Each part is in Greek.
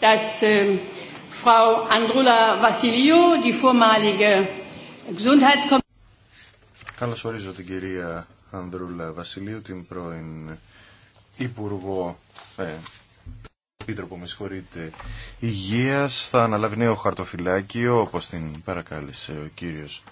dass ähm, Frau Andrula Vassilio, die vormalige Gesundheitskommissarin, Καλώς ορίζω την κυρία Ανδρούλα Βασιλείου, την πρώην Υπουργό, ε, Επίτροπο, με συγχωρείτε, Υγείας. Θα αναλάβει νέο χαρτοφυλάκιο, όπως την παρακάλεσε ο κύριος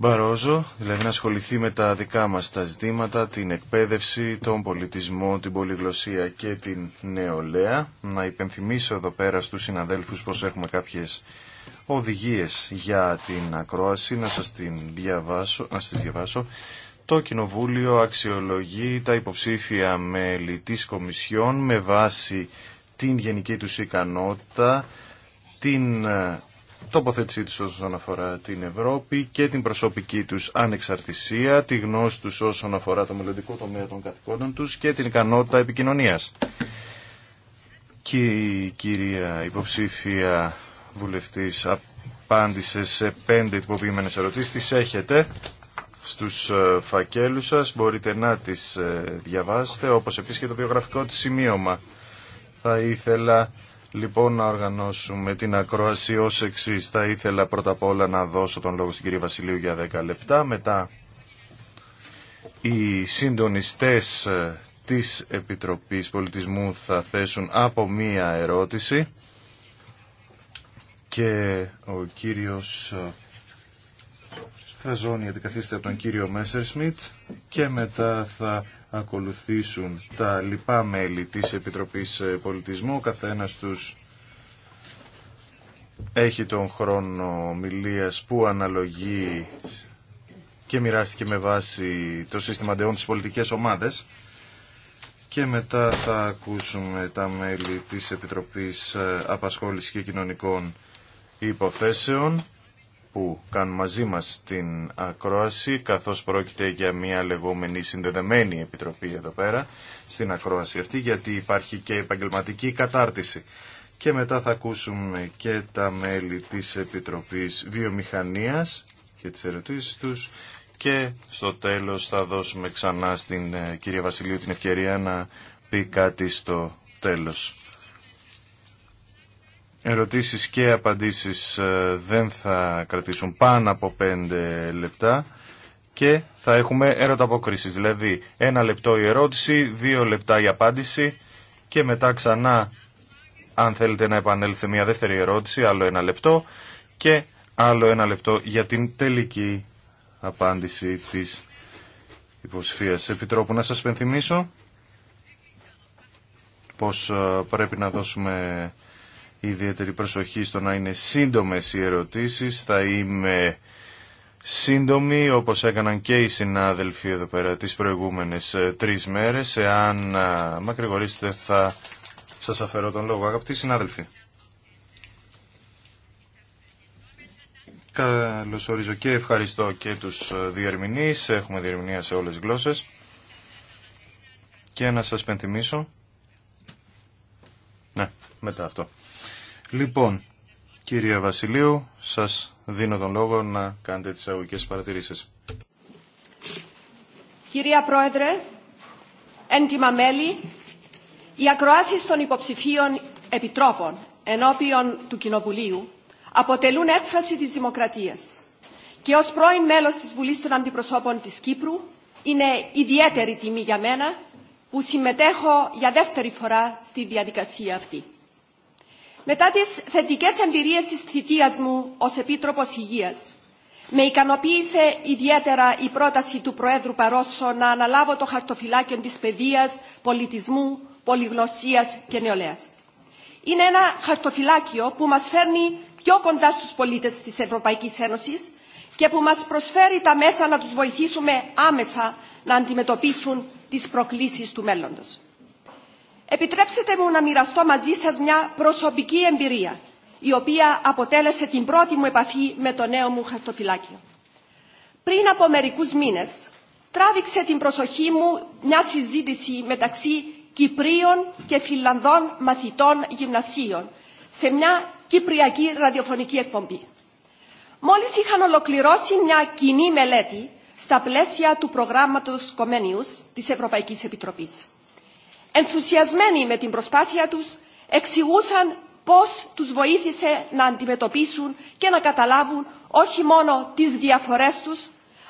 Μπαρόζο, δηλαδή να ασχοληθεί με τα δικά μας τα ζητήματα, την εκπαίδευση, τον πολιτισμό, την πολυγλωσία και την νεολαία. Να υπενθυμίσω εδώ πέρα στους συναδέλφους πως έχουμε κάποιες οδηγίες για την ακρόαση, να σας, την διαβάσω, να σας διαβάσω. Το Κοινοβούλιο αξιολογεί τα υποψήφια μέλη της Κομισιόν με βάση την γενική τους ικανότητα, την ε, τοποθέτησή τους όσον αφορά την Ευρώπη και την προσωπική τους ανεξαρτησία, τη γνώση τους όσον αφορά το μελλοντικό τομέα των καθηκόντων τους και την ικανότητα επικοινωνίας. Και η κυρία υποψήφια βουλευτής απάντησε σε πέντε τυποποιημένες ερωτήσεις. Τις έχετε στους ε, φακέλους σας, μπορείτε να τις ε, διαβάσετε, όπως επίσης και το βιογραφικό της σημείωμα. Θα ήθελα λοιπόν να οργανώσουμε την ακρόαση ω εξή. Θα ήθελα πρώτα απ' όλα να δώσω τον λόγο στην κυρία Βασιλείου για 10 λεπτά. Μετά οι συντονιστές ε, της Επιτροπής Πολιτισμού θα θέσουν από μία ερώτηση και ο κύριος Κραζόνι, ε, αντικαθίστε από τον κύριο Μέσερ Σμιτ και μετά θα ακολουθήσουν τα λοιπά μέλη της Επιτροπής ε, Πολιτισμού. καθένας τους έχει τον χρόνο μιλίας που αναλογεί και μοιράστηκε με βάση το σύστημα αντεών της πολιτικές ομάδες. Και μετά θα ακούσουμε τα μέλη της Επιτροπής ε, Απασχόλησης και Κοινωνικών Υποθέσεων που κάνουν μαζί μας την ακρόαση, καθώς πρόκειται για μια λεγόμενη συνδεδεμένη επιτροπή εδώ πέρα, στην ακρόαση αυτή, γιατί υπάρχει και επαγγελματική κατάρτιση. Και μετά θα ακούσουμε και τα μέλη της Επιτροπής Βιομηχανίας και τις ερωτήσεις τους και στο τέλος θα δώσουμε ξανά στην ε, κυρία Βασιλείου την ευκαιρία να πει κάτι στο τέλος. Ερωτήσεις και απαντήσεις ε, δεν θα κρατήσουν πάνω από πέντε λεπτά και θα έχουμε έρωτα αποκρίσεις. Δηλαδή, ένα λεπτό η ερώτηση, δύο λεπτά η απάντηση και μετά ξανά, αν θέλετε να επανέλθετε μια δεύτερη ερώτηση, άλλο ένα λεπτό και άλλο ένα λεπτό για την τελική απάντηση της υποψηφίας επιτρόπου. Να σας πενθυμίσω πως ε, πρέπει να δώσουμε ιδιαίτερη προσοχή στο να είναι σύντομες οι ερωτήσεις. Θα είμαι σύντομη όπως έκαναν και οι συνάδελφοι εδώ πέρα τις προηγούμενες ε, τρεις μέρες. Εάν ε, μακρηγορήσετε θα σας αφαιρώ τον λόγο. Αγαπητοί συνάδελφοι. ορίζω και ευχαριστώ και τους ε, διερμηνείς. Έχουμε διερμηνία σε όλες τις γλώσσες. Και να σας πενθυμίσω... Ναι, μετά αυτό. Λοιπόν, κύριε Βασιλείου, σας δίνω τον λόγο να κάνετε τις αγωγικές παρατηρήσεις. Κυρία Πρόεδρε, έντιμα μέλη, οι ακροάσεις των υποψηφίων επιτρόπων ενώπιον του Κοινοβουλίου αποτελούν έκφραση της δημοκρατίας και ως πρώην μέλος της Βουλής των Αντιπροσώπων της Κύπρου είναι ιδιαίτερη τιμή για μένα που συμμετέχω για δεύτερη φορά στη διαδικασία αυτή. Μετά τις θετικές εμπειρίες της θητείας μου ως Επίτροπος Υγείας, με ικανοποίησε ιδιαίτερα η πρόταση του Προέδρου Παρόσο να αναλάβω το χαρτοφυλάκιο της παιδείας, πολιτισμού, πολυγνωσίας και νεολαίας. Είναι ένα χαρτοφυλάκιο που μας φέρνει πιο κοντά στους πολίτες της Ευρωπαϊκής Ένωσης και που μας προσφέρει τα μέσα να τους βοηθήσουμε άμεσα να αντιμετωπίσουν τις προκλήσεις του μέλλοντος. Επιτρέψτε μου να μοιραστώ μαζί σας μια προσωπική εμπειρία, η οποία αποτέλεσε την πρώτη μου επαφή με το νέο μου χαρτοφυλάκιο. Πριν από μερικούς μήνες, τράβηξε την προσοχή μου μια συζήτηση μεταξύ Κυπρίων και Φιλανδών μαθητών γυμνασίων σε μια κυπριακή ραδιοφωνική εκπομπή. Μόλις είχαν ολοκληρώσει μια κοινή μελέτη στα πλαίσια του προγράμματος Κομένιους της Ευρωπαϊκής Επιτροπής ενθουσιασμένοι με την προσπάθεια τους, εξηγούσαν πώς τους βοήθησε να αντιμετωπίσουν και να καταλάβουν όχι μόνο τις διαφορές τους,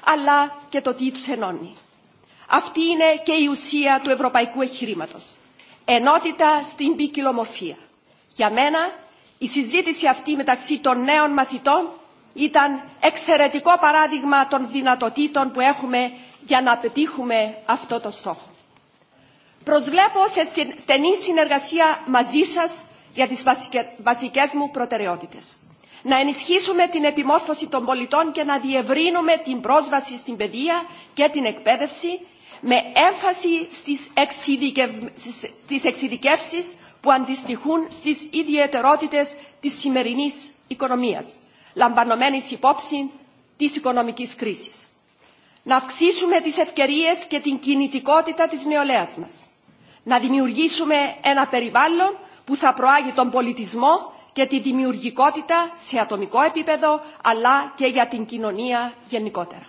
αλλά και το τι τους ενώνει. Αυτή είναι και η ουσία του ευρωπαϊκού εγχειρήματο. Ενότητα στην ποικιλομορφία. Για μένα, η συζήτηση αυτή μεταξύ των νέων μαθητών ήταν εξαιρετικό παράδειγμα των δυνατοτήτων που έχουμε για να πετύχουμε αυτό το στόχο. Προσβλέπω σε στενή συνεργασία μαζί σας για τις βασικές μου προτεραιότητες. Να ενισχύσουμε την επιμόρφωση των πολιτών και να διευρύνουμε την πρόσβαση στην παιδεία και την εκπαίδευση με έμφαση στις, εξειδικεύσει που αντιστοιχούν στις ιδιαιτερότητες της σημερινής οικονομίας, λαμβανομένης υπόψη της οικονομικής κρίσης. Να αυξήσουμε τις ευκαιρίες και την κινητικότητα της νεολαίας μας να δημιουργήσουμε ένα περιβάλλον που θα προάγει τον πολιτισμό και τη δημιουργικότητα σε ατομικό επίπεδο, αλλά και για την κοινωνία γενικότερα.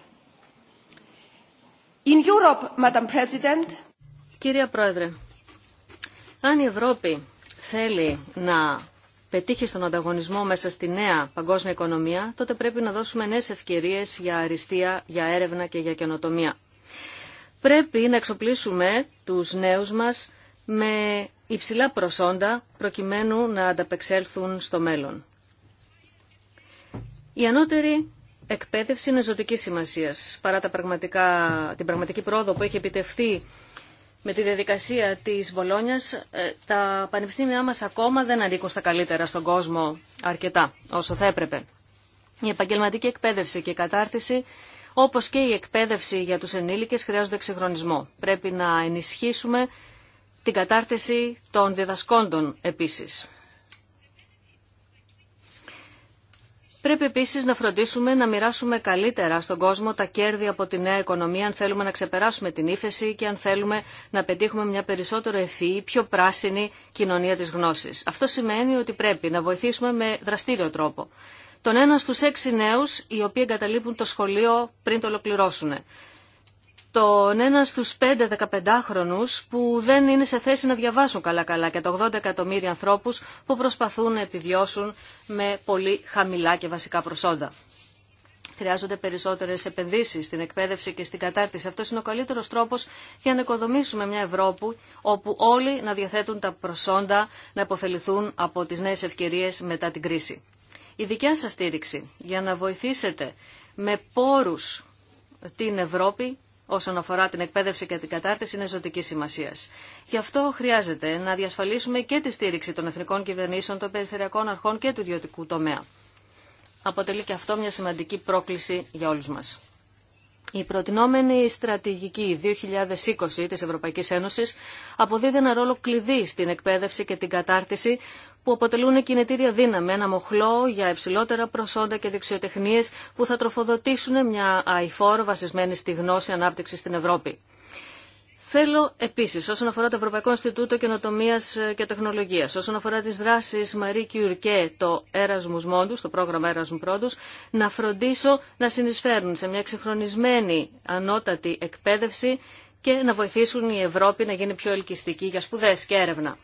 In Europe, Madam President... Κυρία Πρόεδρε, αν η Ευρώπη θέλει να πετύχει στον ανταγωνισμό μέσα στη νέα παγκόσμια οικονομία, τότε πρέπει να δώσουμε νέες ευκαιρίες για αριστεία, για έρευνα και για καινοτομία. Πρέπει να εξοπλίσουμε τους νέους μας με υψηλά προσόντα προκειμένου να ανταπεξέλθουν στο μέλλον. Η ανώτερη εκπαίδευση είναι ζωτική σημασία παρά τα πραγματικά, την πραγματική πρόοδο που έχει επιτευχθεί με τη διαδικασία της Βολόνιας, ε, τα πανεπιστήμια μας ακόμα δεν ανήκουν στα καλύτερα στον κόσμο αρκετά όσο θα έπρεπε. Η επαγγελματική εκπαίδευση και η κατάρτιση όπως και η εκπαίδευση για τους ενήλικες χρειάζονται εξυγχρονισμό. Πρέπει να ενισχύσουμε την κατάρτιση των διδασκόντων επίσης. Πρέπει επίσης να φροντίσουμε να μοιράσουμε καλύτερα στον κόσμο τα κέρδη από τη νέα οικονομία αν θέλουμε να ξεπεράσουμε την ύφεση και αν θέλουμε να πετύχουμε μια περισσότερο ευφυή, πιο πράσινη κοινωνία της γνώσης. Αυτό σημαίνει ότι πρέπει να βοηθήσουμε με δραστήριο τρόπο τον ένα στους έξι νέους οι οποίοι εγκαταλείπουν το σχολείο πριν το ολοκληρώσουν. Τον ένα στους πέντε 15 που δεν είναι σε θέση να διαβάσουν καλά-καλά και τα 80 εκατομμύρια ανθρώπους που προσπαθούν να επιβιώσουν με πολύ χαμηλά και βασικά προσόντα. Χρειάζονται περισσότερε επενδύσει στην εκπαίδευση και στην κατάρτιση. Αυτό είναι ο καλύτερο τρόπο για να οικοδομήσουμε μια Ευρώπη όπου όλοι να διαθέτουν τα προσόντα να υποφεληθούν από τι νέε ευκαιρίε μετά την κρίση η δικιά σας στήριξη για να βοηθήσετε με πόρους την Ευρώπη όσον αφορά την εκπαίδευση και την κατάρτιση είναι ζωτική σημασία. Γι' αυτό χρειάζεται να διασφαλίσουμε και τη στήριξη των εθνικών κυβερνήσεων, των περιφερειακών αρχών και του ιδιωτικού τομέα. Αποτελεί και αυτό μια σημαντική πρόκληση για όλους μας. Η προτινόμενη στρατηγική 2020 της Ευρωπαϊκής Ένωσης αποδίδει ένα ρόλο κλειδί στην εκπαίδευση και την κατάρτιση που αποτελούν κινητήρια δύναμη, ένα μοχλό για υψηλότερα προσόντα και δεξιοτεχνίες που θα τροφοδοτήσουν μια αηφόρο βασισμένη στη γνώση ανάπτυξη στην Ευρώπη. Θέλω επίση, όσον αφορά το Ευρωπαϊκό Ινστιτούτο Καινοτομία και Τεχνολογία, όσον αφορά τι δράσει Μαρή Κιουρκέ, το Erasmus Mondus, το πρόγραμμα Erasmus να φροντίσω να συνεισφέρουν σε μια ξεχρονισμένη ανώτατη εκπαίδευση και να βοηθήσουν η Ευρώπη να γίνει πιο ελκυστική για σπουδέ και έρευνα.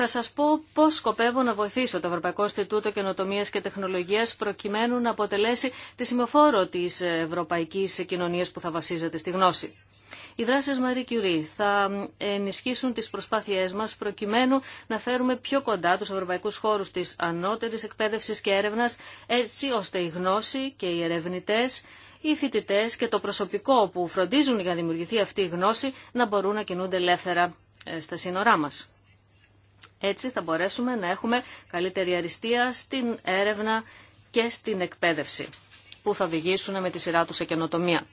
Θα σα πω πώ σκοπεύω να βοηθήσω το Ευρωπαϊκό Ινστιτούτο Καινοτομία και Τεχνολογία προκειμένου να αποτελέσει τη σημεοφόρο τη Ευρωπαϊκή κοινωνία που θα βασίζεται στη γνώση. Οι δράσει Marie Curie θα ενισχύσουν τι προσπάθειέ μα προκειμένου να φέρουμε πιο κοντά του ευρωπαϊκού χώρου τη ανώτερη εκπαίδευση και έρευνα, έτσι ώστε η γνώση και οι ερευνητέ, οι φοιτητέ και το προσωπικό που φροντίζουν για να δημιουργηθεί αυτή η γνώση να μπορούν να κινούνται ελεύθερα ε, στα σύνορά έτσι θα μπορέσουμε να έχουμε καλύτερη αριστεία στην έρευνα και στην εκπαίδευση, που θα οδηγήσουν με τη σειρά του σε καινοτομία.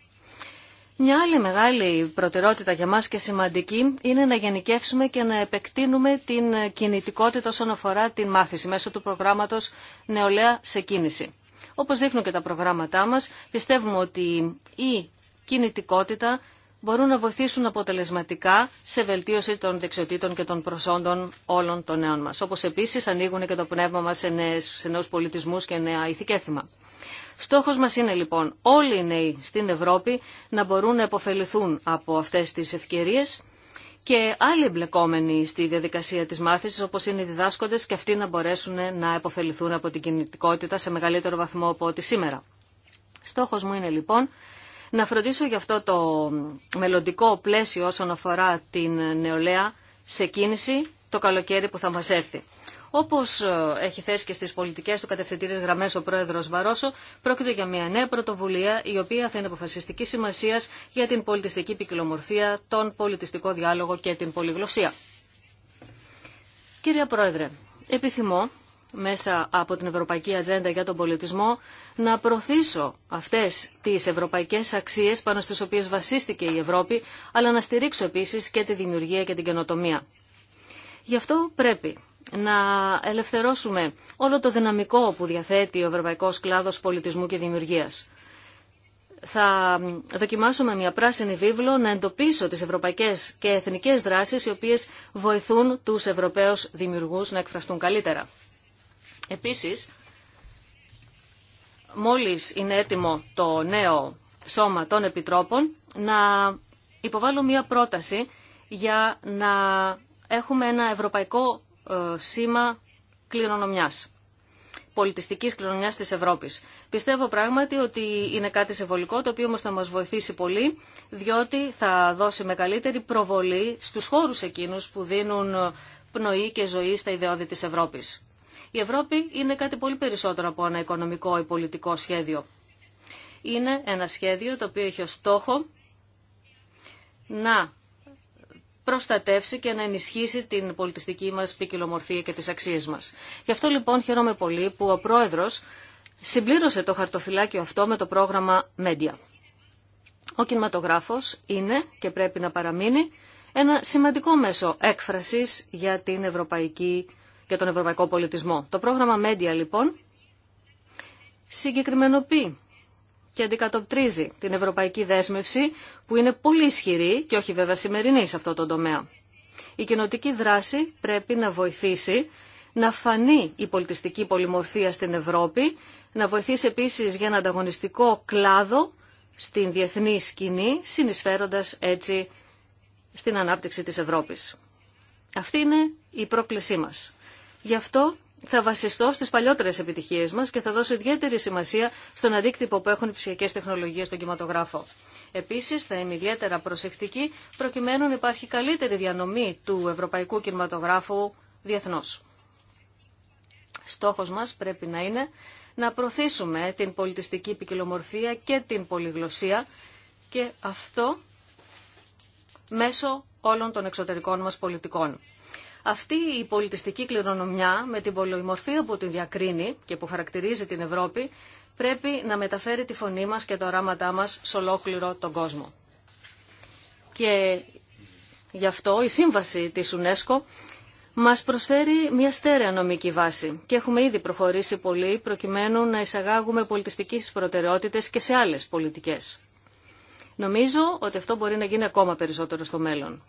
Μια άλλη μεγάλη προτεραιότητα για μας και σημαντική είναι να γενικεύσουμε και να επεκτείνουμε την κινητικότητα όσον αφορά την μάθηση μέσω του προγράμματος Νεολαία σε κίνηση. Όπως δείχνουν και τα προγράμματά μας, πιστεύουμε ότι η κινητικότητα μπορούν να βοηθήσουν αποτελεσματικά σε βελτίωση των δεξιοτήτων και των προσόντων όλων των νέων μας. Όπως επίσης ανοίγουν και το πνεύμα μας σε, νέες, πολιτισμούς και νέα ηθικέθημα. Στόχος μας είναι λοιπόν όλοι οι νέοι στην Ευρώπη να μπορούν να επωφεληθούν από αυτές τις ευκαιρίες και άλλοι εμπλεκόμενοι στη διαδικασία της μάθησης, όπως είναι οι διδάσκοντες, και αυτοί να μπορέσουν να επωφεληθούν από την κινητικότητα σε μεγαλύτερο βαθμό από ό,τι σήμερα. Στόχος μου είναι λοιπόν να φροντίσω γι' αυτό το μελλοντικό πλαίσιο όσον αφορά την νεολαία σε κίνηση το καλοκαίρι που θα μας έρθει. Όπως ε, έχει θέσει και στις πολιτικές του κατευθυντήρες γραμμές ο πρόεδρος Βαρόσο, πρόκειται για μια νέα πρωτοβουλία η οποία θα είναι αποφασιστική σημασία για την πολιτιστική ποικιλομορφία, τον πολιτιστικό διάλογο και την πολυγλωσία. Κύριε Πρόεδρε, επιθυμώ μέσα από την Ευρωπαϊκή Ατζέντα για τον Πολιτισμό να προωθήσω αυτές τις ευρωπαϊκές αξίες πάνω στις οποίες βασίστηκε η Ευρώπη, αλλά να στηρίξω επίσης και τη δημιουργία και την καινοτομία. Γι' αυτό πρέπει να ελευθερώσουμε όλο το δυναμικό που διαθέτει ο Ευρωπαϊκός Κλάδος Πολιτισμού και Δημιουργίας. Θα δοκιμάσουμε μια πράσινη βίβλο να εντοπίσω τις ευρωπαϊκές και εθνικές δράσεις οι οποίες βοηθούν τους Ευρωπαίους δημιουργούς να εκφραστούν καλύτερα. Επίσης, μόλις είναι έτοιμο το νέο σώμα των επιτρόπων, να υποβάλω μία πρόταση για να έχουμε ένα ευρωπαϊκό ε, σήμα κληρονομιάς πολιτιστικής κληρονομιάς της Ευρώπης. Πιστεύω πράγματι ότι είναι κάτι συμβολικό, το οποίο όμως θα μας βοηθήσει πολύ, διότι θα δώσει μεγαλύτερη προβολή στους χώρους εκείνους που δίνουν ε, πνοή και ζωή στα ιδεώδη της Ευρώπης. Η Ευρώπη είναι κάτι πολύ περισσότερο από ένα οικονομικό ή πολιτικό σχέδιο. Είναι ένα σχέδιο το οποίο έχει ως στόχο να προστατεύσει και να ενισχύσει την πολιτιστική μας ποικιλομορφία και τις αξίες μας. Γι' αυτό λοιπόν χαίρομαι πολύ που ο πρόεδρος συμπλήρωσε το χαρτοφυλάκιο αυτό με το πρόγραμμα Media. Ο κινηματογράφος είναι και πρέπει να παραμείνει ένα σημαντικό μέσο έκφρασης για την ευρωπαϊκή για τον ευρωπαϊκό πολιτισμό. Το πρόγραμμα Media λοιπόν συγκεκριμενοποιεί και αντικατοπτρίζει την ευρωπαϊκή δέσμευση που είναι πολύ ισχυρή και όχι βέβαια σημερινή σε αυτό το τομέα. Η κοινοτική δράση πρέπει να βοηθήσει να φανεί η πολιτιστική πολυμορφία στην Ευρώπη, να βοηθήσει επίσης για ένα ανταγωνιστικό κλάδο στην διεθνή σκηνή, συνεισφέροντας έτσι στην ανάπτυξη της Ευρώπης. Αυτή είναι η πρόκλησή μας. Γι' αυτό θα βασιστώ στις παλιότερες επιτυχίες μας και θα δώσω ιδιαίτερη σημασία στον αντίκτυπο που έχουν οι ψηφιακές τεχνολογίες στον κινηματογράφο. Επίσης θα είμαι ιδιαίτερα προσεκτική προκειμένου να υπάρχει καλύτερη διανομή του ευρωπαϊκού κινηματογράφου διεθνώς. Στόχος μας πρέπει να είναι να προωθήσουμε την πολιτιστική ποικιλομορφία και την πολυγλωσία και αυτό μέσω όλων των εξωτερικών μας πολιτικών. Αυτή η πολιτιστική κληρονομιά με την πολυμορφία που την διακρίνει και που χαρακτηρίζει την Ευρώπη πρέπει να μεταφέρει τη φωνή μας και τα οράματά μας σε ολόκληρο τον κόσμο. Και γι' αυτό η σύμβαση της UNESCO μας προσφέρει μια στέρεα νομική βάση και έχουμε ήδη προχωρήσει πολύ προκειμένου να εισαγάγουμε πολιτιστικές προτεραιότητες και σε άλλες πολιτικές. Νομίζω ότι αυτό μπορεί να γίνει ακόμα περισσότερο στο μέλλον.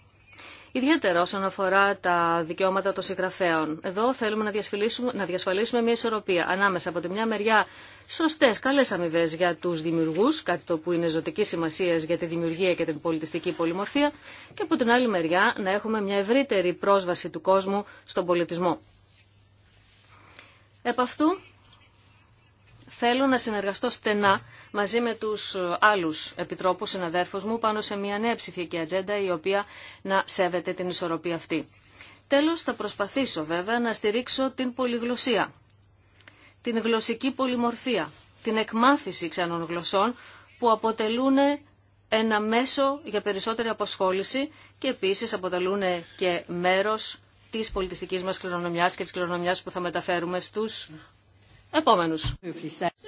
Ιδιαίτερα όσον αφορά τα δικαιώματα των συγγραφέων. Εδώ θέλουμε να διασφαλίσουμε, να διασφαλίσουμε μια ισορροπία ανάμεσα από τη μια μεριά σωστέ, καλέ αμοιβέ για του δημιουργού, κάτι το που είναι ζωτική σημασία για τη δημιουργία και την πολιτιστική πολυμορφία, και από την άλλη μεριά να έχουμε μια ευρύτερη πρόσβαση του κόσμου στον πολιτισμό. Επ' αυτού θέλω να συνεργαστώ στενά μαζί με τους άλλους επιτρόπους συναδέρφους μου πάνω σε μια νέα ψηφιακή ατζέντα η οποία να σέβεται την ισορροπία αυτή. Τέλος θα προσπαθήσω βέβαια να στηρίξω την πολυγλωσία, την γλωσσική πολυμορφία, την εκμάθηση ξένων γλωσσών που αποτελούν ένα μέσο για περισσότερη αποσχόληση και επίσης αποτελούν και μέρος της πολιτιστικής μας κληρονομιάς και της κληρονομιάς που θα μεταφέρουμε στους επόμενους.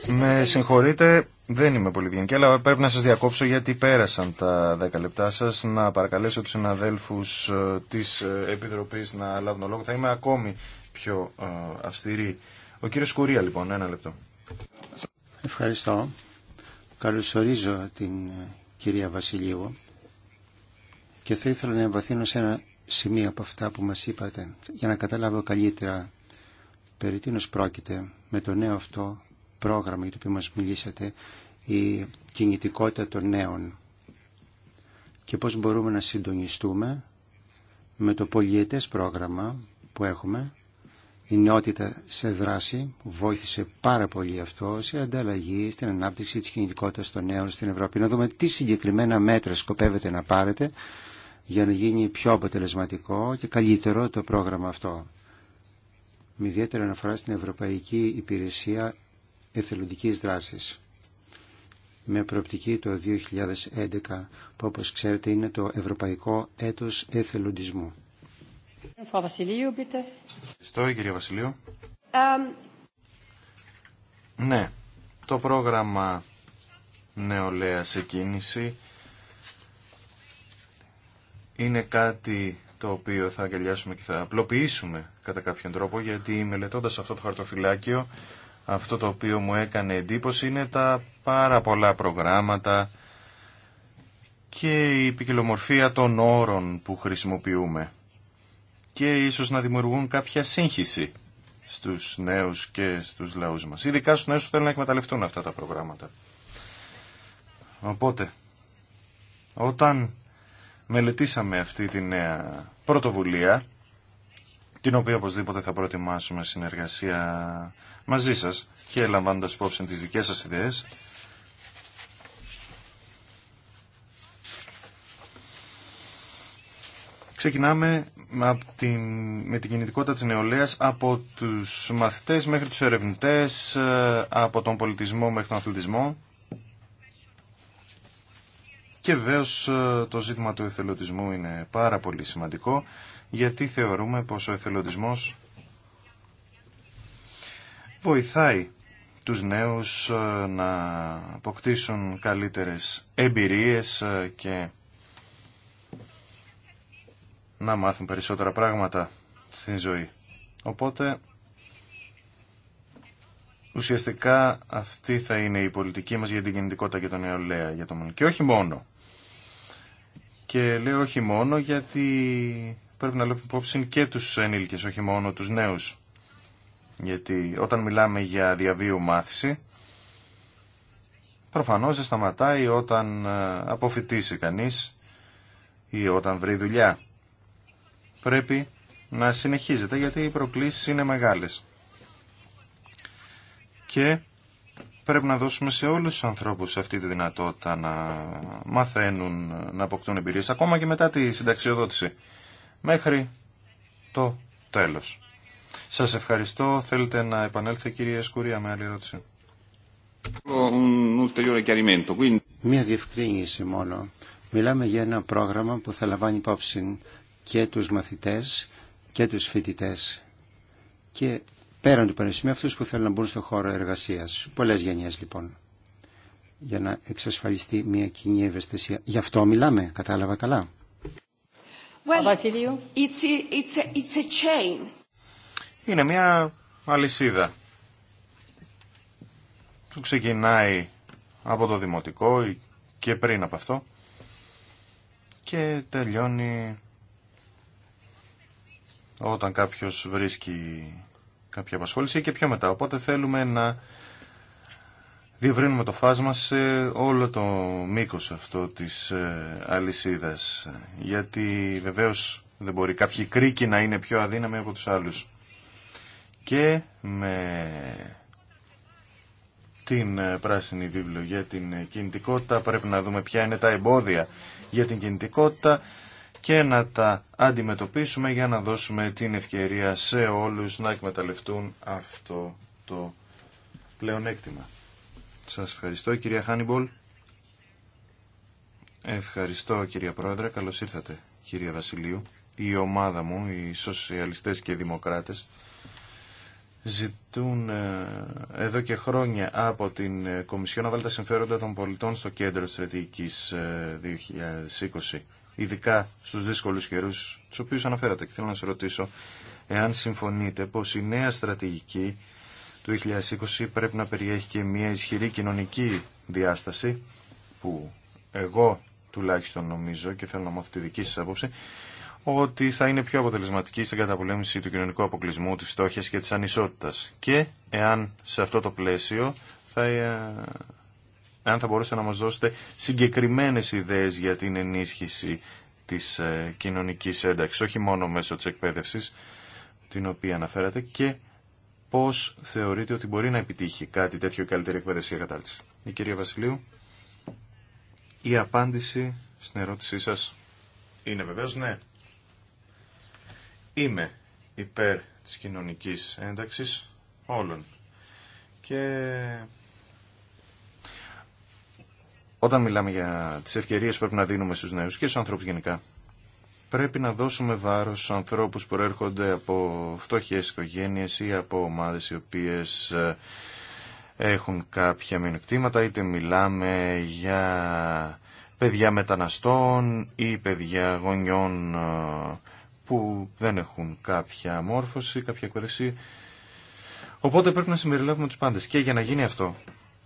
Με συγχωρείτε, δεν είμαι πολύ γενική, αλλά πρέπει να σας διακόψω γιατί πέρασαν τα δέκα λεπτά σας. Να παρακαλέσω τους συναδέλφους ε, της ε, Επιτροπής να λάβουν λόγο. Θα είμαι ακόμη πιο ε, αυστηρή. Ο κύριος Κουρία, λοιπόν, ένα λεπτό. Ευχαριστώ. Καλωσορίζω την κυρία Βασιλείου και θα ήθελα να εμβαθύνω σε ένα σημείο από αυτά που μας είπατε για να καταλάβω καλύτερα περί τίνος πρόκειται με το νέο αυτό πρόγραμμα για το οποίο μας μιλήσατε, η κινητικότητα των νέων και πώς μπορούμε να συντονιστούμε με το πολιετές πρόγραμμα που έχουμε. Η νεότητα σε δράση βοήθησε πάρα πολύ αυτό σε ανταλλαγή, στην ανάπτυξη της κινητικότητας των νέων στην Ευρώπη. Να δούμε τι συγκεκριμένα μέτρα σκοπεύετε να πάρετε για να γίνει πιο αποτελεσματικό και καλύτερο το πρόγραμμα αυτό με ιδιαίτερη αναφορά στην Ευρωπαϊκή Υπηρεσία Εθελοντικής Δράσης με προοπτική το 2011 που όπως ξέρετε είναι το Ευρωπαϊκό Έτος Εθελοντισμού. Ευχαριστώ κυρία Βασιλείου. Ναι, το πρόγραμμα νεολαία σε κίνηση είναι κάτι το οποίο θα αγκαλιάσουμε και θα απλοποιήσουμε κατά κάποιον τρόπο, γιατί μελετώντας αυτό το χαρτοφυλάκιο, αυτό το οποίο μου έκανε εντύπωση είναι τα πάρα πολλά προγράμματα και η ποικιλομορφία των όρων που χρησιμοποιούμε και ίσως να δημιουργούν κάποια σύγχυση στους νέους και στους λαούς μας. Ειδικά στους νέους που θέλουν να εκμεταλλευτούν αυτά τα προγράμματα. Οπότε, όταν μελετήσαμε αυτή τη νέα πρωτοβουλία, την οποία οπωσδήποτε θα προετοιμάσουμε συνεργασία μαζί σας και λαμβάνοντας υπόψη τις δικές σας ιδέες. Ξεκινάμε με την, με την κινητικότητα της νεολαίας από τους μαθητές μέχρι τους ερευνητές, ε, από τον πολιτισμό μέχρι τον αθλητισμό. Και βέβαια ε, το ζήτημα του εθελοντισμού είναι πάρα πολύ σημαντικό γιατί θεωρούμε πως ο εθελοντισμός βοηθάει τους νέους ε, να αποκτήσουν καλύτερες εμπειρίες ε, και να μάθουν περισσότερα πράγματα στην ζωή. Οπότε ουσιαστικά αυτή θα είναι η πολιτική μας για την κινητικότητα και τον νεολαία για το μόνο. Και όχι μόνο. Και λέω όχι μόνο γιατί πρέπει να λέω υπόψη και τους ενήλικες, όχι μόνο τους νέους. Γιατί όταν μιλάμε για διαβίου μάθηση, προφανώς δεν σταματάει όταν ε, αποφυτίσει κανείς ή όταν βρει δουλειά. Πρέπει να συνεχίζεται γιατί οι προκλήσεις είναι μεγάλες. Και πρέπει να δώσουμε σε όλους τους ανθρώπους αυτή τη δυνατότητα να μαθαίνουν, να αποκτούν εμπειρίες, ακόμα και μετά τη συνταξιοδότηση, μέχρι το τέλος. Σας ευχαριστώ. Θέλετε να επανέλθετε κυρία Σκουρία με άλλη ερώτηση. Μία διευκρίνηση μόνο. Μιλάμε για ένα πρόγραμμα που θα λαμβάνει υπόψη και τους μαθητές και τους φοιτητές και πέραν του πανεπιστημίου αυτούς που θέλουν να μπουν στον χώρο εργασίας. Πολλές γενιές λοιπόν για να εξασφαλιστεί μια κοινή ευαισθησία. Γι' αυτό μιλάμε, κατάλαβα καλά. Well, it's it's it's a chain. Είναι μια αλυσίδα Του ξεκινάει από το δημοτικό και πριν από αυτό και τελειώνει όταν κάποιος βρίσκει κάποια απασχόληση και πιο μετά. Οπότε θέλουμε να διευρύνουμε το φάσμα σε όλο το μήκος αυτό της ε, αλυσίδας. Γιατί βεβαίως δεν μπορεί κάποιοι κρίκοι να είναι πιο αδύναμοι από τους άλλους. Και με την ε, πράσινη βίβλο για την κινητικότητα πρέπει να δούμε ποια είναι τα εμπόδια για την κινητικότητα και να τα αντιμετωπίσουμε για να δώσουμε την ευκαιρία σε όλους να εκμεταλλευτούν αυτό το πλεονέκτημα. Σας ευχαριστώ κυρία Χάνιμπολ. Ευχαριστώ κυρία Πρόεδρε. Καλώς ήρθατε κυρία Βασιλείου. Η ομάδα μου, οι σοσιαλιστές και οι δημοκράτες, ζητούν ε, εδώ και χρόνια από την ε, Κομισιόν να βάλει τα συμφέροντα των πολιτών στο κέντρο της στρατηγικής 2020. Ε, ειδικά στους δύσκολους καιρούς, τους οποίους αναφέρατε. Και θέλω να σε ρωτήσω, εάν συμφωνείτε πως η νέα στρατηγική του 2020 πρέπει να περιέχει και μια ισχυρή κοινωνική διάσταση, που εγώ τουλάχιστον νομίζω και θέλω να μάθω τη δική σας άποψη, ότι θα είναι πιο αποτελεσματική στην καταπολέμηση του κοινωνικού αποκλεισμού, της φτώχειας και της ανισότητας. Και εάν σε αυτό το πλαίσιο θα ε, αν θα μπορούσατε να μας δώσετε συγκεκριμένες ιδέες για την ενίσχυση της ε, κοινωνικής ένταξης, όχι μόνο μέσω της εκπαίδευσης, την οποία αναφέρατε, και πώς θεωρείτε ότι μπορεί να επιτύχει κάτι τέτοιο η καλύτερη εκπαίδευση για κατάρτιση. Η κυρία Βασιλείου, η απάντηση στην ερώτησή σας είναι βεβαίως ναι. Είμαι υπέρ της κοινωνικής ένταξης όλων και όταν μιλάμε για τις ευκαιρίες που πρέπει να δίνουμε στους νέους και στους ανθρώπους γενικά, πρέπει να δώσουμε βάρος στους ανθρώπους που προέρχονται από φτώχειες οικογένειες ή από ομάδες οι οποίες ε, έχουν κάποια μειονεκτήματα, είτε μιλάμε για παιδιά μεταναστών ή παιδιά γονιών ε, που δεν έχουν κάποια μόρφωση, κάποια εκπαίδευση. Οπότε πρέπει να συμπεριλάβουμε τους πάντες. Και για να γίνει αυτό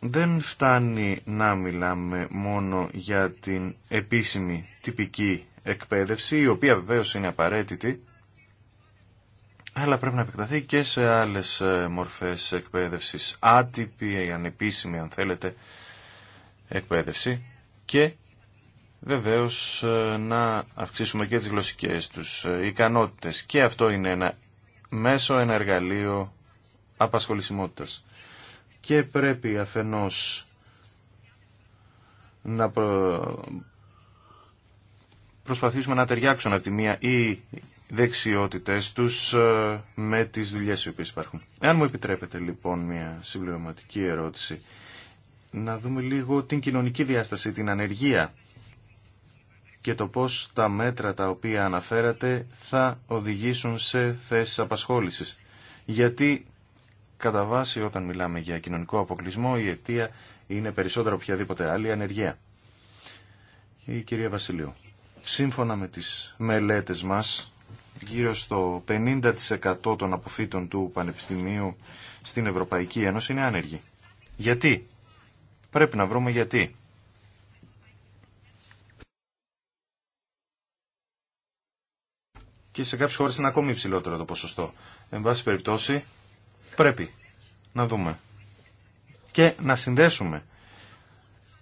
δεν φτάνει να μιλάμε μόνο για την επίσημη τυπική εκπαίδευση, η οποία βεβαίως είναι απαραίτητη, αλλά πρέπει να επεκταθεί και σε άλλες ε, μορφές εκπαίδευσης, άτυπη, ανεπίσημη αν θέλετε, εκπαίδευση και βεβαίως ε, να αυξήσουμε και τις γλωσσικές τους ε, ικανότητες. Και αυτό είναι ένα μέσο, ένα εργαλείο απασχολησιμότητας και πρέπει αφενός να προσπαθήσουμε να ταιριάξουν από τη μία οι δεξιότητες τους ε, με τις δουλειές οι οποίες υπάρχουν. Εάν μου επιτρέπετε λοιπόν μια συμπληρωματική ερώτηση, να δούμε λίγο την κοινωνική διάσταση, την ανεργία και το πώς τα μέτρα τα οποία αναφέρατε θα οδηγήσουν σε θέσεις απασχόλησης. Γιατί κατά βάση όταν μιλάμε για κοινωνικό αποκλεισμό η αιτία είναι περισσότερο οποιαδήποτε άλλη ανεργία. Η κυρία Βασιλείου, σύμφωνα με τις μελέτες μας, γύρω στο 50% των αποφύτων του Πανεπιστημίου στην Ευρωπαϊκή Ένωση είναι άνεργοι. Γιατί? Πρέπει να βρούμε γιατί. Και σε κάποιες χώρες είναι ακόμη υψηλότερο το ποσοστό. Εν πάση περιπτώσει, πρέπει να δούμε και να συνδέσουμε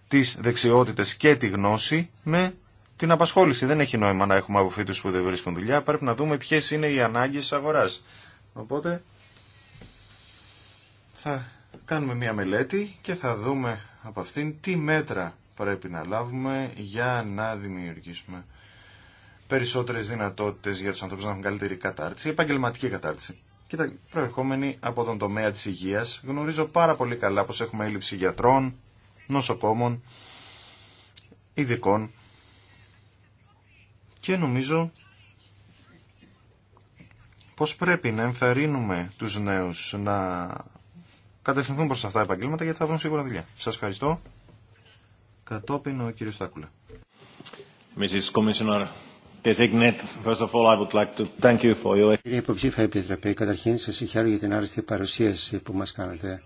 τις δεξιότητες και τη γνώση με την απασχόληση. Δεν έχει νόημα να έχουμε αποφύτους που δεν βρίσκουν δουλειά. Πρέπει να δούμε ποιες είναι οι ανάγκες της αγοράς. Οπότε θα κάνουμε μία μελέτη και θα δούμε από αυτήν τι μέτρα πρέπει να λάβουμε για να δημιουργήσουμε περισσότερες δυνατότητες για τους ανθρώπους να έχουν καλύτερη κατάρτιση, επαγγελματική κατάρτιση. Κοίτα, προερχόμενοι από τον τομέα της υγείας, γνωρίζω πάρα πολύ καλά πως έχουμε έλλειψη γιατρών, νοσοκόμων, ειδικών και νομίζω πως πρέπει να ενθαρρύνουμε τους νέους να κατευθυνθούν προς αυτά τα επαγγέλματα γιατί θα βρουν σίγουρα δουλειά. Σας ευχαριστώ. Κατόπιν ο κύριος Στάκουλα. Κύριε Υποψήφα Επιτροπή, καταρχήν σας συγχαίρω για την άρεστη παρουσίαση που μας κάνατε.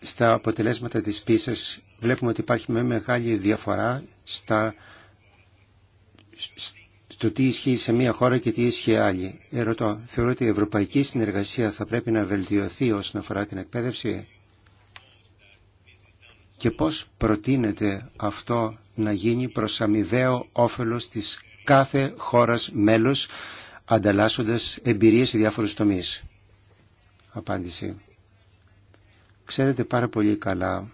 Στα αποτελέσματα της πίσας βλέπουμε ότι υπάρχει μεγάλη διαφορά στα, το τι ισχύει σε μία χώρα και τι ισχύει άλλη. Ερωτώ, θεωρώ ότι η ευρωπαϊκή συνεργασία θα πρέπει να βελτιωθεί όσον αφορά την εκπαίδευση και πώς προτείνεται αυτό να γίνει προς αμοιβαίο όφελος της κάθε χώρας μέλος ανταλλάσσοντας εμπειρίες σε διάφορους τομείς. Απάντηση. Ξέρετε πάρα πολύ καλά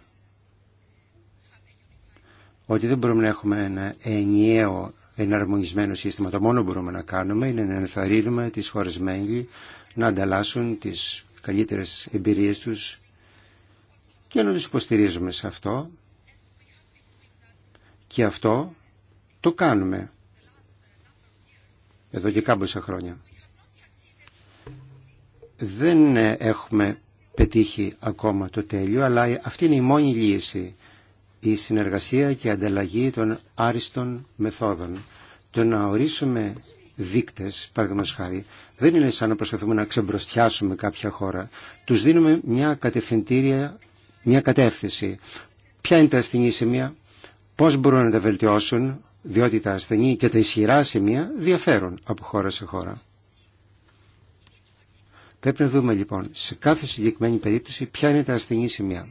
ότι δεν μπορούμε να έχουμε ένα ενιαίο εναρμονισμένο σύστημα. Το μόνο που μπορούμε να κάνουμε είναι να ενθαρρύνουμε τις χώρε μέλη να ανταλλάσσουν τις καλύτερες εμπειρίες τους και να του υποστηρίζουμε σε αυτό. Και αυτό το κάνουμε εδώ και κάμποσα χρόνια. Δεν έχουμε πετύχει ακόμα το τέλειο, αλλά αυτή είναι η μόνη λύση η συνεργασία και η ανταλλαγή των άριστων μεθόδων. Το να ορίσουμε δείκτες, παραδείγματος χάρη, δεν είναι σαν να προσπαθούμε να ξεμπροστιάσουμε κάποια χώρα. Τους δίνουμε μια κατευθυντήρια, μια κατεύθυνση. Ποια είναι τα ασθενή σημεία, πώς μπορούν να τα βελτιώσουν, διότι τα ασθενή και τα ισχυρά σημεία διαφέρουν από χώρα σε χώρα. Πρέπει να δούμε λοιπόν σε κάθε συγκεκριμένη περίπτωση ποια είναι τα ασθενή σημεία.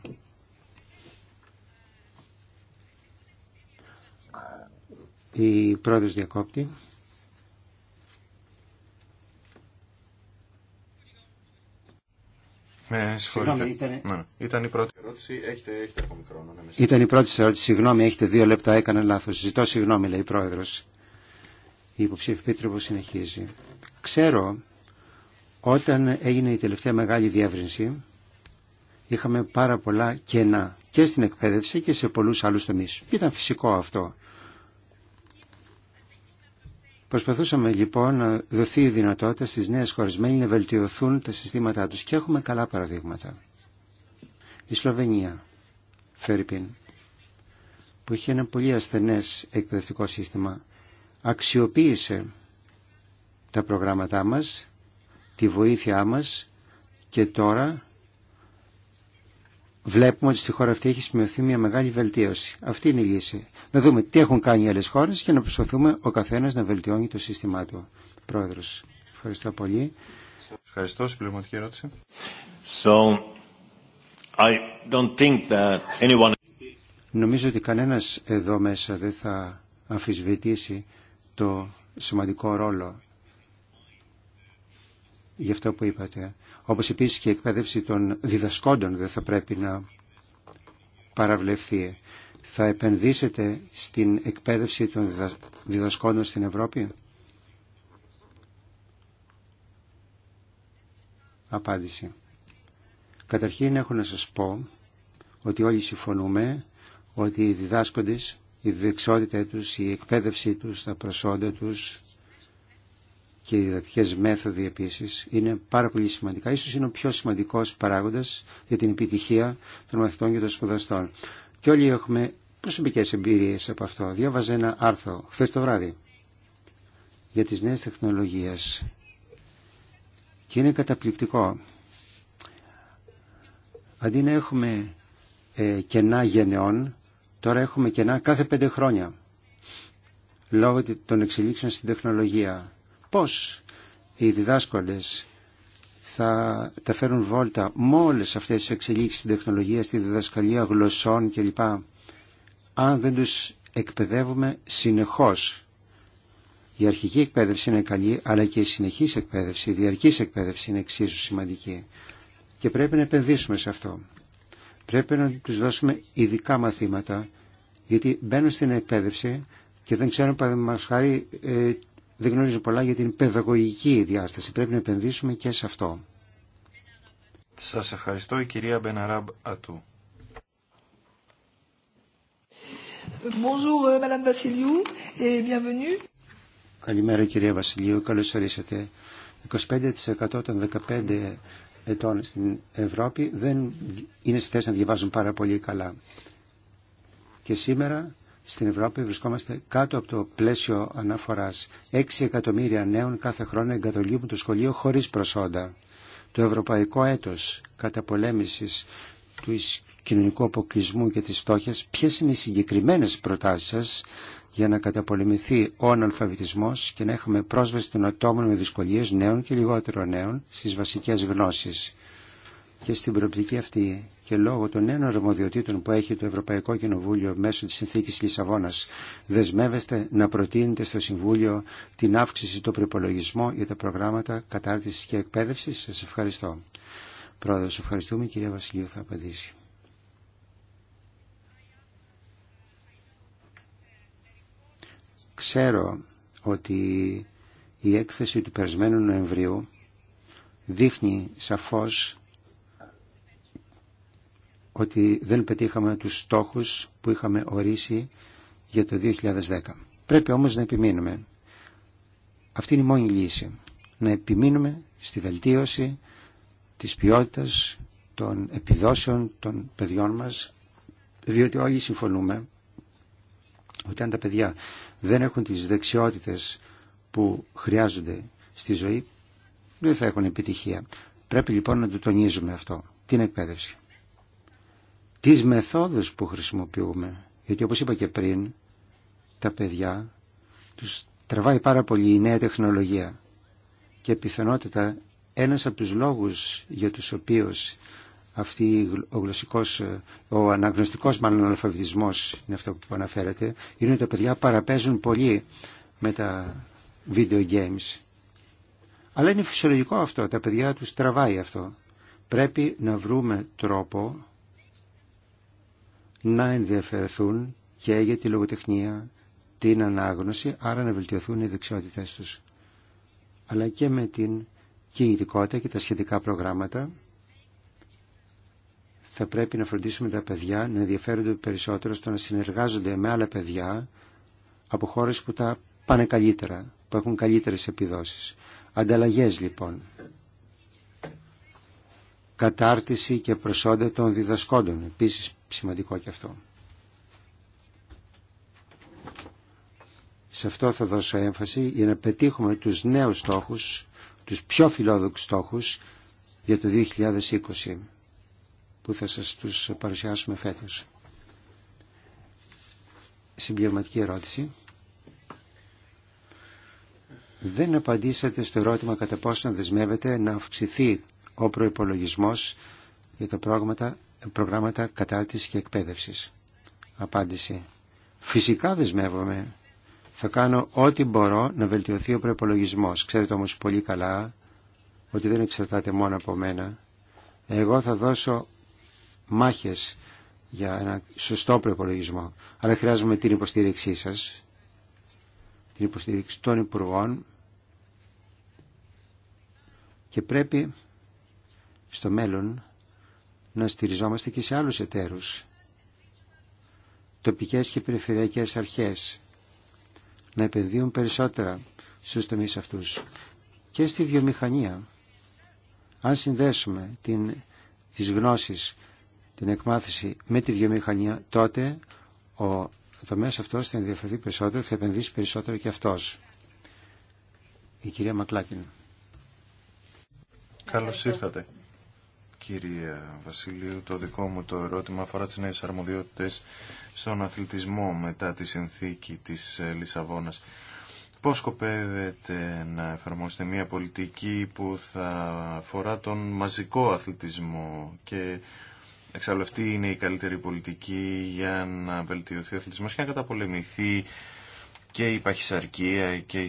Η πρόεδρος διακόπτη. Ναι, συγγνώμη, ήταν... Ναι, ήταν η πρώτη ερώτηση. Έχετε, έχετε ακόμη χρόνο. Ναι, ήταν η πρώτη ερώτηση. Συγγνώμη, έχετε δύο λεπτά, έκανα λάθος. Ζητώ συγγνώμη, λέει η πρόεδρος. Η υποψήφη επίτροπο συνεχίζει. Ξέρω, όταν έγινε η τελευταία μεγάλη διεύρυνση, είχαμε πάρα πολλά κενά και στην εκπαίδευση και σε πολλούς άλλους τομείς. Ήταν φυσικό αυτό. Προσπαθούσαμε λοιπόν να δοθεί η δυνατότητα στις νέες χωρισμένοι να βελτιωθούν τα συστήματά τους και έχουμε καλά παραδείγματα. Η Σλοβενία, Φερρυπίν, που είχε ένα πολύ ασθενές εκπαιδευτικό σύστημα, αξιοποίησε τα προγράμματά μας, τη βοήθειά μας και τώρα βλέπουμε ότι στη χώρα αυτή έχει σημειωθεί μια μεγάλη βελτίωση. Αυτή είναι η λύση. Να δούμε τι έχουν κάνει οι άλλε χώρε και να προσπαθούμε ο καθένα να βελτιώνει το σύστημά του. Πρόεδρο, ευχαριστώ πολύ. Ευχαριστώ. Συμπληρωματική ερώτηση. So, I don't think that anyone... Νομίζω ότι κανένας εδώ μέσα δεν θα αμφισβητήσει το σημαντικό ρόλο γι' αυτό που είπατε. Όπως επίσης και η εκπαίδευση των διδασκόντων δεν θα πρέπει να παραβλεφθεί. Θα επενδύσετε στην εκπαίδευση των διδασκόντων στην Ευρώπη. Απάντηση. Καταρχήν έχω να σας πω ότι όλοι συμφωνούμε ότι οι διδάσκοντες, η δεξότητα τους, η εκπαίδευση τους, τα προσόντα τους και οι διδακτικές μέθοδοι επίσης είναι πάρα πολύ σημαντικά. Ίσως είναι ο πιο σημαντικός παράγοντας για την επιτυχία των μαθητών και των σπουδαστών. Και όλοι έχουμε προσωπικές εμπειρίε από αυτό. Διάβαζα ένα άρθρο χθε το βράδυ για τις νέες τεχνολογίες και είναι καταπληκτικό. Αντί να έχουμε ε, κενά γενεών, τώρα έχουμε κενά κάθε πέντε χρόνια λόγω των εξελίξεων στην τεχνολογία πώς οι διδάσκοντες θα τα φέρουν βόλτα με όλες αυτές τις εξελίξεις στην τεχνολογία, στη διδασκαλία γλωσσών κλπ. Αν δεν τους εκπαιδεύουμε συνεχώς. Η αρχική εκπαίδευση είναι καλή, αλλά και η συνεχής εκπαίδευση, η διαρκής εκπαίδευση είναι εξίσου σημαντική. Και πρέπει να επενδύσουμε σε αυτό. Πρέπει να τους δώσουμε ειδικά μαθήματα, γιατί μπαίνουν στην εκπαίδευση και δεν ξέρουν, παραδείγματος χάρη, ε, δεν γνωρίζουν πολλά για την παιδαγωγική διάσταση. Πρέπει να επενδύσουμε και σε αυτό. Σας ευχαριστώ η κυρία Μπεναράμπ Ατού. Bonjour, euh, Madame Vassiliou, et bienvenue. Καλημέρα κυρία Βασιλείου, καλώς ορίσατε. 25% των 15 ετών στην Ευρώπη δεν είναι στη θέση να διαβάζουν πάρα πολύ καλά. Και σήμερα στην Ευρώπη βρισκόμαστε κάτω από το πλαίσιο αναφοράς. 6 εκατομμύρια νέων κάθε χρόνο εγκαταλείπουν το σχολείο χωρίς προσόντα. Το ευρωπαϊκό έτος καταπολέμησης του κοινωνικού αποκλεισμού και της φτώχειας, ποιες είναι οι συγκεκριμένες προτάσεις σας για να καταπολεμηθεί ο αναλφαβητισμός και να έχουμε πρόσβαση των ατόμων με δυσκολίες νέων και λιγότερων νέων στις βασικές γνώσεις. Και στην προοπτική αυτή και λόγω των νέων αρμοδιοτήτων που έχει το Ευρωπαϊκό Κοινοβούλιο μέσω της Συνθήκης Λισαβόνας δεσμεύεστε να προτείνετε στο Συμβούλιο την αύξηση του προπολογισμού για τα προγράμματα κατάρτισης και εκπαίδευσης. Σας ευχαριστώ. Πρόεδρος, ευχαριστούμε. κυρία Βασιλείου θα απαντήσει. Ξέρω ότι η έκθεση του περσμένου Νοεμβρίου δείχνει σαφώς ότι δεν πετύχαμε τους στόχους που είχαμε ορίσει για το 2010. Πρέπει όμως να επιμείνουμε. Αυτή είναι η μόνη λύση. Να επιμείνουμε στη βελτίωση της ποιότητας των επιδόσεων των παιδιών μας, διότι όλοι συμφωνούμε ότι αν τα παιδιά δεν έχουν τις δεξιότητες που χρειάζονται στη ζωή, δεν θα έχουν επιτυχία. Πρέπει λοιπόν να το τονίζουμε αυτό, την εκπαίδευση τις μεθόδους που χρησιμοποιούμε. Γιατί όπως είπα και πριν, τα παιδιά τους τραβάει πάρα πολύ η νέα τεχνολογία. Και πιθανότητα ένας από τους λόγους για τους οποίους αυτή ο γλωσσικός, ο αναγνωστικός μάλλον αλφαβητισμός είναι αυτό που αναφέρεται, είναι ότι τα παιδιά παραπέζουν πολύ με τα video games. Αλλά είναι φυσιολογικό αυτό, τα παιδιά τους τραβάει αυτό. Πρέπει να βρούμε τρόπο να ενδιαφερθούν και για τη λογοτεχνία, την ανάγνωση, άρα να βελτιωθούν οι δεξιότητές τους. Αλλά και με την κινητικότητα και τα σχετικά προγράμματα θα πρέπει να φροντίσουμε τα παιδιά να ενδιαφέρονται περισσότερο στο να συνεργάζονται με άλλα παιδιά από χώρες που τα πάνε καλύτερα, που έχουν καλύτερες επιδόσεις. Ανταλλαγές λοιπόν. Κατάρτιση και προσόντα των διδασκόντων. Επίσης σημαντικό και αυτό. Σε αυτό θα δώσω έμφαση για να πετύχουμε τους νέους στόχους, τους πιο φιλόδοξους στόχους για το 2020 που θα σας τους παρουσιάσουμε φέτος. Συμπληρωματική ερώτηση. Δεν απαντήσατε στο ερώτημα κατά πόσο να δεσμεύεται να αυξηθεί ο προϋπολογισμός για τα πρόγραμματα προγράμματα κατάρτισης και εκπαίδευσης. Απάντηση. Φυσικά δεσμεύομαι. Θα κάνω ό,τι μπορώ να βελτιωθεί ο προπολογισμό. Ξέρετε όμως πολύ καλά ότι δεν εξαρτάται μόνο από μένα. Εγώ θα δώσω μάχες για ένα σωστό προπολογισμό. Αλλά χρειάζομαι την υποστήριξή σας, την υποστήριξη των Υπουργών και πρέπει στο μέλλον να στηριζόμαστε και σε άλλους εταίρους, τοπικές και περιφερειακές αρχές, να επενδύουν περισσότερα στους τομείς αυτούς και στη βιομηχανία. Αν συνδέσουμε την, τις γνώσεις, την εκμάθηση με τη βιομηχανία, τότε ο τομέας αυτός θα ενδιαφερθεί περισσότερο, θα επενδύσει περισσότερο και αυτός. Η κυρία Μακλάκιν. Καλώς ήρθατε. Κύριε Βασιλείου. Το δικό μου το ερώτημα αφορά τις νέες αρμοδιότητες στον αθλητισμό μετά τη συνθήκη της ε, Λισαβόνας. Πώς σκοπεύετε να εφαρμόσετε μια πολιτική που θα αφορά τον μαζικό αθλητισμό και εξάλλου αυτή είναι η καλύτερη πολιτική για να βελτιωθεί ο αθλητισμός και να καταπολεμηθεί και η παχυσαρκία και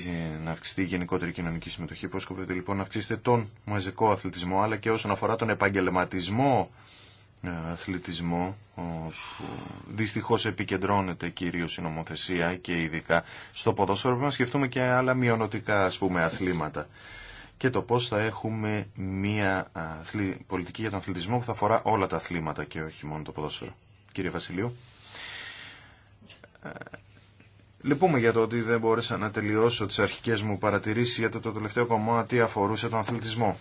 να αυξηθεί η γενικότερη κοινωνική συμμετοχή. Πώς σκοπεύετε λοιπόν να αυξήσετε τον μαζικό αθλητισμό αλλά και όσον αφορά τον επαγγελματισμό ε, αθλητισμό που δυστυχώς επικεντρώνεται κυρίως η νομοθεσία και ειδικά στο ποδόσφαιρο πρέπει να σκεφτούμε και άλλα μειονοτικά αθλήματα και το πώς θα έχουμε μια πολιτική για τον αθλητισμό που θα αφορά όλα τα αθλήματα και όχι μόνο το ποδόσφαιρο. Κύριε Βασιλείου, Λυπούμε για το ότι δεν μπόρεσα να τελειώσω τις αρχικές μου παρατηρήσεις για το, το τελευταίο κομμάτι αφορούσε τον αθλητισμό.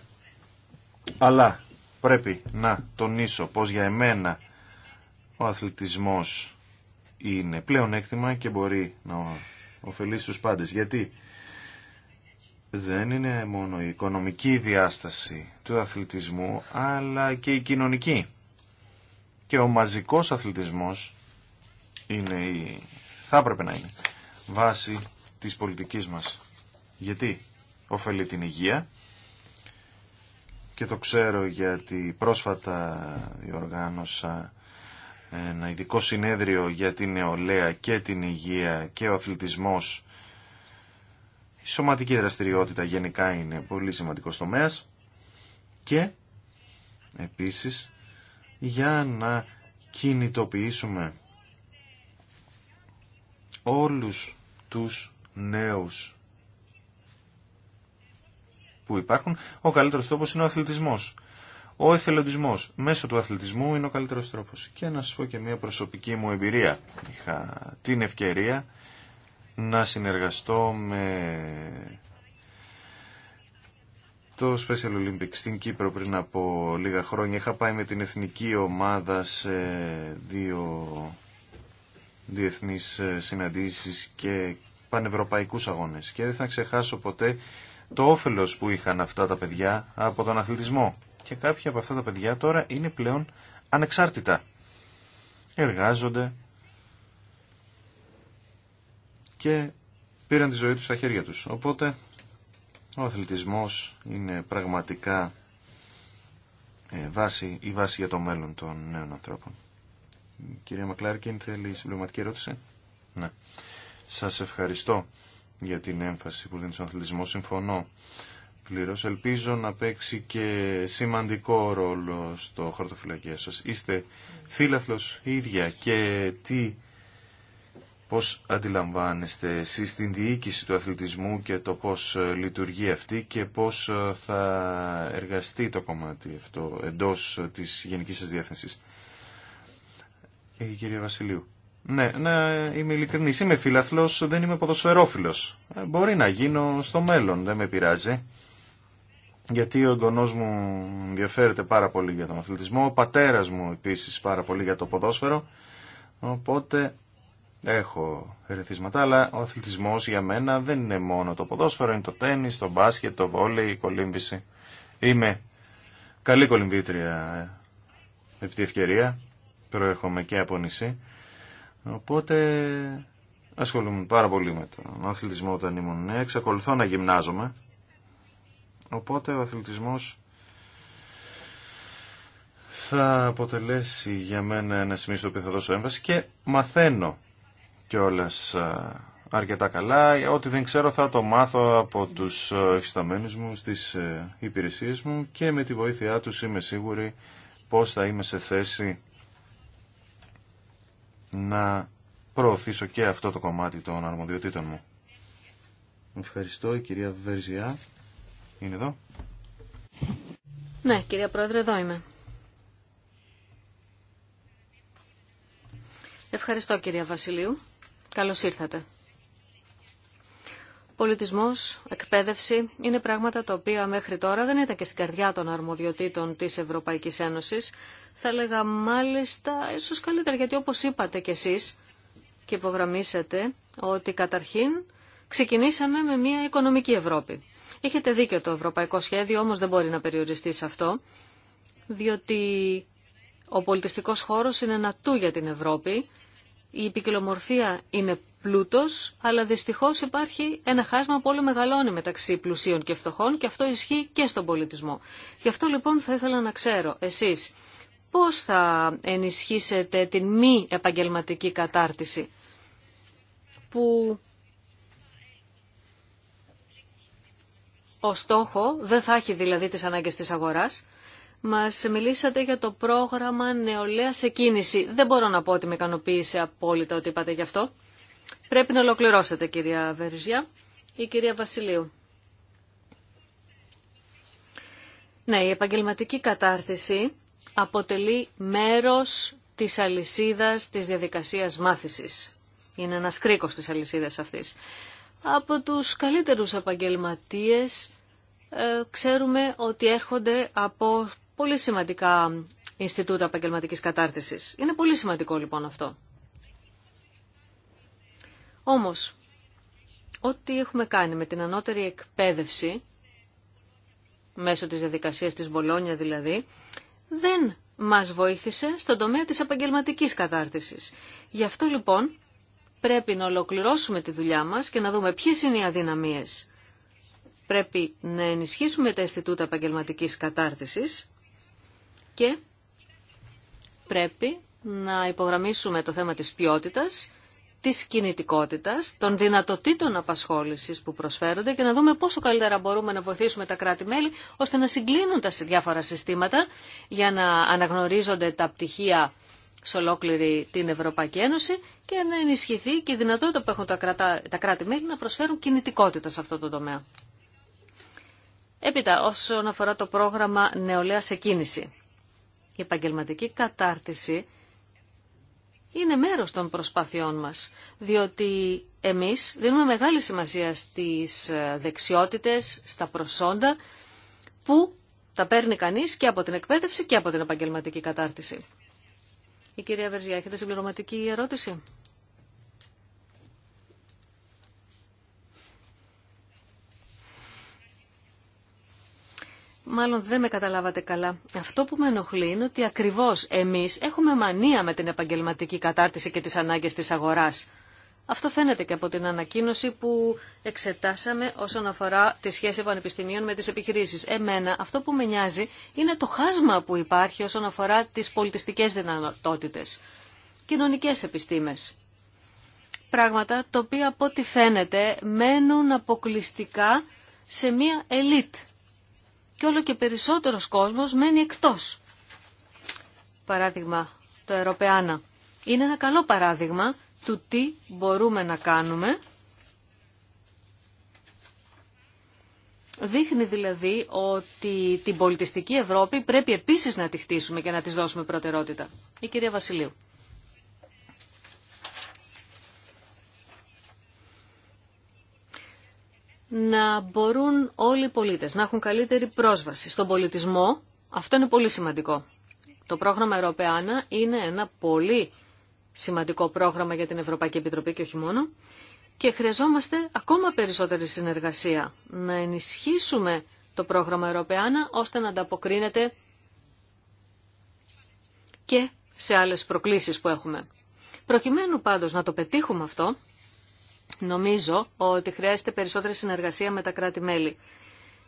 Αλλά πρέπει να τονίσω πως για εμένα ο αθλητισμός είναι πλέον έκτημα και μπορεί να ωφελήσει τους πάντες. Γιατί δεν είναι μόνο η οικονομική διάσταση του αθλητισμού, αλλά και η κοινωνική. Και ο μαζικός αθλητισμός είναι η θα έπρεπε να είναι βάση της πολιτικής μας. Γιατί ωφελεί την υγεία και το ξέρω γιατί πρόσφατα διοργάνωσα ένα ειδικό συνέδριο για την νεολαία και την υγεία και ο αθλητισμός. Η σωματική δραστηριότητα γενικά είναι πολύ σημαντικός τομέας και επίσης για να κινητοποιήσουμε όλους τους νέους που υπάρχουν, ο καλύτερος τρόπος είναι ο αθλητισμός. Ο εθελοντισμός μέσω του αθλητισμού είναι ο καλύτερος τρόπος. Και να σας πω και μια προσωπική μου εμπειρία. Είχα την ευκαιρία να συνεργαστώ με το Special Olympics στην Κύπρο πριν από λίγα χρόνια. Είχα πάει με την εθνική ομάδα σε δύο διεθνείς ε, συναντήσεις και πανευρωπαϊκούς αγώνες. Και δεν θα ξεχάσω ποτέ το όφελος που είχαν αυτά τα παιδιά από τον αθλητισμό. Και κάποια από αυτά τα παιδιά τώρα είναι πλέον ανεξάρτητα. Εργάζονται και πήραν τη ζωή τους στα χέρια τους. Οπότε ο αθλητισμός είναι πραγματικά ε, βάση, η βάση για το μέλλον των νέων ανθρώπων. Κυρία Μακλάρκιν, θέλει συμπληρωματική ερώτηση. Ναι. Σας ευχαριστώ για την έμφαση που δίνει στον αθλητισμό. Συμφωνώ πλήρως. Ελπίζω να παίξει και σημαντικό ρόλο στο χαρτοφυλακία σας. Είστε φίλαθλος ίδια και τι, πώς αντιλαμβάνεστε εσείς την διοίκηση του αθλητισμού και το πώς λειτουργεί αυτή και πώς θα εργαστεί το κομμάτι αυτό εντός της γενικής σας διεύθυνσης. Ε, η κυρία Βασιλείου. Ναι, να είμαι ειλικρινή. Είμαι φιλαθλό, δεν είμαι ποδοσφαιρόφιλο. Ε, μπορεί να γίνω στο μέλλον, δεν με πειράζει. Γιατί ο εγγονό μου ενδιαφέρεται πάρα πολύ για τον αθλητισμό. Ο πατέρα μου επίση πάρα πολύ για το ποδόσφαιρο. Οπότε έχω ερεθίσματα, αλλά ο αθλητισμό για μένα δεν είναι μόνο το ποδόσφαιρο, είναι το τέννη, το μπάσκετ, το βόλεϊ, η κολύμβηση. Είμαι καλή κολυμβήτρια ε, επί τη ευκαιρία προέρχομαι και από νησί. Οπότε ασχολούμαι πάρα πολύ με τον αθλητισμό όταν ήμουν νέα. Εξακολουθώ να γυμνάζομαι. Οπότε ο αθλητισμός θα αποτελέσει για μένα ένα σημείο στο οποίο θα δώσω έμβαση και μαθαίνω κιόλα αρκετά καλά. Ό,τι δεν ξέρω θα το μάθω από τους εφισταμένους μου στις ε, υπηρεσίες μου και με τη βοήθειά τους είμαι σίγουρη πώς θα είμαι σε θέση να προωθήσω και αυτό το κομμάτι των αρμοδιοτήτων μου. Ευχαριστώ. Η κυρία Βερζιά είναι εδώ. Ναι, κυρία Πρόεδρε, εδώ είμαι. Ευχαριστώ κυρία Βασιλείου. Καλώς ήρθατε. Πολιτισμός, εκπαίδευση είναι πράγματα τα οποία μέχρι τώρα δεν ήταν και στην καρδιά των αρμοδιοτήτων της Ευρωπαϊκής Ένωσης. Θα έλεγα μάλιστα ίσως καλύτερα γιατί όπως είπατε κι εσείς και υπογραμμίσατε ότι καταρχήν ξεκινήσαμε με μια οικονομική Ευρώπη. Έχετε δίκιο το ευρωπαϊκό σχέδιο όμως δεν μπορεί να περιοριστεί σε αυτό διότι ο πολιτιστικός χώρος είναι ένα του για την Ευρώπη η ποικιλομορφία είναι πλούτος, αλλά δυστυχώς υπάρχει ένα χάσμα πολύ όλο μεγαλώνει μεταξύ πλουσίων και φτωχών και αυτό ισχύει και στον πολιτισμό. Γι' αυτό λοιπόν θα ήθελα να ξέρω εσείς πώς θα ενισχύσετε την μη επαγγελματική κατάρτιση που ο στόχο δεν θα έχει δηλαδή τις ανάγκες της αγοράς. Μας μιλήσατε για το πρόγραμμα νεολαία σε κίνηση. Δεν μπορώ να πω ότι με ικανοποίησε απόλυτα ότι είπατε γι' αυτό. Πρέπει να ολοκληρώσετε κυρία Βεριζιά ή κυρία Βασιλείου. Ναι, η επαγγελματική κατάρτιση αποτελεί μέρος της αλυσίδας της διαδικασίας μάθησης. Είναι ένας κρίκος της αλυσίδας αυτής. Από τους καλύτερους επαγγελματίες ε, ξέρουμε ότι έρχονται από πολύ σημαντικά Ινστιτούτα επαγγελματικής Κατάρτισης. Είναι πολύ σημαντικό λοιπόν αυτό. Όμως, ό,τι έχουμε κάνει με την ανώτερη εκπαίδευση, μέσω της διαδικασίας της Μπολόνια δηλαδή, δεν μας βοήθησε στον τομέα της επαγγελματική κατάρτισης. Γι' αυτό λοιπόν πρέπει να ολοκληρώσουμε τη δουλειά μας και να δούμε ποιες είναι οι αδυναμίες. Πρέπει να ενισχύσουμε τα αισθητούτα επαγγελματική κατάρτισης και πρέπει να υπογραμμίσουμε το θέμα της ποιότητας της κινητικότητας, των δυνατοτήτων απασχόλησης που προσφέρονται και να δούμε πόσο καλύτερα μπορούμε να βοηθήσουμε τα κράτη-μέλη ώστε να συγκλίνουν τα διάφορα συστήματα για να αναγνωρίζονται τα πτυχία σε ολόκληρη την Ευρωπαϊκή Ένωση και να ενισχυθεί και η δυνατότητα που έχουν τα, κράτη-μέλη να προσφέρουν κινητικότητα σε αυτό το τομέα. Έπειτα, όσον αφορά το πρόγραμμα νεολαία σε κίνηση, η επαγγελματική κατάρτιση είναι μέρος των προσπαθειών μας, διότι εμείς δίνουμε μεγάλη σημασία στις ε, δεξιότητες, στα προσόντα που τα παίρνει κανείς και από την εκπαίδευση και από την επαγγελματική κατάρτιση. Η κυρία Βερζιά, έχετε συμπληρωματική ερώτηση. Μάλλον δεν με καταλάβατε καλά. Αυτό που με ενοχλεί είναι ότι ακριβώς εμείς έχουμε μανία με την επαγγελματική κατάρτιση και τις ανάγκες της αγοράς. Αυτό φαίνεται και από την ανακοίνωση που εξετάσαμε όσον αφορά τη σχέση πανεπιστημίων με τις επιχειρήσεις. Εμένα αυτό που με νοιάζει είναι το χάσμα που υπάρχει όσον αφορά τις πολιτιστικές δυνατότητες, κοινωνικές επιστήμες. Πράγματα τα οποία από ό,τι φαίνεται μένουν αποκλειστικά σε μία ελίτ και όλο και περισσότερος κόσμος μένει εκτός. Παράδειγμα, το Ευρωπαίανα είναι ένα καλό παράδειγμα του τι μπορούμε να κάνουμε. Δείχνει δηλαδή ότι την πολιτιστική Ευρώπη πρέπει επίσης να τη χτίσουμε και να της δώσουμε προτερότητα. Η κυρία Βασιλείου. να μπορούν όλοι οι πολίτες να έχουν καλύτερη πρόσβαση στον πολιτισμό. Αυτό είναι πολύ σημαντικό. Το πρόγραμμα Ευρωπαϊκά είναι ένα πολύ σημαντικό πρόγραμμα για την Ευρωπαϊκή Επιτροπή και όχι μόνο. Και χρειαζόμαστε ακόμα περισσότερη συνεργασία. Να ενισχύσουμε το πρόγραμμα Ευρωπαϊκά ώστε να ανταποκρίνεται και σε άλλες προκλήσεις που έχουμε. Προκειμένου πάντως να το πετύχουμε αυτό, Νομίζω ότι χρειάζεται περισσότερη συνεργασία με τα κράτη-μέλη.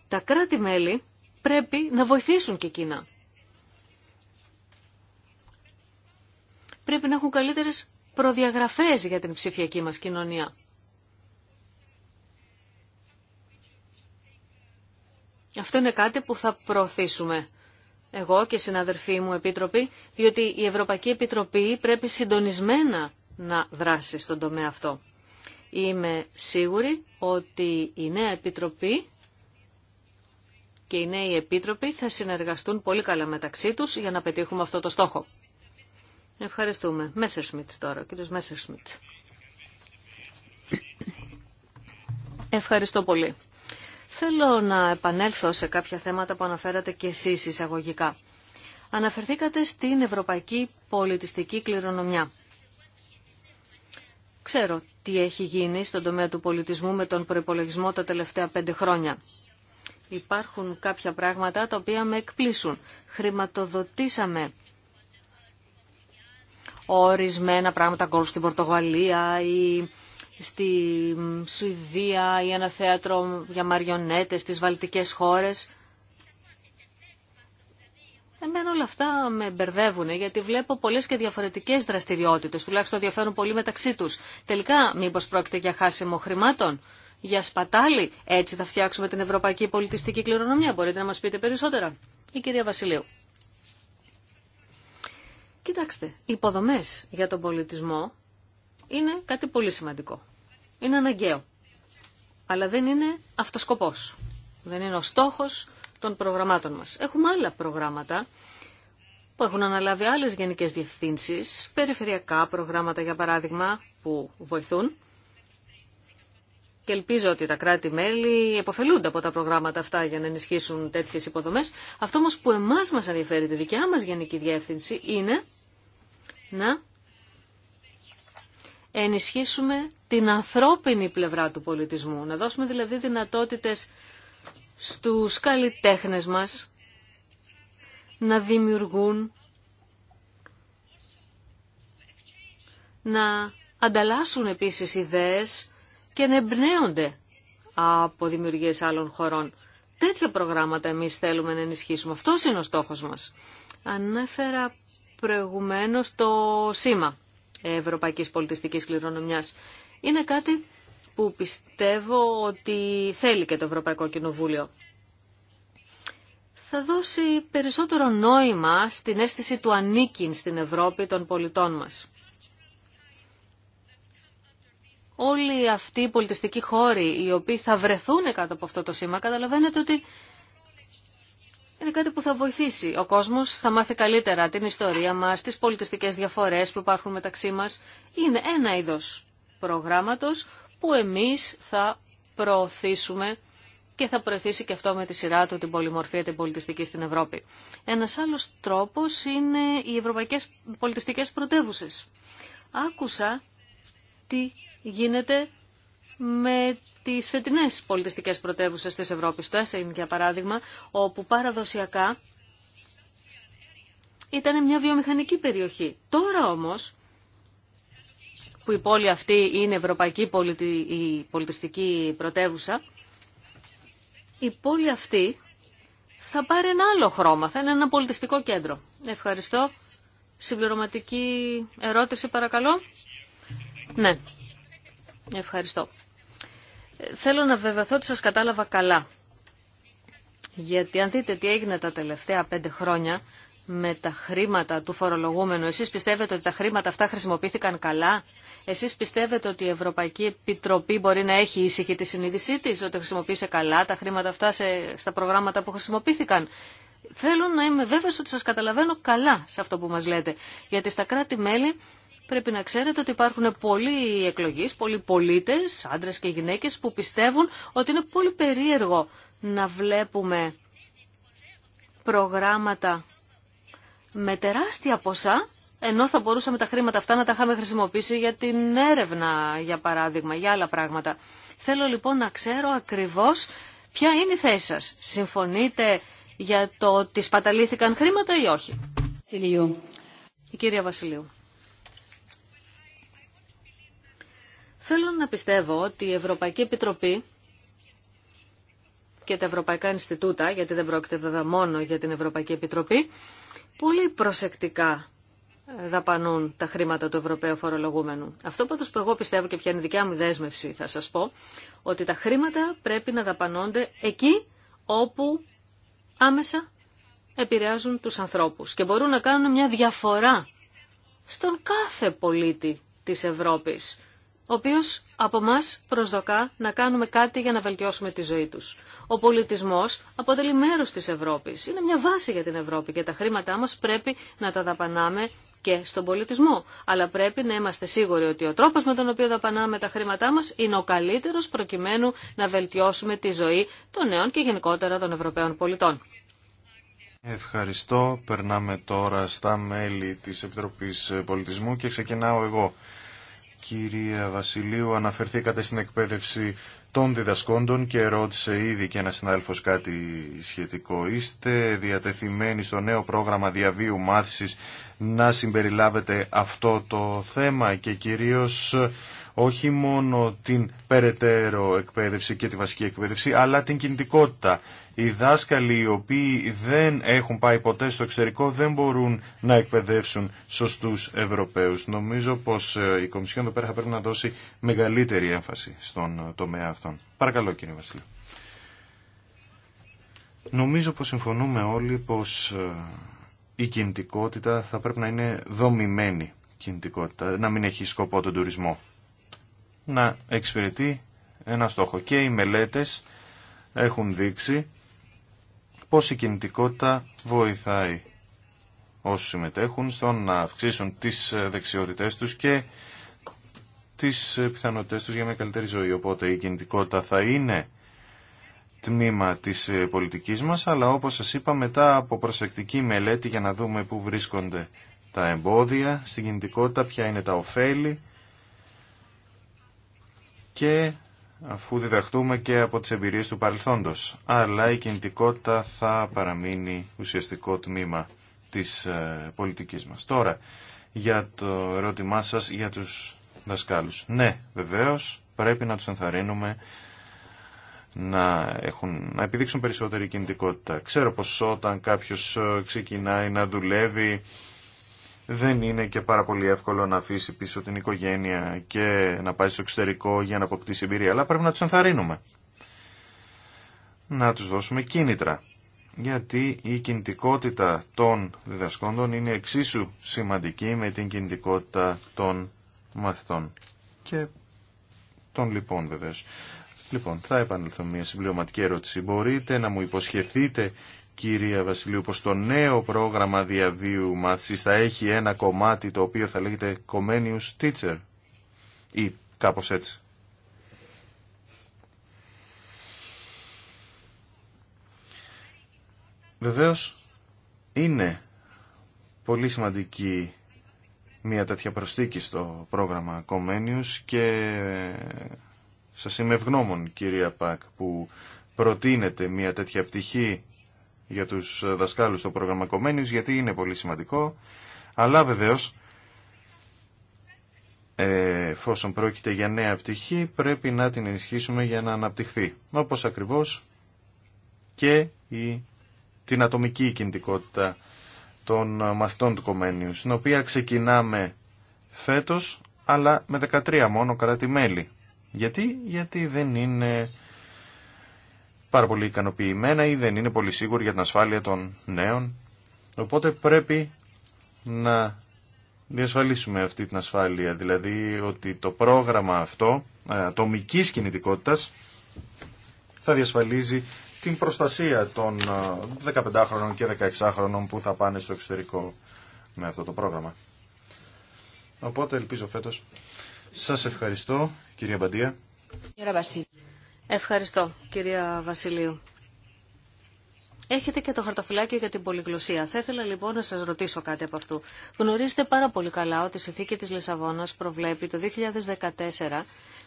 Τα κράτη-μέλη πρέπει να βοηθήσουν και εκείνα. Πρέπει να έχουν καλύτερες προδιαγραφές για την ψηφιακή μας κοινωνία. Αυτό είναι κάτι που θα προωθήσουμε εγώ και συναδελφοί μου επίτροποι, διότι η Ευρωπαϊκή Επιτροπή πρέπει συντονισμένα να δράσει στον τομέα αυτό. Είμαι σίγουρη ότι η νέα Επιτροπή και οι νέοι Επίτροποι θα συνεργαστούν πολύ καλά μεταξύ τους για να πετύχουμε αυτό το στόχο. Ευχαριστούμε. Μέσερ Σμιτ τώρα, κύριος Σμιτ. Ευχαριστώ πολύ. Θέλω να επανέλθω σε κάποια θέματα που αναφέρατε και εσείς εισαγωγικά. Αναφερθήκατε στην ευρωπαϊκή πολιτιστική κληρονομιά. Ξέρω τι έχει γίνει στον τομέα του πολιτισμού με τον προπολογισμό τα τελευταία πέντε χρόνια. Υπάρχουν κάποια πράγματα τα οποία με εκπλήσουν. Χρηματοδοτήσαμε ορισμένα πράγματα, γκολ στην Πορτογαλία ή στη Σουηδία ή ένα θέατρο για μαριονέτες στις βαλτικές χώρες. Εμένα όλα αυτά με μπερδεύουν, γιατί βλέπω πολλές και διαφορετικές δραστηριότητες, τουλάχιστον διαφέρουν πολύ μεταξύ τους. Τελικά, μήπως πρόκειται για χάσιμο χρημάτων, για σπατάλη, έτσι θα φτιάξουμε την ευρωπαϊκή πολιτιστική κληρονομιά. Μπορείτε να μας πείτε περισσότερα. Η κυρία Βασιλείου. Κοιτάξτε, οι υποδομές για τον πολιτισμό είναι κάτι πολύ σημαντικό. Είναι αναγκαίο. Αλλά δεν είναι αυτοσκοπός. Δεν είναι ο στόχος των προγραμμάτων μας. Έχουμε άλλα προγράμματα που έχουν αναλάβει άλλες γενικές διευθύνσεις, περιφερειακά προγράμματα για παράδειγμα που βοηθούν και ελπίζω ότι τα κράτη-μέλη επωφελούνται από τα προγράμματα αυτά για να ενισχύσουν τέτοιες υποδομές. Αυτό όμως που εμάς μας ενδιαφέρει, τη δικιά μας γενική διεύθυνση, είναι να ενισχύσουμε την ανθρώπινη πλευρά του πολιτισμού, να δώσουμε δηλαδή δυνατότητες στους καλλιτέχνες μας να δημιουργούν, να ανταλλάσσουν επίσης ιδέες και να εμπνέονται από δημιουργίες άλλων χωρών. Τέτοια προγράμματα εμείς θέλουμε να ενισχύσουμε. Αυτό είναι ο στόχος μας. Ανέφερα προηγουμένως το σήμα Ευρωπαϊκής Πολιτιστικής Κληρονομιάς. Είναι κάτι που πιστεύω ότι θέλει και το Ευρωπαϊκό Κοινοβούλιο. Θα δώσει περισσότερο νόημα στην αίσθηση του ανήκειν στην Ευρώπη των πολιτών μας. Όλοι αυτοί οι πολιτιστικοί χώροι οι οποίοι θα βρεθούν κάτω από αυτό το σήμα καταλαβαίνετε ότι είναι κάτι που θα βοηθήσει. Ο κόσμος θα μάθει καλύτερα την ιστορία μας, τις πολιτιστικές διαφορές που υπάρχουν μεταξύ μας. Είναι ένα είδος προγράμματος που εμείς θα προωθήσουμε και θα προωθήσει και αυτό με τη σειρά του την πολυμορφία την πολιτιστική στην Ευρώπη. Ένας άλλος τρόπος είναι οι ευρωπαϊκές πολιτιστικές πρωτεύουσες. Άκουσα τι γίνεται με τις φετινές πολιτιστικές πρωτεύουσες της Ευρώπης, το είναι για παράδειγμα, όπου παραδοσιακά ήταν μια βιομηχανική περιοχή. Τώρα όμως που η πόλη αυτή είναι ευρωπαϊκή πολιτιστική πρωτεύουσα, η πόλη αυτή θα πάρει ένα άλλο χρώμα, θα είναι ένα πολιτιστικό κέντρο. Ευχαριστώ. Συμπληρωματική ερώτηση παρακαλώ. Ναι. Ευχαριστώ. Θέλω να βεβαιωθώ ότι σας κατάλαβα καλά. Γιατί αν δείτε τι έγινε τα τελευταία πέντε χρόνια, με τα χρήματα του φορολογούμενου. Εσείς πιστεύετε ότι τα χρήματα αυτά χρησιμοποιήθηκαν καλά. Εσείς πιστεύετε ότι η Ευρωπαϊκή Επιτροπή μπορεί να έχει ήσυχη τη συνείδησή τη ότι χρησιμοποίησε καλά τα χρήματα αυτά σε, στα προγράμματα που χρησιμοποιήθηκαν. Θέλω να είμαι βέβαιος ότι σας καταλαβαίνω καλά σε αυτό που μας λέτε. Γιατί στα κράτη-μέλη πρέπει να ξέρετε ότι υπάρχουν πολλοί εκλογείς, πολλοί πολίτες, άντρες και γυναίκες που πιστεύουν ότι είναι πολύ περίεργο να βλέπουμε προγράμματα με τεράστια ποσά, ενώ θα μπορούσαμε τα χρήματα αυτά να τα είχαμε χρησιμοποιήσει για την έρευνα, για παράδειγμα, για άλλα πράγματα. Θέλω λοιπόν να ξέρω ακριβώς ποια είναι η θέση σας. Συμφωνείτε για το ότι σπαταλήθηκαν χρήματα ή όχι. Βασιλείου. Η κυρία Βασιλείου. Θέλω να πιστεύω ότι η Ευρωπαϊκή Επιτροπή και τα Ευρωπαϊκά Ινστιτούτα, γιατί δεν πρόκειται βέβαια μόνο για την Ευρωπαϊκή Επιτροπή, πολύ προσεκτικά δαπανούν τα χρήματα του Ευρωπαίου Φορολογούμενου. Αυτό που που εγώ πιστεύω και ποια είναι η δικιά μου δέσμευση θα σας πω, ότι τα χρήματα πρέπει να δαπανώνται εκεί όπου άμεσα επηρεάζουν τους ανθρώπους και μπορούν να κάνουν μια διαφορά στον κάθε πολίτη της Ευρώπης ο οποίο από εμά προσδοκά να κάνουμε κάτι για να βελτιώσουμε τη ζωή του. Ο πολιτισμό αποτελεί μέρο τη Ευρώπη, είναι μια βάση για την Ευρώπη και τα χρήματά μα πρέπει να τα δαπανάμε και στον πολιτισμό. Αλλά πρέπει να είμαστε σίγουροι ότι ο τρόπο με τον οποίο δαπανάμε τα χρήματά μα είναι ο καλύτερο προκειμένου να βελτιώσουμε τη ζωή των νέων και γενικότερα των Ευρωπαίων πολιτών. Ευχαριστώ. Περνάμε τώρα στα μέλη της Επιτροπής Πολιτισμού και ξεκινάω εγώ. Κυρία Βασιλείου, αναφερθήκατε στην εκπαίδευση των διδασκόντων και ρώτησε ήδη και ένα συνάδελφο κάτι σχετικό. Είστε διατεθειμένοι στο νέο πρόγραμμα διαβίου μάθησης να συμπεριλάβετε αυτό το θέμα και κυρίως όχι μόνο την περαιτέρω εκπαίδευση και τη βασική εκπαίδευση, αλλά την κινητικότητα οι δάσκαλοι οι οποίοι δεν έχουν πάει ποτέ στο εξωτερικό δεν μπορούν να εκπαιδεύσουν σωστούς Ευρωπαίους. Νομίζω πως ε, η Κομισιόν εδώ πέρα θα πρέπει να δώσει μεγαλύτερη έμφαση στον ε, τομέα αυτόν. Παρακαλώ κύριε Βασίλη. Νομίζω πως συμφωνούμε όλοι πως ε, η κινητικότητα θα πρέπει να είναι δομημένη κινητικότητα, να μην έχει σκοπό τον τουρισμό. Να εξυπηρετεί ένα στόχο. Και οι μελέτες έχουν δείξει πώς η κινητικότητα βοηθάει όσους συμμετέχουν στο να αυξήσουν τις ε, δεξιότητές τους και τις ε, πιθανότητές τους για μια καλύτερη ζωή. Οπότε η κινητικότητα θα είναι τμήμα της ε, πολιτικής μας, αλλά όπως σας είπα μετά από προσεκτική μελέτη για να δούμε πού βρίσκονται τα εμπόδια στην κινητικότητα, ποια είναι τα ωφέλη και αφού διδαχτούμε και από τις εμπειρίες του παρελθόντος. Αλλά η κινητικότητα θα παραμείνει ουσιαστικό τμήμα της ε, πολιτικής μας. Τώρα, για το ερώτημά σας για τους δασκάλους. Ναι, βεβαίως, πρέπει να τους ενθαρρύνουμε να, έχουν, να επιδείξουν περισσότερη κινητικότητα. Ξέρω πως όταν κάποιος ε, ξεκινάει να δουλεύει δεν είναι και πάρα πολύ εύκολο να αφήσει πίσω την οικογένεια και να πάει στο εξωτερικό για να αποκτήσει εμπειρία, αλλά πρέπει να τους ενθαρρύνουμε. Να τους δώσουμε κίνητρα, γιατί η κινητικότητα των διδασκόντων είναι εξίσου σημαντική με την κινητικότητα των μαθητών και των λοιπόν βεβαίως. Λοιπόν, θα επανελθώ μια συμπληρωματική ερώτηση. Μπορείτε να μου υποσχεθείτε κυρία Βασιλείου, πως το νέο πρόγραμμα διαβίου μάθησης θα έχει ένα κομμάτι το οποίο θα λέγεται Comenius Teacher ή κάπως έτσι. Βεβαίως είναι πολύ σημαντική μια τέτοια προσθήκη στο πρόγραμμα Comenius και σας είμαι ευγνώμων κυρία Πακ που προτείνετε μια τέτοια πτυχή για τους δασκάλους στο πρόγραμμα κομμένιους, γιατί είναι πολύ σημαντικό. Αλλά βεβαίως, ε, εφόσον πρόκειται για νέα πτυχή, πρέπει να την ενισχύσουμε για να αναπτυχθεί. Όπως ακριβώς και η, την ατομική κινητικότητα των μαθητών του κομμένιου, στην οποία ξεκινάμε φέτος, αλλά με 13 μόνο κράτη-μέλη. Γιατί? Γιατί δεν είναι πάρα πολύ ικανοποιημένα ή δεν είναι πολύ σίγουροι για την ασφάλεια των νέων. Οπότε πρέπει να διασφαλίσουμε αυτή την ασφάλεια, δηλαδή ότι το πρόγραμμα αυτό ε, ατομικής κινητικότητας θα διασφαλίζει την προστασία των 15χρονων ε, και 16χρονων που θα πάνε στο εξωτερικό με αυτό το πρόγραμμα. Οπότε ελπίζω φέτος. Σας ευχαριστώ κυρία Μπαντία. Ευχαριστώ, κυρία Βασιλείου. Έχετε και το χαρτοφυλάκιο για την πολυγλωσία. Θα ήθελα λοιπόν να σας ρωτήσω κάτι από αυτού. Γνωρίζετε πάρα πολύ καλά ότι η συνθήκη της Λισαβόνας προβλέπει το 2014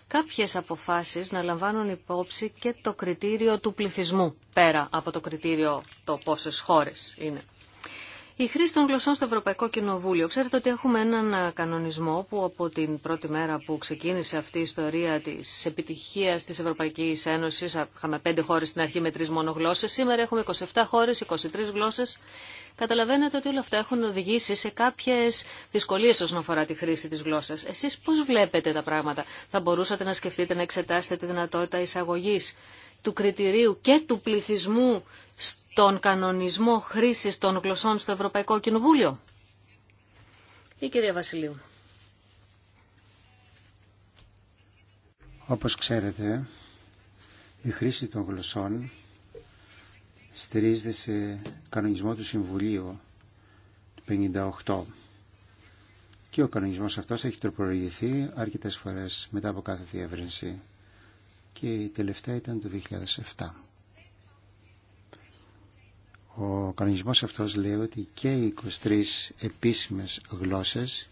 κάποιες αποφάσεις να λαμβάνουν υπόψη και το κριτήριο του πληθυσμού, πέρα από το κριτήριο το πόσες χώρες είναι. Η χρήση των γλωσσών στο Ευρωπαϊκό Κοινοβούλιο. Ξέρετε ότι έχουμε έναν ε, κανονισμό που από την πρώτη μέρα που ξεκίνησε αυτή η ιστορία τη επιτυχία τη Ευρωπαϊκή Ένωση, είχαμε πέντε χώρε στην αρχή με τρει μόνο γλώσσε. Σήμερα έχουμε 27 χώρε, 23 γλώσσε. Καταλαβαίνετε ότι όλα αυτά έχουν οδηγήσει σε κάποιε δυσκολίε όσον αφορά τη χρήση τη γλώσσα. Εσεί πώ βλέπετε τα πράγματα, θα μπορούσατε να σκεφτείτε να εξετάσετε τη δυνατότητα εισαγωγή του κριτηρίου και του πληθυσμού στον κανονισμό χρήσης των γλωσσών στο Ευρωπαϊκό Κοινοβούλιο. Η κυρία Βασιλείου. Όπως ξέρετε, η χρήση των γλωσσών στηρίζεται σε κανονισμό του Συμβουλίου του 58. Και ο κανονισμός αυτός έχει τροπολογηθεί αρκετές φορές μετά από κάθε διεύρυνση και η τελευταία ήταν το 2007. Ο κανονισμός αυτός λέει ότι και οι 23 επίσημες γλώσσες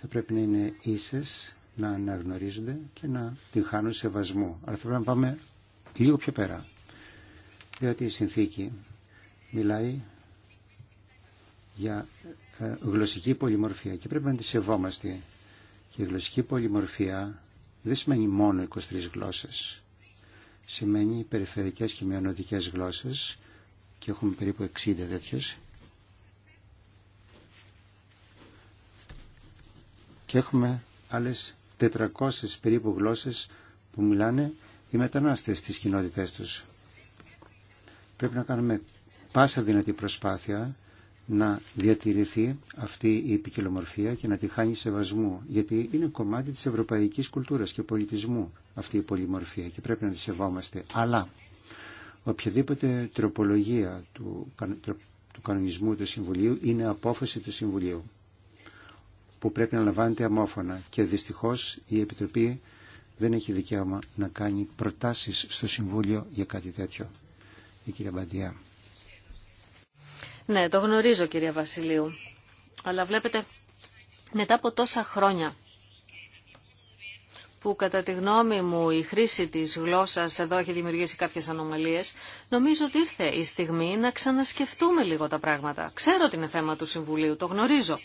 θα πρέπει να είναι ίσες, να αναγνωρίζονται και να την χάνουν σεβασμού. Αλλά θα πρέπει να πάμε λίγο πιο πέρα. Διότι η συνθήκη μιλάει για ε, γλωσσική πολυμορφία και πρέπει να τη σεβόμαστε. Και η γλωσσική πολυμορφία δεν σημαίνει μόνο 23 γλώσσες. Σημαίνει περιφερειακές και μειονωτικές γλώσσες και έχουμε περίπου 60 τέτοιες. Και έχουμε άλλες 400 περίπου γλώσσες που μιλάνε οι μετανάστες στις κοινότητές τους. Πρέπει να κάνουμε πάσα δυνατή προσπάθεια να διατηρηθεί αυτή η ποικιλομορφία και να τη χάνει σεβασμού, γιατί είναι κομμάτι της ευρωπαϊκής κουλτούρας και πολιτισμού αυτή η πολυμορφία και πρέπει να τη σεβόμαστε. Αλλά οποιαδήποτε τροπολογία του, του κανονισμού του Συμβουλίου είναι απόφαση του Συμβουλίου που πρέπει να λαμβάνεται αμόφωνα και δυστυχώς η Επιτροπή δεν έχει δικαίωμα να κάνει προτάσεις στο Συμβούλιο για κάτι τέτοιο. Η κυρία Μπαντιά. Ναι, το γνωρίζω κυρία Βασιλείου. Αλλά βλέπετε, μετά από τόσα χρόνια που κατά τη γνώμη μου η χρήση της γλώσσας εδώ έχει δημιουργήσει κάποιες ανομαλίες, νομίζω ότι ήρθε η στιγμή να ξανασκεφτούμε λίγο τα πράγματα. Ξέρω ότι είναι θέμα του Συμβουλίου, το γνωρίζω.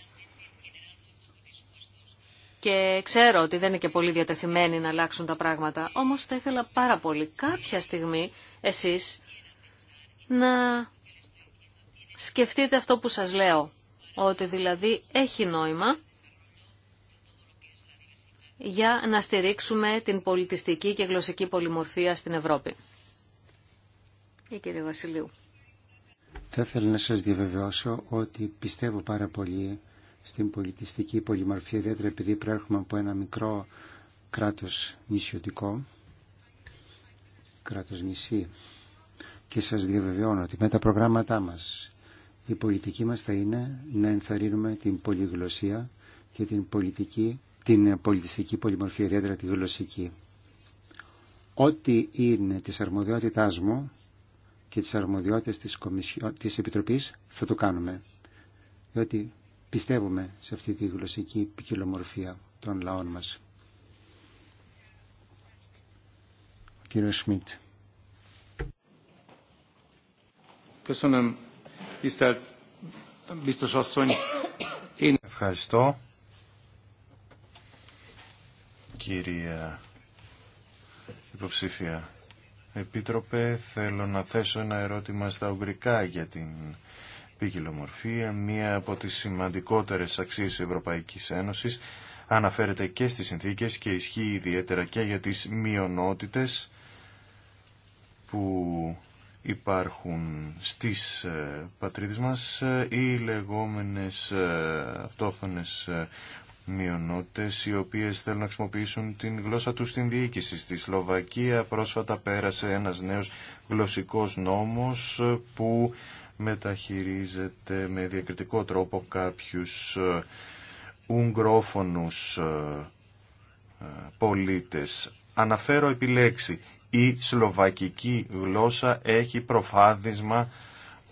Και ξέρω ότι δεν είναι και πολύ διατεθειμένοι να αλλάξουν τα πράγματα, όμως θα ήθελα πάρα πολύ κάποια στιγμή εσείς να σκεφτείτε αυτό που σας λέω, ότι δηλαδή έχει νόημα για να στηρίξουμε την πολιτιστική και γλωσσική πολυμορφία στην Ευρώπη. Η κύριε Βασιλείου. Θα ήθελα να σας διαβεβαιώσω ότι πιστεύω πάρα πολύ στην πολιτιστική πολυμορφία, ιδιαίτερα επειδή προέρχομαι από ένα μικρό κράτος νησιωτικό, κράτος νησί, και σας διαβεβαιώνω ότι με τα προγράμματά μας η πολιτική μας θα είναι να ενθαρρύνουμε την πολυγλωσία και την, πολιτική, την πολιτιστική πολυμορφία, ιδιαίτερα τη γλωσσική. Ό,τι είναι της αρμοδιότητάς μου και της αρμοδιότητας της, Κομισιο... της Επιτροπής θα το κάνουμε. Διότι πιστεύουμε σε αυτή τη γλωσσική ποικιλομορφία των λαών μας. Ο Σμιτ. Ευχαριστώ. Κυρία υποψήφια επίτροπε, θέλω να θέσω ένα ερώτημα στα ουγγρικά για την ποικιλομορφία, μία από τις σημαντικότερες αξίες Ευρωπαϊκής Ένωσης, αναφέρεται και στις συνθήκες και ισχύει ιδιαίτερα και για τις μειονότητες που υπάρχουν στις ε, πατρίδες μας ε, οι λεγόμενες ε, αυτόφωνες μειονότητες οι οποίες θέλουν να χρησιμοποιήσουν την γλώσσα τους στην διοίκηση. Στη Σλοβακία πρόσφατα πέρασε ένας νέος γλωσσικός νόμος που μεταχειρίζεται με διακριτικό τρόπο κάποιους ουγγρόφωνους πολίτες. Αναφέρω επιλέξει η σλοβακική γλώσσα έχει προφάδισμα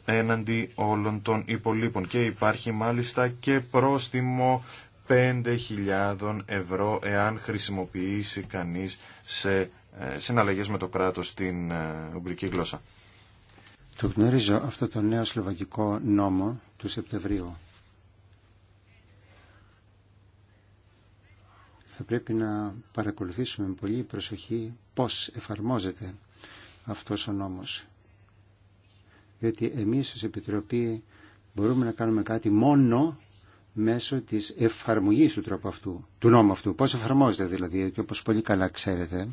έναντι όλων των υπολείπων και υπάρχει μάλιστα και πρόστιμο 5.000 ευρώ εάν χρησιμοποιήσει κανείς σε ε, συναλλαγές με το κράτος την ε, ουγγρική γλώσσα. Το γνωρίζω αυτό το νέο σλοβακικό νόμο του Σεπτεμβρίου θα πρέπει να παρακολουθήσουμε με πολύ προσοχή πώς εφαρμόζεται αυτός ο νόμος. Διότι εμείς ως Επιτροπή μπορούμε να κάνουμε κάτι μόνο μέσω της εφαρμογής του τρόπου αυτού, του νόμου αυτού. Πώς εφαρμόζεται δηλαδή, και όπως πολύ καλά ξέρετε,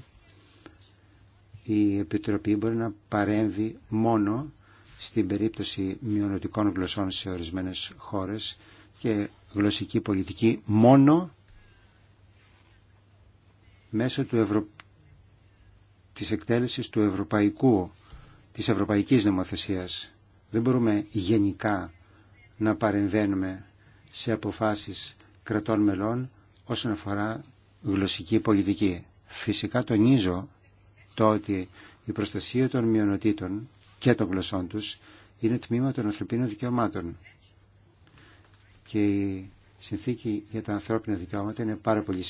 η Επιτροπή μπορεί να παρέμβει μόνο στην περίπτωση μειωνοτικών γλωσσών σε ορισμένες χώρες και γλωσσική πολιτική μόνο μέσω του Ευρω... της εκτέλεσης του ευρωπαϊκού, της ευρωπαϊκής νομοθεσίας. Δεν μπορούμε γενικά να παρεμβαίνουμε σε αποφάσεις κρατών μελών όσον αφορά γλωσσική πολιτική. Φυσικά τονίζω το ότι η προστασία των μειονοτήτων και των γλωσσών τους είναι τμήμα των ανθρωπίνων δικαιωμάτων και συνθήκη για τα ανθρώπινα δικαιώματα είναι πάρα πολύ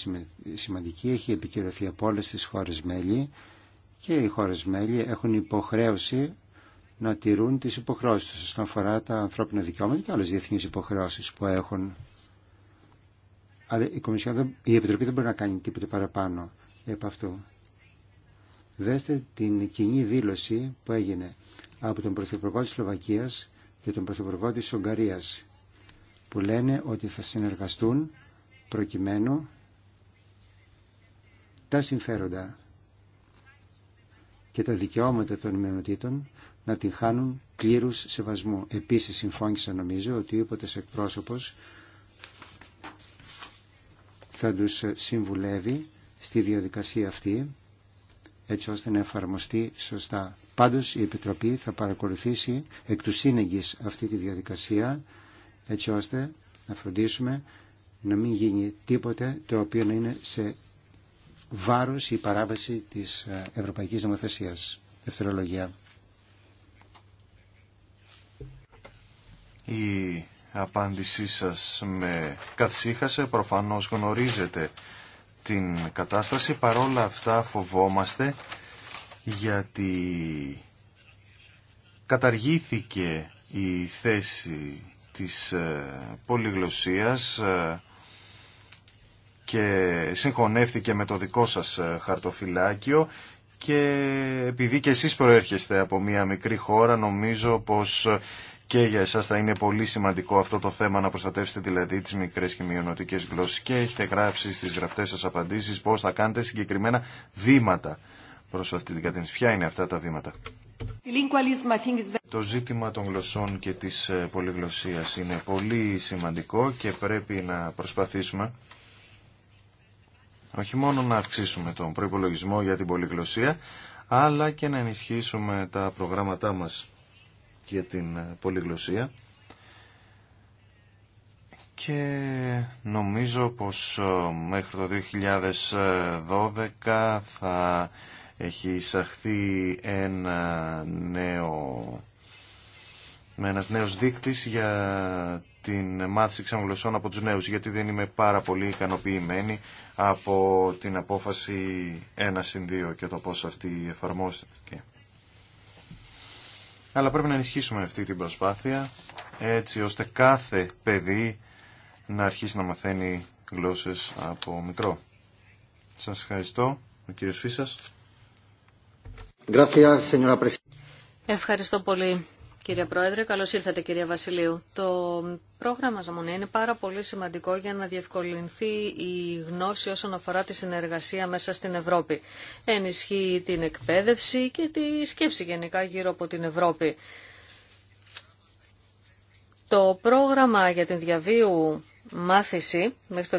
σημαντική. Έχει επικυρωθεί από όλε τι χώρε μέλη και οι χώρε μέλη έχουν υποχρέωση να τηρούν τι υποχρεώσει του όσον αφορά τα ανθρώπινα δικαιώματα και άλλε διεθνεί υποχρεώσει που έχουν. Αλλά η, η Επιτροπή δεν μπορεί να κάνει τίποτε παραπάνω από αυτού. Δέστε την κοινή δήλωση που έγινε από τον Πρωθυπουργό της Σλοβακίας και τον Πρωθυπουργό της Ουγγαρίας που λένε ότι θα συνεργαστούν προκειμένου τα συμφέροντα και τα δικαιώματα των μειονοτήτων να την χάνουν πλήρους σεβασμού. Επίσης συμφώνησα νομίζω ότι ο εκπρόσωπος θα τους συμβουλεύει στη διαδικασία αυτή έτσι ώστε να εφαρμοστεί σωστά. Πάντως η Επιτροπή θα παρακολουθήσει εκ του σύνεγγυς αυτή τη διαδικασία έτσι ώστε να φροντίσουμε να μην γίνει τίποτε το οποίο να είναι σε βάρος ή παράβαση της ε, Ευρωπαϊκής Νομοθεσίας. Δευτερολογία. Η απάντησή σας με καθυσίχασε. Προφανώς γνωρίζετε την κατάσταση. Παρόλα αυτά φοβόμαστε γιατί καταργήθηκε η θέση της ε, πολυγλωσσίας ε, και συγχωνεύτηκε με το δικό σας ε, χαρτοφυλάκιο και επειδή και εσείς προέρχεστε από μια μικρή χώρα νομίζω πως και για εσάς θα είναι πολύ σημαντικό αυτό το θέμα να προστατεύσετε δηλαδή τις μικρές και μειονοτικές γλώσσες και έχετε γράψει στις γραπτές σας απαντήσεις πως θα κάνετε συγκεκριμένα βήματα προς αυτή την κατεύθυνση. Ποια είναι αυτά τα βήματα. Το ζήτημα των γλωσσών και της ε, πολυγλωσσίας είναι πολύ σημαντικό και πρέπει να προσπαθήσουμε όχι μόνο να αυξήσουμε τον προϋπολογισμό για την πολυγλωσσία, αλλά και να ενισχύσουμε τα προγράμματά μας για την ε, πολυγλωσσία. Και νομίζω πως ε, μέχρι το 2012 θα έχει εισαχθεί ένα νέο με ένας νέος δείκτης για την μάθηση ξαναγλωσσών από τους νέους, γιατί δεν είμαι πάρα πολύ ικανοποιημένη από την απόφαση 1 συν 2 και το πώς αυτή εφαρμόστηκε. Αλλά πρέπει να ενισχύσουμε αυτή την προσπάθεια, έτσι ώστε κάθε παιδί να αρχίσει να μαθαίνει γλώσσες από μικρό. Σας ευχαριστώ, ο κύριος Φίσας. Ευχαριστώ πολύ. Κύριε Πρόεδρε, καλώς ήρθατε κύριε Βασιλείου. Το πρόγραμμα Ζαμονέ είναι πάρα πολύ σημαντικό για να διευκολυνθεί η γνώση όσον αφορά τη συνεργασία μέσα στην Ευρώπη. Ενισχύει την εκπαίδευση και τη σκέψη γενικά γύρω από την Ευρώπη. Το πρόγραμμα για την διαβίου μάθηση μέχρι το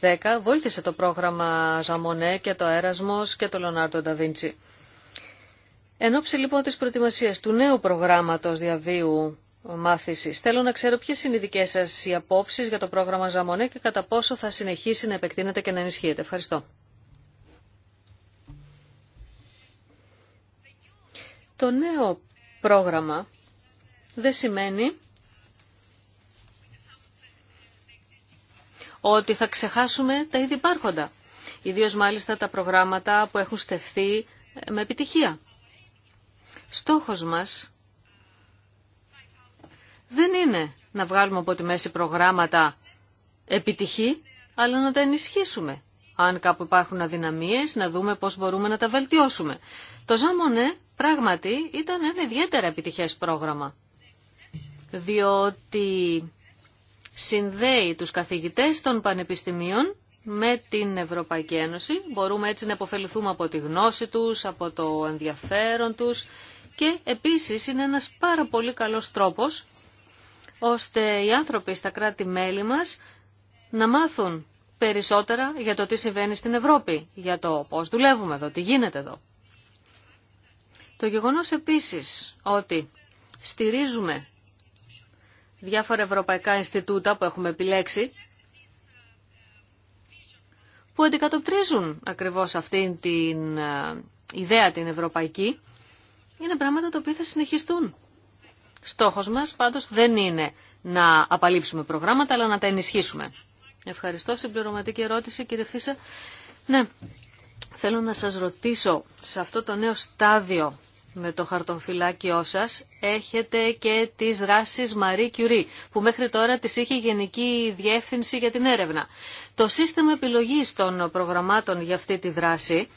2010 βοήθησε το πρόγραμμα Ζαμονέ και το Έρασμος και το Λονάρτο Νταβίντσι. Εν ώψη λοιπόν της προετοιμασίας του νέου προγράμματος διαβίου μάθησης, θέλω να ξέρω ποιες είναι οι δικές σας οι απόψεις για το πρόγραμμα Ζαμονέ και κατά πόσο θα συνεχίσει να επεκτείνεται και να ενισχύεται. Ευχαριστώ. Το νέο πρόγραμμα δεν σημαίνει ότι θα ξεχάσουμε τα ήδη υπάρχοντα. Ιδίως μάλιστα τα προγράμματα που έχουν στεφθεί με επιτυχία. Στόχος μας δεν είναι να βγάλουμε από τη μέση προγράμματα επιτυχή, αλλά να τα ενισχύσουμε. Αν κάπου υπάρχουν αδυναμίες, να δούμε πώς μπορούμε να τα βελτιώσουμε. Το Ζάμονε πράγματι ήταν ένα ιδιαίτερα επιτυχές πρόγραμμα, διότι συνδέει τους καθηγητές των πανεπιστημίων με την Ευρωπαϊκή Ένωση. Μπορούμε έτσι να αποφεληθούμε από τη γνώση τους, από το ενδιαφέρον τους και επίσης είναι ένας πάρα πολύ καλός τρόπος ώστε οι άνθρωποι στα κράτη-μέλη μας να μάθουν περισσότερα για το τι συμβαίνει στην Ευρώπη, για το πώς δουλεύουμε εδώ, τι γίνεται εδώ. Το γεγονός επίσης ότι στηρίζουμε διάφορα ευρωπαϊκά Ινστιτούτα που έχουμε επιλέξει, που αντικατοπτρίζουν ακριβώς αυτήν την ε, ιδέα την ευρωπαϊκή είναι πράγματα τα οποία θα συνεχιστούν. Στόχος μας πάντως δεν είναι να απαλείψουμε προγράμματα, αλλά να τα ενισχύσουμε. Ευχαριστώ. Συμπληρωματική ερώτηση, κύριε Φίσα. Ναι, θέλω να σας ρωτήσω, σε αυτό το νέο στάδιο με το χαρτοφυλάκιό σας έχετε και τις δράσεις Marie Curie, που μέχρι τώρα τις είχε Γενική Διεύθυνση για την Έρευνα. Το σύστημα επιλογής των προγραμμάτων για αυτή τη δράση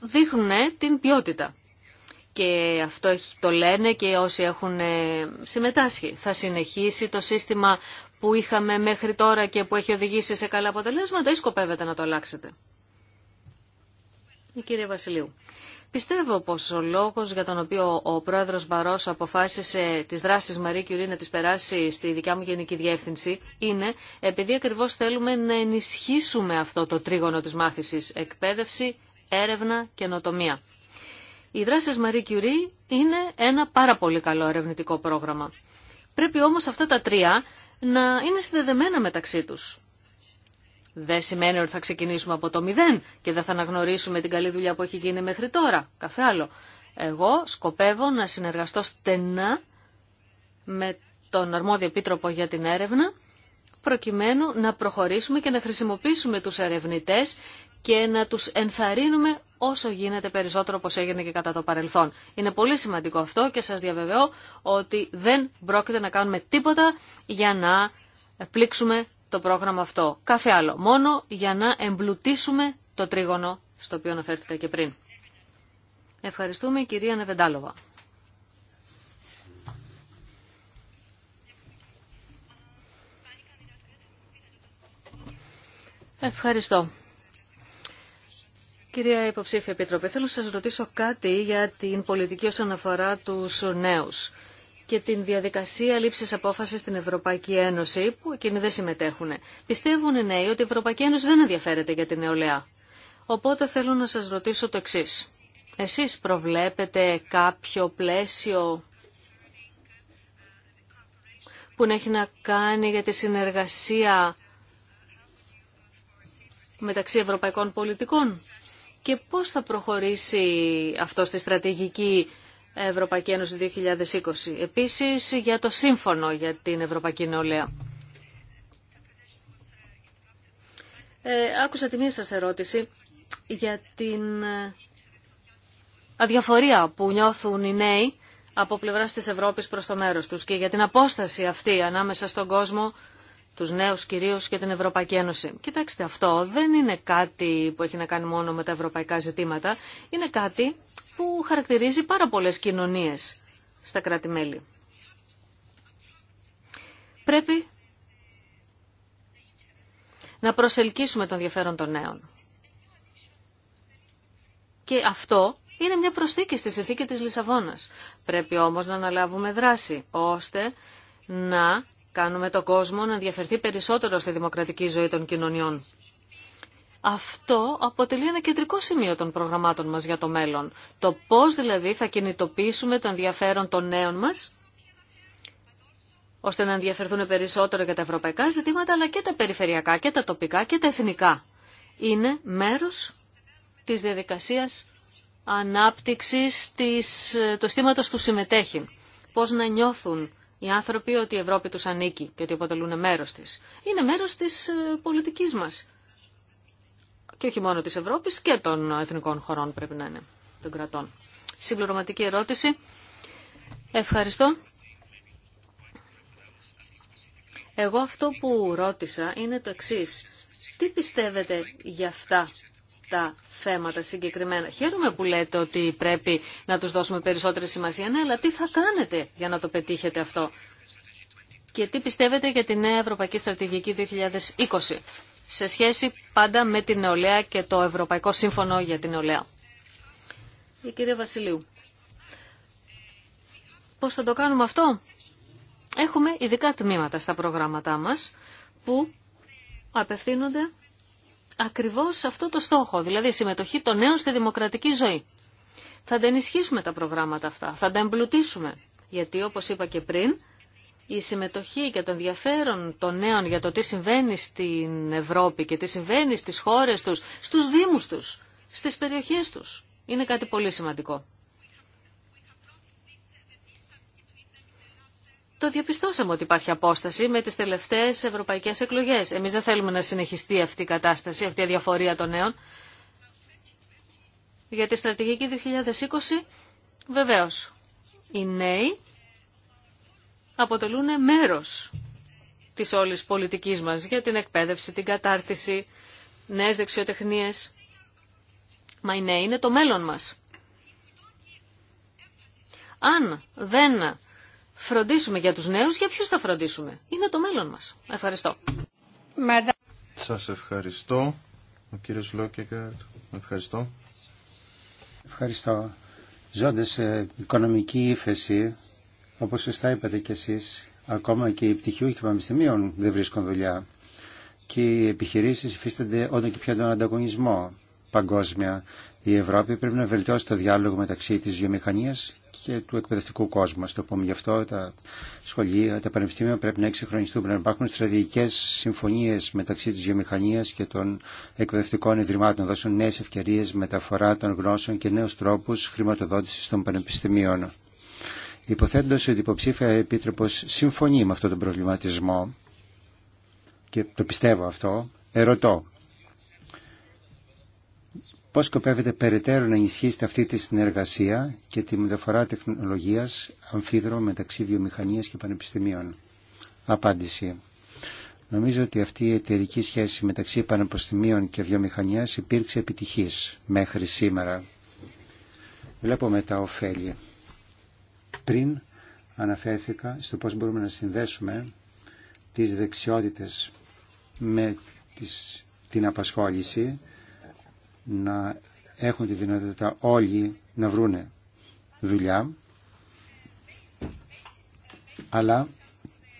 δείχνουν την ποιότητα και αυτό το λένε και όσοι έχουν ε, συμμετάσχει. Θα συνεχίσει το σύστημα που είχαμε μέχρι τώρα και που έχει οδηγήσει σε καλά αποτελέσματα ή σκοπεύετε να το αλλάξετε. Η κυρία Βασιλείου. Πιστεύω πως ο λόγος για τον οποίο ο πρόεδρος Μπαρός αποφάσισε τις δράσεις Μαρή Κιουρί να τις περάσει στη δικιά μου γενική διεύθυνση είναι επειδή ακριβώς θέλουμε να ενισχύσουμε αυτό το τρίγωνο της μάθησης εκπαίδευση, έρευνα και οι δράσει Marie Curie είναι ένα πάρα πολύ καλό ερευνητικό πρόγραμμα. Πρέπει όμως αυτά τα τρία να είναι συνδεδεμένα μεταξύ τους. Δεν σημαίνει ότι θα ξεκινήσουμε από το μηδέν και δεν θα αναγνωρίσουμε την καλή δουλειά που έχει γίνει μέχρι τώρα. Καφέ άλλο. Εγώ σκοπεύω να συνεργαστώ στενά με τον αρμόδιο επίτροπο για την έρευνα προκειμένου να προχωρήσουμε και να χρησιμοποιήσουμε τους ερευνητές και να τους ενθαρρύνουμε όσο γίνεται περισσότερο όπως έγινε και κατά το παρελθόν. Είναι πολύ σημαντικό αυτό και σας διαβεβαιώ ότι δεν πρόκειται να κάνουμε τίποτα για να πλήξουμε το πρόγραμμα αυτό. Κάθε άλλο, μόνο για να εμπλουτίσουμε το τρίγωνο στο οποίο αναφέρθηκα και πριν. Ευχαριστούμε κυρία Νεβεντάλοβα. Ευχαριστώ. Κυρία Υποψήφια Επίτροπε, θέλω να σας ρωτήσω κάτι για την πολιτική όσον αφορά τους νέους και την διαδικασία λήψης απόφασης στην Ευρωπαϊκή Ένωση, που εκείνοι δεν συμμετέχουν. Πιστεύουν οι νέοι ότι η Ευρωπαϊκή Ένωση δεν ενδιαφέρεται για την νεολαία. Οπότε θέλω να σας ρωτήσω το εξής. Εσείς προβλέπετε κάποιο πλαίσιο που να έχει να κάνει για τη συνεργασία μεταξύ ευρωπαϊκών πολιτικών και πώς θα προχωρήσει αυτό στη στρατηγική Ευρωπαϊκή Ένωση 2020. Επίσης για το σύμφωνο για την Ευρωπαϊκή Νεολαία. Ε, άκουσα τη μία σας ερώτηση για την ε, αδιαφορία που νιώθουν οι νέοι από πλευράς της Ευρώπης προς το μέρος τους και για την απόσταση αυτή ανάμεσα στον κόσμο τους νέους κυρίως και την Ευρωπαϊκή Ένωση. Κοιτάξτε, αυτό δεν είναι κάτι που έχει να κάνει μόνο με τα ευρωπαϊκά ζητήματα. Είναι κάτι που χαρακτηρίζει πάρα πολλές κοινωνίες στα κράτη-μέλη. Πρέπει να προσελκύσουμε τον ενδιαφέρον των νέων. Και αυτό είναι μια προσθήκη στη συνθήκη της Λισαβόνας. Πρέπει όμως να αναλάβουμε δράση, ώστε να κάνουμε τον κόσμο να ενδιαφερθεί περισσότερο στη δημοκρατική ζωή των κοινωνιών. Αυτό αποτελεί ένα κεντρικό σημείο των προγραμμάτων μας για το μέλλον. Το πώς δηλαδή θα κινητοποιήσουμε το ενδιαφέρον των νέων μας, ώστε να ενδιαφερθούν περισσότερο για τα ευρωπαϊκά ζητήματα, αλλά και τα περιφερειακά και τα τοπικά και τα εθνικά. Είναι μέρος της διαδικασίας ανάπτυξης ε, του στήματος του συμμετέχει. Πώς να νιώθουν οι άνθρωποι ότι η Ευρώπη τους ανήκει και ότι αποτελούν μέρος της. Είναι μέρος της ε, πολιτικής μας. Και όχι μόνο της Ευρώπης και των εθνικών χωρών πρέπει να είναι, των κρατών. Συμπληρωματική ερώτηση. Ευχαριστώ. Εγώ αυτό που ρώτησα είναι το εξής. Τι πιστεύετε για αυτά τα θέματα συγκεκριμένα. Χαίρομαι που λέτε ότι πρέπει να τους δώσουμε περισσότερη σημασία. Ναι, αλλά τι θα κάνετε για να το πετύχετε αυτό. Και τι πιστεύετε για τη νέα Ευρωπαϊκή Στρατηγική 2020 σε σχέση πάντα με την νεολαία και το Ευρωπαϊκό Σύμφωνο για την νεολαία. Η κυρία Βασιλείου. Πώς θα το κάνουμε αυτό. Έχουμε ειδικά τμήματα στα προγράμματά μας που απευθύνονται ακριβώς αυτό το στόχο, δηλαδή συμμετοχή των νέων στη δημοκρατική ζωή. Θα τα ενισχύσουμε τα προγράμματα αυτά, θα τα εμπλουτίσουμε, γιατί όπως είπα και πριν, η συμμετοχή και το ενδιαφέρον των νέων για το τι συμβαίνει στην Ευρώπη και τι συμβαίνει στις χώρες τους, στους δήμους τους, στις περιοχές τους, είναι κάτι πολύ σημαντικό. το διαπιστώσαμε ότι υπάρχει απόσταση με τις τελευταίες ευρωπαϊκές εκλογές. Εμείς δεν θέλουμε να συνεχιστεί αυτή η κατάσταση, αυτή η αδιαφορία των νέων. Για τη στρατηγική 2020, βεβαίως, οι νέοι αποτελούν μέρος της όλης πολιτικής μας για την εκπαίδευση, την κατάρτιση, νέες δεξιοτεχνίες. Μα οι νέοι είναι το μέλλον μας. Αν δεν φροντίσουμε για τους νέους, για ποιους θα φροντίσουμε. Είναι το μέλλον μας. Ευχαριστώ. Σας ευχαριστώ. Ο κύριος Λόκεκαρτ, ευχαριστώ. Ευχαριστώ. Ζώντας οικονομική ύφεση, όπως σωστά είπατε κι εσείς, ακόμα και οι πτυχιούχοι των πανεπιστημίων δεν βρίσκουν δουλειά και οι επιχειρήσεις υφίστανται όντω και πια τον ανταγωνισμό παγκόσμια. Η Ευρώπη πρέπει να βελτιώσει το διάλογο μεταξύ τη βιομηχανία και του εκπαιδευτικού κόσμου. Α το πούμε γι' αυτό τα σχολεία, τα πανεπιστήμια πρέπει να εξυγχρονιστούν, πρέπει να υπάρχουν στρατηγικέ συμφωνίε μεταξύ τη βιομηχανία και των εκπαιδευτικών ιδρυμάτων, να δώσουν νέε ευκαιρίε μεταφορά των γνώσεων και νέου τρόπου χρηματοδότηση των πανεπιστημίων. Υποθέτοντας ότι η υποψήφια συμφωνεί με αυτόν τον προβληματισμό και το πιστεύω αυτό, ερωτώ Πώς σκοπεύετε περαιτέρω να ενισχύσετε αυτή τη συνεργασία και τη μεταφορά τεχνολογίας αμφίδρο μεταξύ βιομηχανίας και πανεπιστημίων. Απάντηση. Νομίζω ότι αυτή η εταιρική σχέση μεταξύ πανεπιστημίων και βιομηχανίας υπήρξε επιτυχής μέχρι σήμερα. Βλέπουμε τα ωφέλη. Πριν αναφέρθηκα στο πώς μπορούμε να συνδέσουμε τις δεξιότητες με την απασχόληση να έχουν τη δυνατότητα όλοι να βρούνε δουλειά αλλά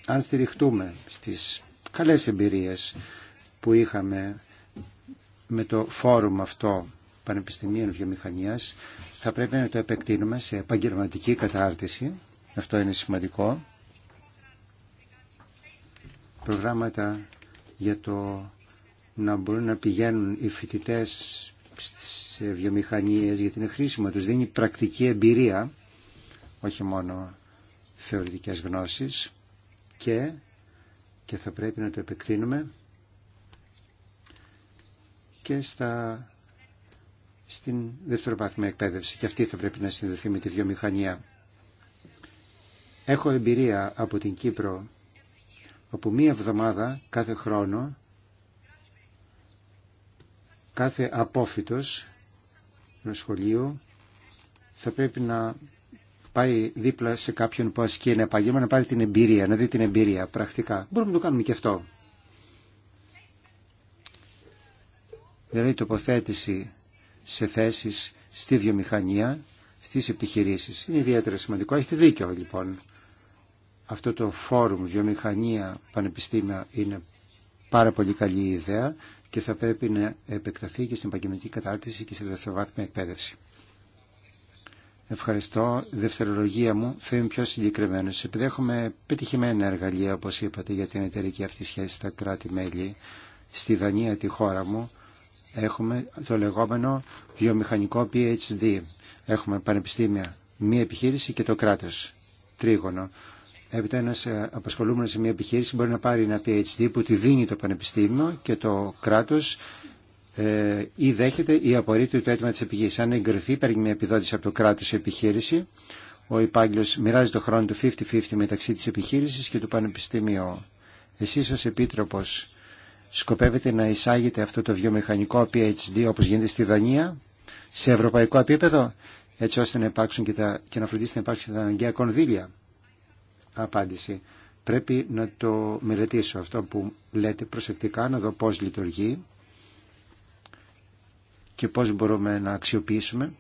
αν στηριχτούμε στις καλές εμπειρίες που είχαμε με το φόρουμ αυτό Πανεπιστημίων Βιομηχανίας θα πρέπει να το επεκτείνουμε σε επαγγελματική κατάρτιση αυτό είναι σημαντικό προγράμματα για το να μπορούν να πηγαίνουν οι φοιτητές σε βιομηχανίες γιατί είναι χρήσιμο, τους δίνει πρακτική εμπειρία, όχι μόνο θεωρητικές γνώσεις και, και θα πρέπει να το επεκτείνουμε και στα, στην δευτεροβάθμια εκπαίδευση και αυτή θα πρέπει να συνδεθεί με τη βιομηχανία. Έχω εμπειρία από την Κύπρο όπου μία εβδομάδα κάθε χρόνο κάθε απόφυτος ενό σχολείο θα πρέπει να πάει δίπλα σε κάποιον που ασκεί ένα επάγγελμα να πάρει την εμπειρία, να δει την εμπειρία πρακτικά. Μπορούμε να το κάνουμε και αυτό. Δηλαδή τοποθέτηση σε θέσεις στη βιομηχανία, στις επιχειρήσεις. Είναι ιδιαίτερα σημαντικό. Έχετε δίκιο λοιπόν. Αυτό το φόρουμ βιομηχανία πανεπιστήμια είναι πάρα πολύ καλή ιδέα και θα πρέπει να επεκταθεί και στην επαγγελματική κατάρτιση και στη δευτεροβάθμια εκπαίδευση. Ευχαριστώ. Δευτερολογία μου θα είμαι πιο συγκεκριμένο. Επειδή έχουμε πετυχημένα εργαλεία, όπω είπατε, για την εταιρική αυτή σχέση στα κράτη-μέλη, στη Δανία, τη χώρα μου, έχουμε το λεγόμενο βιομηχανικό PhD. Έχουμε πανεπιστήμια, μία επιχείρηση και το κράτο. Τρίγωνο. Έπειτα ένας ε, απασχολούμενο σε μια επιχείρηση μπορεί να πάρει ένα PhD που τη δίνει το πανεπιστήμιο και το κράτος ε, ή δέχεται ή απορρίπτει το αίτημα της επιχείρησης. Αν εγκριθεί, παίρνει μια επιδότηση από το κράτος η επιχείρηση. Ο υπάγγελο μοιράζει το χρόνο του 50-50 μεταξύ της επιχειρησης αν εγκριθει παιρνει μια επιδοτηση απο το κρατος η επιχειρηση ο υπάλληλο μοιραζει το χρονο του 50 50 μεταξυ της επιχειρησης και του πανεπιστήμιου. Εσείς ως επίτροπος σκοπεύετε να εισάγετε αυτό το βιομηχανικό PhD όπως γίνεται στη Δανία σε ευρωπαϊκό επίπεδο έτσι ώστε να υπάρξουν και, τα, και να φροντίσετε να υπάρξουν τα αναγκαία κονδύλια απάντηση. Πρέπει να το μελετήσω αυτό που λέτε προσεκτικά, να δω πώς λειτουργεί και πώς μπορούμε να αξιοποιήσουμε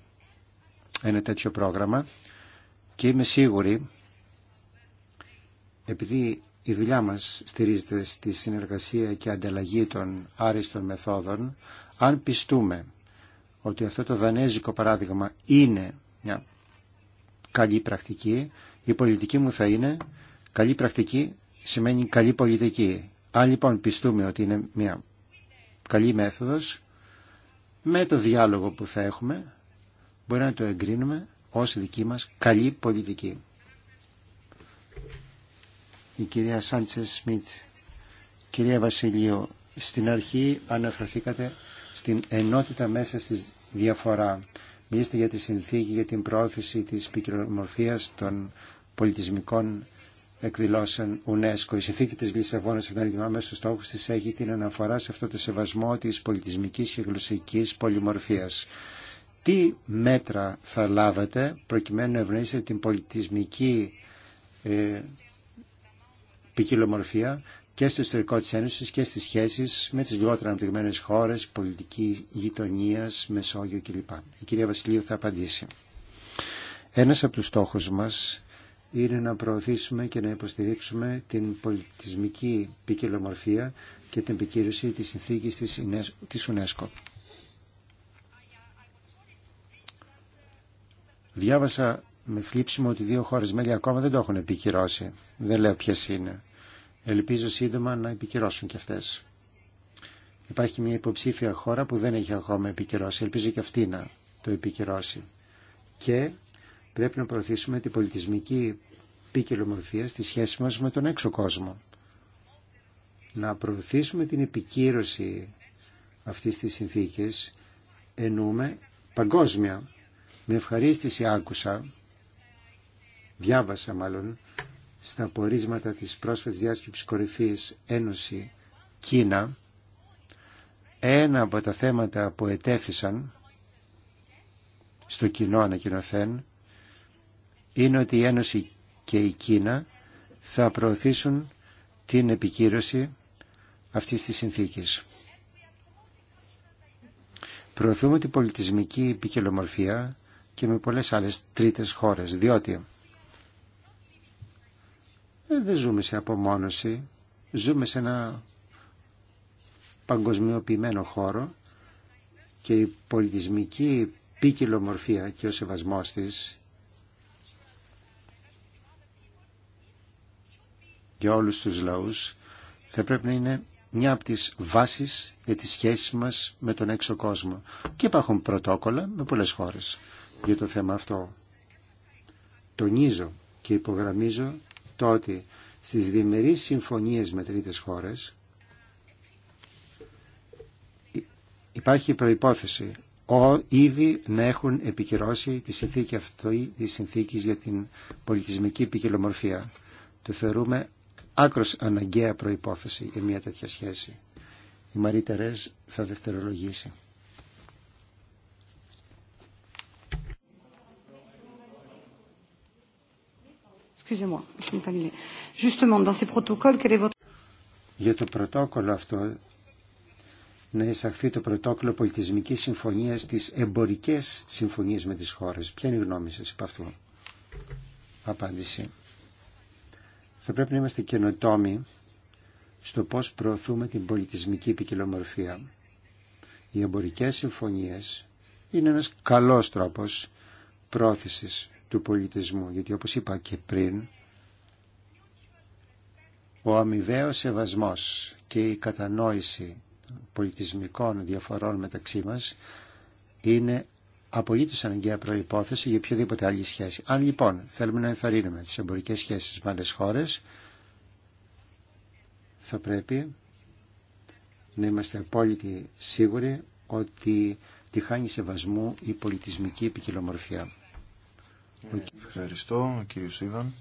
ένα τέτοιο πρόγραμμα και είμαι σίγουρη επειδή η δουλειά μας στηρίζεται στη συνεργασία και ανταλλαγή των άριστων μεθόδων αν πιστούμε ότι αυτό το δανέζικο παράδειγμα είναι μια καλή πρακτική η πολιτική μου θα είναι καλή πρακτική σημαίνει καλή πολιτική. Αν λοιπόν πιστούμε ότι είναι μια καλή μέθοδος, με το διάλογο που θα έχουμε, μπορεί να το εγκρίνουμε ως δική μας καλή πολιτική. Η κυρία Σάντσες Σμιτ, κυρία Βασιλείου, στην αρχή αναφερθήκατε στην ενότητα μέσα στη διαφορά. Μιλήστε για τη συνθήκη, για την πρόθεση της πικρομορφίας των πολιτισμικών εκδηλώσεων UNESCO. Η συνθήκη τη Λισαβόνα, αν δεν μέσα στου στόχου τη έχει την αναφορά σε αυτό το σεβασμό τη πολιτισμική και γλωσσική πολυμορφία. Τι μέτρα θα λάβατε προκειμένου να ευνοήσετε την πολιτισμική ε, ποικιλομορφία και στο ιστορικό τη Ένωση και στις σχέσεις με τις λιγότερα αναπτυγμένες χώρες, πολιτική γειτονία, Μεσόγειο κλπ. Η κυρία Βασιλείου θα απαντήσει. Ένας από τους στόχους μας είναι να προωθήσουμε και να υποστηρίξουμε την πολιτισμική ποικιλομορφία και την επικύρωση της συνθήκης της UNESCO. Διάβασα με μου ότι δύο χώρες μέλη ακόμα δεν το έχουν επικυρώσει. Δεν λέω ποιες είναι. Ελπίζω σύντομα να επικυρώσουν και αυτές. Υπάρχει μια υποψήφια χώρα που δεν έχει ακόμα επικυρώσει. Ελπίζω και αυτή να το επικυρώσει. Και πρέπει να προωθήσουμε την πολιτισμική ποικιλομορφία στη σχέση μας με τον έξω κόσμο. Να προωθήσουμε την επικύρωση αυτής της συνθήκης εννοούμε παγκόσμια. Με ευχαρίστηση άκουσα, διάβασα μάλλον, στα πορίσματα της πρόσφατης διάσκεψης κορυφής Ένωση Κίνα, ένα από τα θέματα που ετέθησαν στο κοινό ανακοινωθέν είναι ότι η Ένωση και η Κίνα θα προωθήσουν την επικύρωση αυτής της συνθήκης. Προωθούμε την πολιτισμική ποικιλομορφία και με πολλές άλλες τρίτες χώρες, διότι ε, δεν ζούμε σε απομόνωση, ζούμε σε ένα παγκοσμιοποιημένο χώρο και η πολιτισμική ποικιλομορφία και ο σεβασμός της για όλους τους λαούς θα πρέπει να είναι μια από τις βάσεις για τη σχέση μας με τον έξω κόσμο. Και υπάρχουν πρωτόκολλα με πολλές χώρες για το θέμα αυτό. Τονίζω και υπογραμμίζω το ότι στις διμερείς συμφωνίες με τρίτες χώρες υπάρχει προϋπόθεση ο, ήδη να έχουν επικυρώσει τη συνθήκη αυτή τη συνθήκη για την πολιτισμική ποικιλομορφία. Το θεωρούμε άκρος αναγκαία προϋπόθεση για μια τέτοια σχέση. Η Μαρή Τερέζ θα δευτερολογήσει. Για το πρωτόκολλο αυτό να εισαχθεί το πρωτόκολλο πολιτισμική συμφωνία στι εμπορικέ συμφωνίε με τι χώρε. Ποια είναι η γνώμη σα από αυτού. Απάντηση. Θα πρέπει να είμαστε καινοτόμοι στο πώς προωθούμε την πολιτισμική ποικιλομορφία. Οι εμπορικές συμφωνίες είναι ένας καλός τρόπος πρόθεσης του πολιτισμού, γιατί όπως είπα και πριν, ο αμοιβαίος σεβασμός και η κατανόηση πολιτισμικών διαφορών μεταξύ μας είναι απολύτως αναγκαία προϋπόθεση για οποιοδήποτε άλλη σχέση. Αν λοιπόν θέλουμε να ενθαρρύνουμε τις εμπορικές σχέσεις με άλλες χώρες, θα πρέπει να είμαστε απόλυτοι σίγουροι ότι τη χάνει σεβασμού η πολιτισμική ποικιλομορφία. Ευχαριστώ κύριο Σίβαν.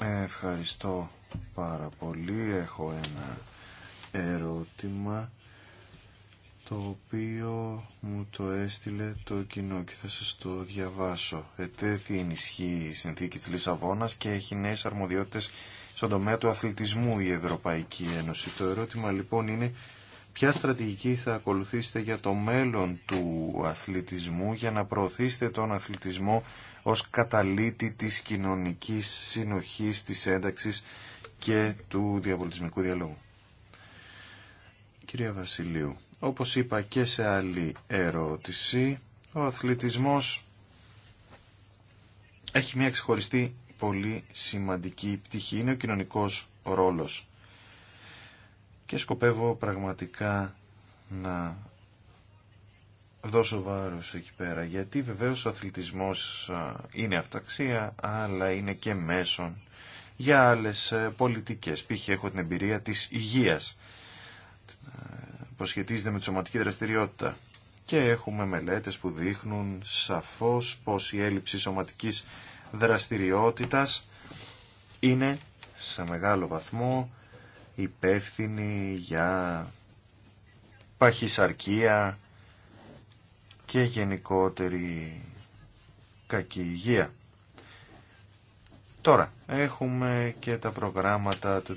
Ε, ευχαριστώ πάρα πολύ. Έχω ένα ερώτημα το οποίο μου το έστειλε το κοινό και θα σας το διαβάσω. Ετέθη ενισχύει η συνθήκη της Λισαβόνας και έχει νέες αρμοδιότητες στον τομέα του αθλητισμού η Ευρωπαϊκή Ένωση. Το ερώτημα λοιπόν είναι ποια στρατηγική θα ακολουθήσετε για το μέλλον του αθλητισμού για να προωθήσετε τον αθλητισμό ως καταλήτη της κοινωνικής συνοχής, της ένταξης και του διαπολιτισμικού διαλόγου. Κυρία Βασιλείου, όπως είπα και σε άλλη ερώτηση, ο αθλητισμός έχει μια ξεχωριστή πολύ σημαντική πτυχή. Είναι ο κοινωνικός ρόλος. Και σκοπεύω πραγματικά να δώσω βάρος εκεί πέρα. Γιατί βεβαίως ο αθλητισμός είναι αυταξία, αλλά είναι και μέσον για άλλες ε, πολιτικές. Π.χ. έχω την εμπειρία της υγείας σχετίζεται με τη σωματική δραστηριότητα. Και έχουμε μελέτες που δείχνουν σαφώς πως η έλλειψη σωματικής δραστηριότητας είναι σε μεγάλο βαθμό υπεύθυνη για παχυσαρκία και γενικότερη κακή υγεία. Τώρα, έχουμε και τα προγράμματα του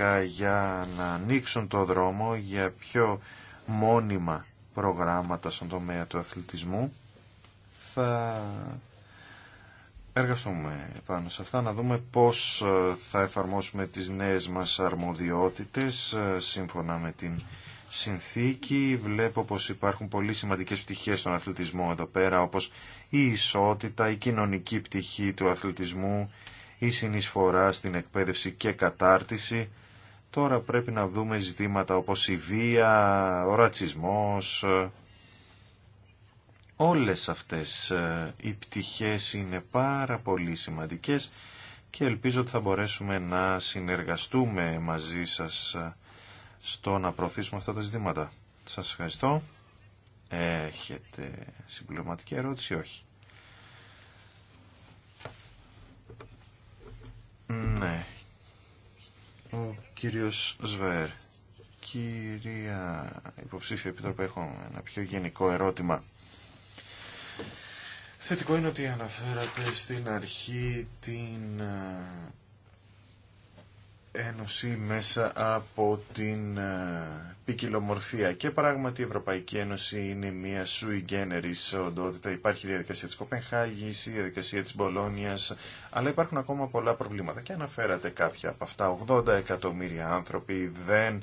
2009-2010 για να ανοίξουν το δρόμο για πιο μόνιμα προγράμματα στον τομέα του αθλητισμού. Θα εργαστούμε πάνω σε αυτά, να δούμε πώς ε, θα εφαρμόσουμε τις νέες μας αρμοδιότητες ε, σύμφωνα με την συνθήκη. Βλέπω πως υπάρχουν πολύ σημαντικές πτυχές στον αθλητισμό εδώ πέρα, όπως η ισότητα, η κοινωνική πτυχή του αθλητισμού, η συνεισφορά στην εκπαίδευση και κατάρτιση. Τώρα πρέπει να δούμε ζητήματα όπως η βία, ο ρατσισμός, ε, Όλες αυτές ε, οι πτυχές είναι πάρα πολύ σημαντικές και ελπίζω ότι θα μπορέσουμε να συνεργαστούμε μαζί σας ε, στο να προωθήσουμε αυτά τα ζητήματα. Σας ευχαριστώ. Έχετε συμπληρωματική ερώτηση, όχι. Ναι. Ο κύριος Σβέρ. Κυρία Υποψήφια Επιτροπή, έχω ένα πιο γενικό ερώτημα. Θετικό είναι ότι αναφέρατε στην αρχή την ε, ένωση μέσα από την ε, ποικιλομορφία και πράγματι η Ευρωπαϊκή Ένωση είναι μια sui generis οντότητα. Υπάρχει η διαδικασία της Κοπενχάγης, η διαδικασία της Μπολόνιας, αλλά υπάρχουν ακόμα πολλά προβλήματα και αναφέρατε κάποια από αυτά. 80 εκατομμύρια άνθρωποι δεν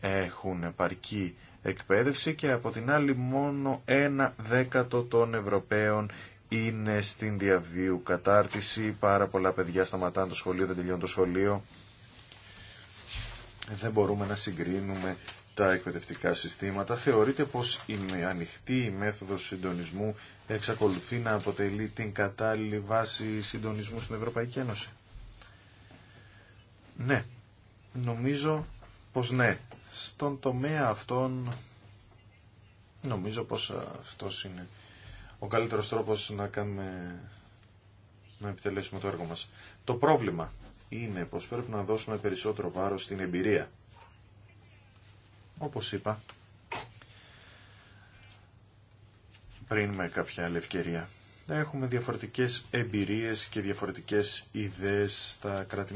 έχουν επαρκή εκπαίδευση και από την άλλη μόνο ένα δέκατο των Ευρωπαίων είναι στην διαβίου κατάρτιση. Πάρα πολλά παιδιά σταματάνε το σχολείο, δεν τελειώνουν το σχολείο. Δεν μπορούμε να συγκρίνουμε τα εκπαιδευτικά συστήματα. Θεωρείται πως η ανοιχτή μέθοδος συντονισμού εξακολουθεί να αποτελεί την κατάλληλη βάση συντονισμού στην Ευρωπαϊκή Ένωση. Ναι, νομίζω πως ναι. Στον τομέα αυτών νομίζω πως αυτός είναι ο καλύτερος τρόπος να κάνουμε να επιτελέσουμε το έργο μας. Το πρόβλημα είναι πως πρέπει να δώσουμε περισσότερο βάρος στην εμπειρία. Όπως είπα πριν με κάποια άλλη ευκαιρία. Έχουμε διαφορετικές εμπειρίες και διαφορετικές ιδέες στα κρατη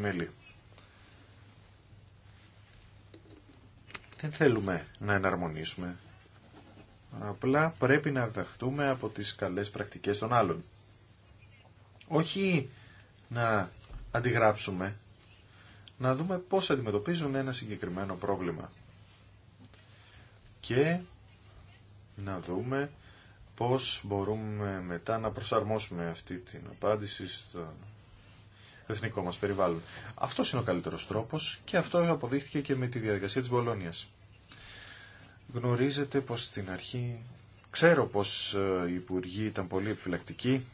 Δεν θέλουμε να εναρμονίσουμε. Απλά πρέπει να δεχτούμε από τις καλές πρακτικές των άλλων. Όχι να αντιγράψουμε, να δούμε πώς αντιμετωπίζουν ένα συγκεκριμένο πρόβλημα. Και να δούμε πώς μπορούμε μετά να προσαρμόσουμε αυτή την απάντηση στον εθνικό περιβάλλον. Αυτό είναι ο καλύτερος τρόπος και αυτό αποδείχθηκε και με τη διαδικασία της Μπολόνια. Γνωρίζετε πως στην αρχή, ξέρω πως ε, οι υπουργοί ήταν πολύ επιφυλακτικοί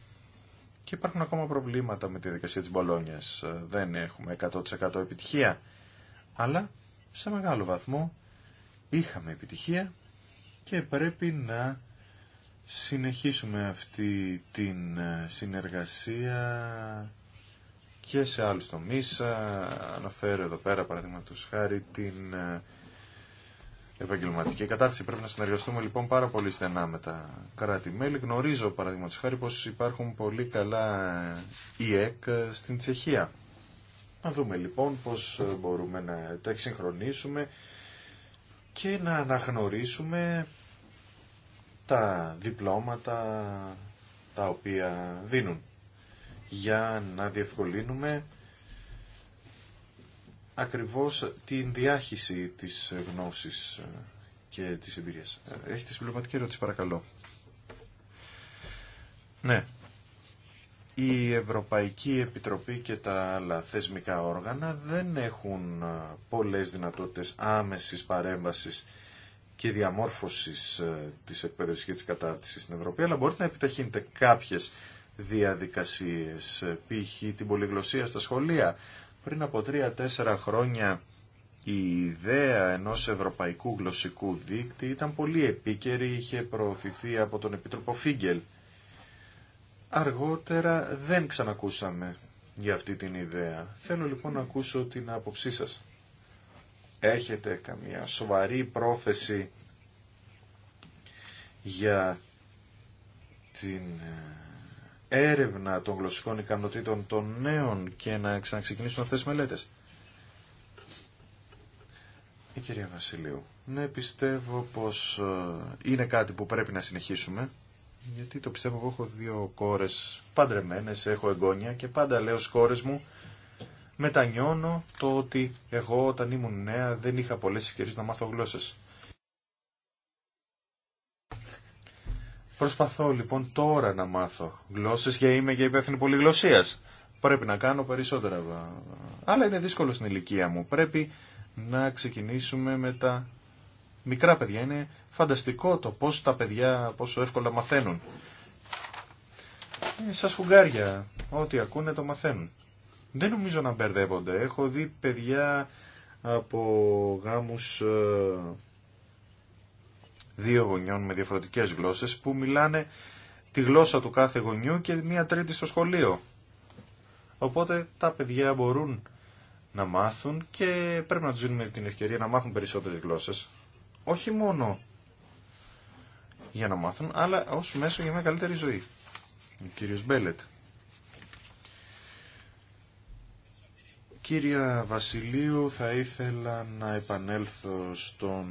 και υπάρχουν ακόμα προβλήματα με τη διαδικασία της Μπολόνιας. Ε, δεν έχουμε 100% επιτυχία, αλλά σε μεγάλο βαθμό είχαμε επιτυχία και πρέπει να συνεχίσουμε αυτή την ε, συνεργασία και σε άλλους τομείς. Ε, αναφέρω εδώ πέρα παραδείγματο χάρη την ε, επαγγελματική κατάρτιση. Πρέπει να συνεργαστούμε λοιπόν πάρα πολύ στενά με τα κράτη-μέλη. Γνωρίζω παραδείγματο χάρη πως υπάρχουν πολύ καλά ΙΕΚ ε, στην Τσεχία. Να δούμε λοιπόν πως μπορούμε να τα εξυγχρονίσουμε και να αναγνωρίσουμε τα διπλώματα τα οποία δίνουν για να διευκολύνουμε ακριβώς την διάχυση της γνώσης ε, και της εμπειρίας. Ε, έχετε συμπληρωματική ερώτηση παρακαλώ. Ναι. Η Ευρωπαϊκή Επιτροπή και τα άλλα θεσμικά όργανα δεν έχουν ε, πολλές δυνατότητες άμεσης παρέμβασης και διαμόρφωσης της εκπαίδευσης και της κατάρτισης στην Ευρώπη, αλλά μπορείτε να επιταχύνετε κάποιες διαδικασίες, π.χ. την πολυγλωσία στα σχολεία. Πριν από τρία-τέσσερα χρόνια η ιδέα ενός ευρωπαϊκού γλωσσικού δίκτυ ήταν πολύ επίκαιρη, είχε προωθηθεί από τον Επίτροπο Φίγκελ. Αργότερα δεν ξανακούσαμε για αυτή την ιδέα. Θέλω λοιπόν να ακούσω την άποψή σας. Έχετε καμία σοβαρή πρόθεση για την ε, έρευνα των γλωσσικών ικανοτήτων των νέων και να ξαναξεκινήσουν αυτές τις μελέτες. Η κυρία Βασιλείου. Ναι, πιστεύω πως ε, είναι κάτι που πρέπει να συνεχίσουμε. Γιατί το πιστεύω, εγώ έχω δύο κόρες παντρεμένες, έχω εγγόνια και πάντα λέω στις κόρες μου μετανιώνω το ότι εγώ όταν ήμουν νέα δεν είχα πολλές ευκαιρίες να μάθω γλώσσες. Προσπαθώ λοιπόν τώρα να μάθω γλώσσες και είμαι και υπεύθυνη πολυγλωσσίας. Πρέπει να κάνω περισσότερα. Αλλά είναι δύσκολο στην ηλικία μου. Πρέπει να ξεκινήσουμε με τα μικρά παιδιά. Είναι φανταστικό το πώ τα παιδιά πόσο εύκολα μαθαίνουν. Ε, σας σφουγγάρια. ό,τι ακούνε το μαθαίνουν. Δεν νομίζω να μπερδεύονται. Έχω δει παιδιά από γάμους ε, δύο γονιών με διαφορετικές γλώσσες που μιλάνε τη γλώσσα του κάθε γονιού και μία τρίτη στο σχολείο. Οπότε τα παιδιά μπορούν να μάθουν και πρέπει να του δίνουμε την ευκαιρία να μάθουν περισσότερες γλώσσες. Όχι μόνο για να μάθουν, αλλά ως μέσο για μια καλύτερη ζωή. Ο κύριο Μπέλετ. Κύρια Βασιλείου, θα ήθελα να επανέλθω στον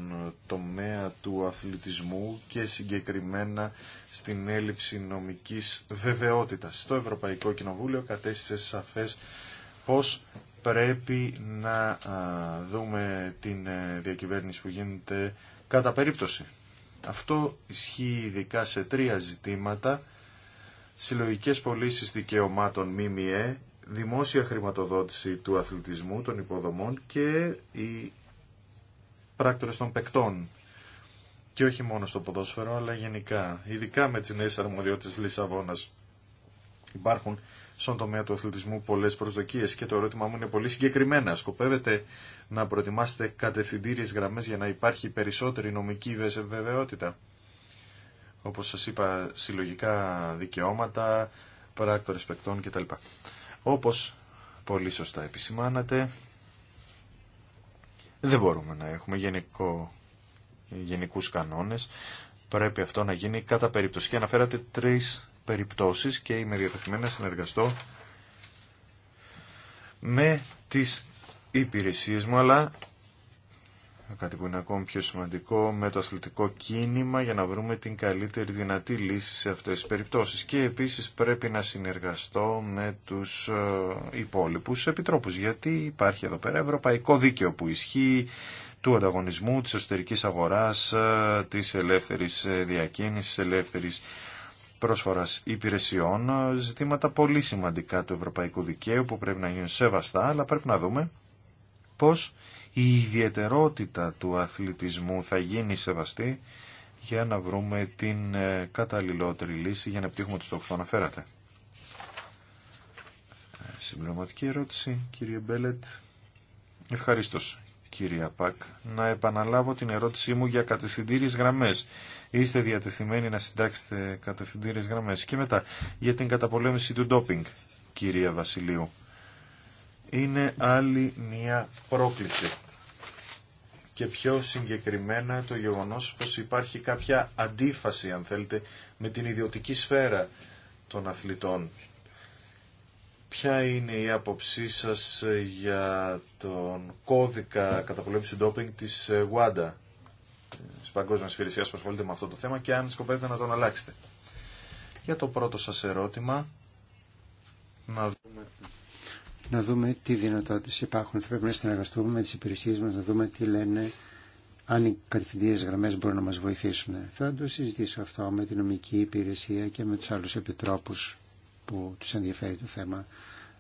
τομέα του αθλητισμού και συγκεκριμένα στην έλλειψη νομικής βεβαιότητας. Το Ευρωπαϊκό Κοινοβούλιο κατέστησε σαφές πώς πρέπει να δούμε την ε, διακυβέρνηση που γίνεται κατά περίπτωση. Αυτό ισχύει ειδικά σε τρία ζητήματα συλλογικές πωλήσει δικαιωμάτων ΜΜΕ, δημόσια χρηματοδότηση του αθλητισμού, των υποδομών και οι πράκτορες των παικτών. Και όχι μόνο στο ποδόσφαιρο, αλλά γενικά, ειδικά με τις νέες αρμοδιότητες Λισαβόνας. Υπάρχουν στον τομέα του αθλητισμού πολλές προσδοκίες και το ερώτημα μου είναι πολύ συγκεκριμένα. Σκοπεύετε να προετοιμάσετε κατευθυντήριες γραμμές για να υπάρχει περισσότερη νομική βεβαιότητα. Όπως σας είπα, συλλογικά δικαιώματα, πράκτορες παικτών κτλ. Όπως πολύ σωστά επισημάνατε, δεν μπορούμε να έχουμε γενικό, γενικούς κανόνες. Πρέπει αυτό να γίνει κατά περίπτωση. Και αναφέρατε τρεις περιπτώσεις και είμαι διατεθειμένη να συνεργαστώ με τις υπηρεσίες μου, αλλά κάτι που είναι ακόμη πιο σημαντικό, με το αθλητικό κίνημα για να βρούμε την καλύτερη δυνατή λύση σε αυτές τις περιπτώσεις. Και επίσης πρέπει να συνεργαστώ με τους ε, υπόλοιπους επιτρόπους, γιατί υπάρχει εδώ πέρα ευρωπαϊκό δίκαιο που ισχύει του ανταγωνισμού, της εσωτερικής αγοράς, ε, της ελεύθερης ε, διακίνησης, ελεύθερης πρόσφορας υπηρεσιών, ζητήματα πολύ σημαντικά του ευρωπαϊκού δικαίου που πρέπει να γίνουν σεβαστά, αλλά πρέπει να δούμε πώς η ιδιαιτερότητα του αθλητισμού θα γίνει σεβαστή για να βρούμε την ε, καταλληλότερη λύση για να επιτύχουμε το στόχο που αναφέρατε. Ε, συμπληρωματική ερώτηση, κύριε Μπέλετ. Ευχαριστώ, κύριε Πακ. Να επαναλάβω την ερώτησή μου για κατευθυντήριε γραμμέ. Είστε διατεθειμένοι να συντάξετε κατευθυντήριε γραμμέ. Και μετά, για την καταπολέμηση του ντόπινγκ, κυρία Βασιλείου. Είναι άλλη μια πρόκληση και πιο συγκεκριμένα το γεγονός πως υπάρχει κάποια αντίφαση, αν θέλετε, με την ιδιωτική σφαίρα των αθλητών. Ποια είναι η άποψή σας ε, για τον κώδικα καταπολέμησης του ντόπινγκ της WADA, ε, ε, της Παγκόσμιας Υπηρεσίας που ασχολείται με αυτό το θέμα και αν σκοπεύετε να τον αλλάξετε. Για το πρώτο σας ερώτημα, να δούμε να δούμε τι δυνατότητες υπάρχουν. Θα πρέπει να συνεργαστούμε με τις υπηρεσίες μας, να δούμε τι λένε, αν οι κατευθυντήρες γραμμές μπορούν να μας βοηθήσουν. Θα το συζητήσω αυτό με την νομική υπηρεσία και με τους άλλους επιτρόπους που τους ενδιαφέρει το θέμα.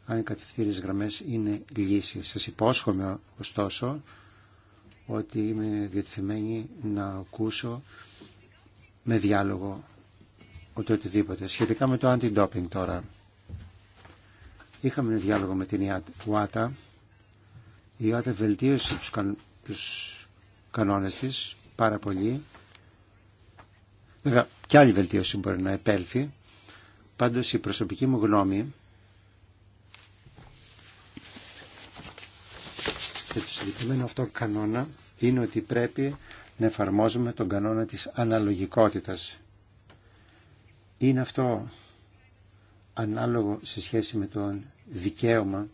Αν οι κατευθυντήρες γραμμές είναι λύση. Σας υπόσχομαι ωστόσο ότι είμαι διατεθειμένη να ακούσω με διάλογο οτιδήποτε. Σχετικά με το αντι-doping τώρα. Είχαμε ένα διάλογο με την ΟΑΤΑ. Η ΟΑΤΑ βελτίωσε τους, τους κανόνες της πάρα πολύ. Βέβαια, κι άλλη βελτίωση μπορεί να επέλθει. Πάντως, η προσωπική μου γνώμη και το συγκεκριμένο αυτό κανόνα είναι ότι πρέπει να εφαρμόζουμε τον κανόνα της αναλογικότητας. Είναι αυτό ανάλογο σε σχέση με το δικαίωμα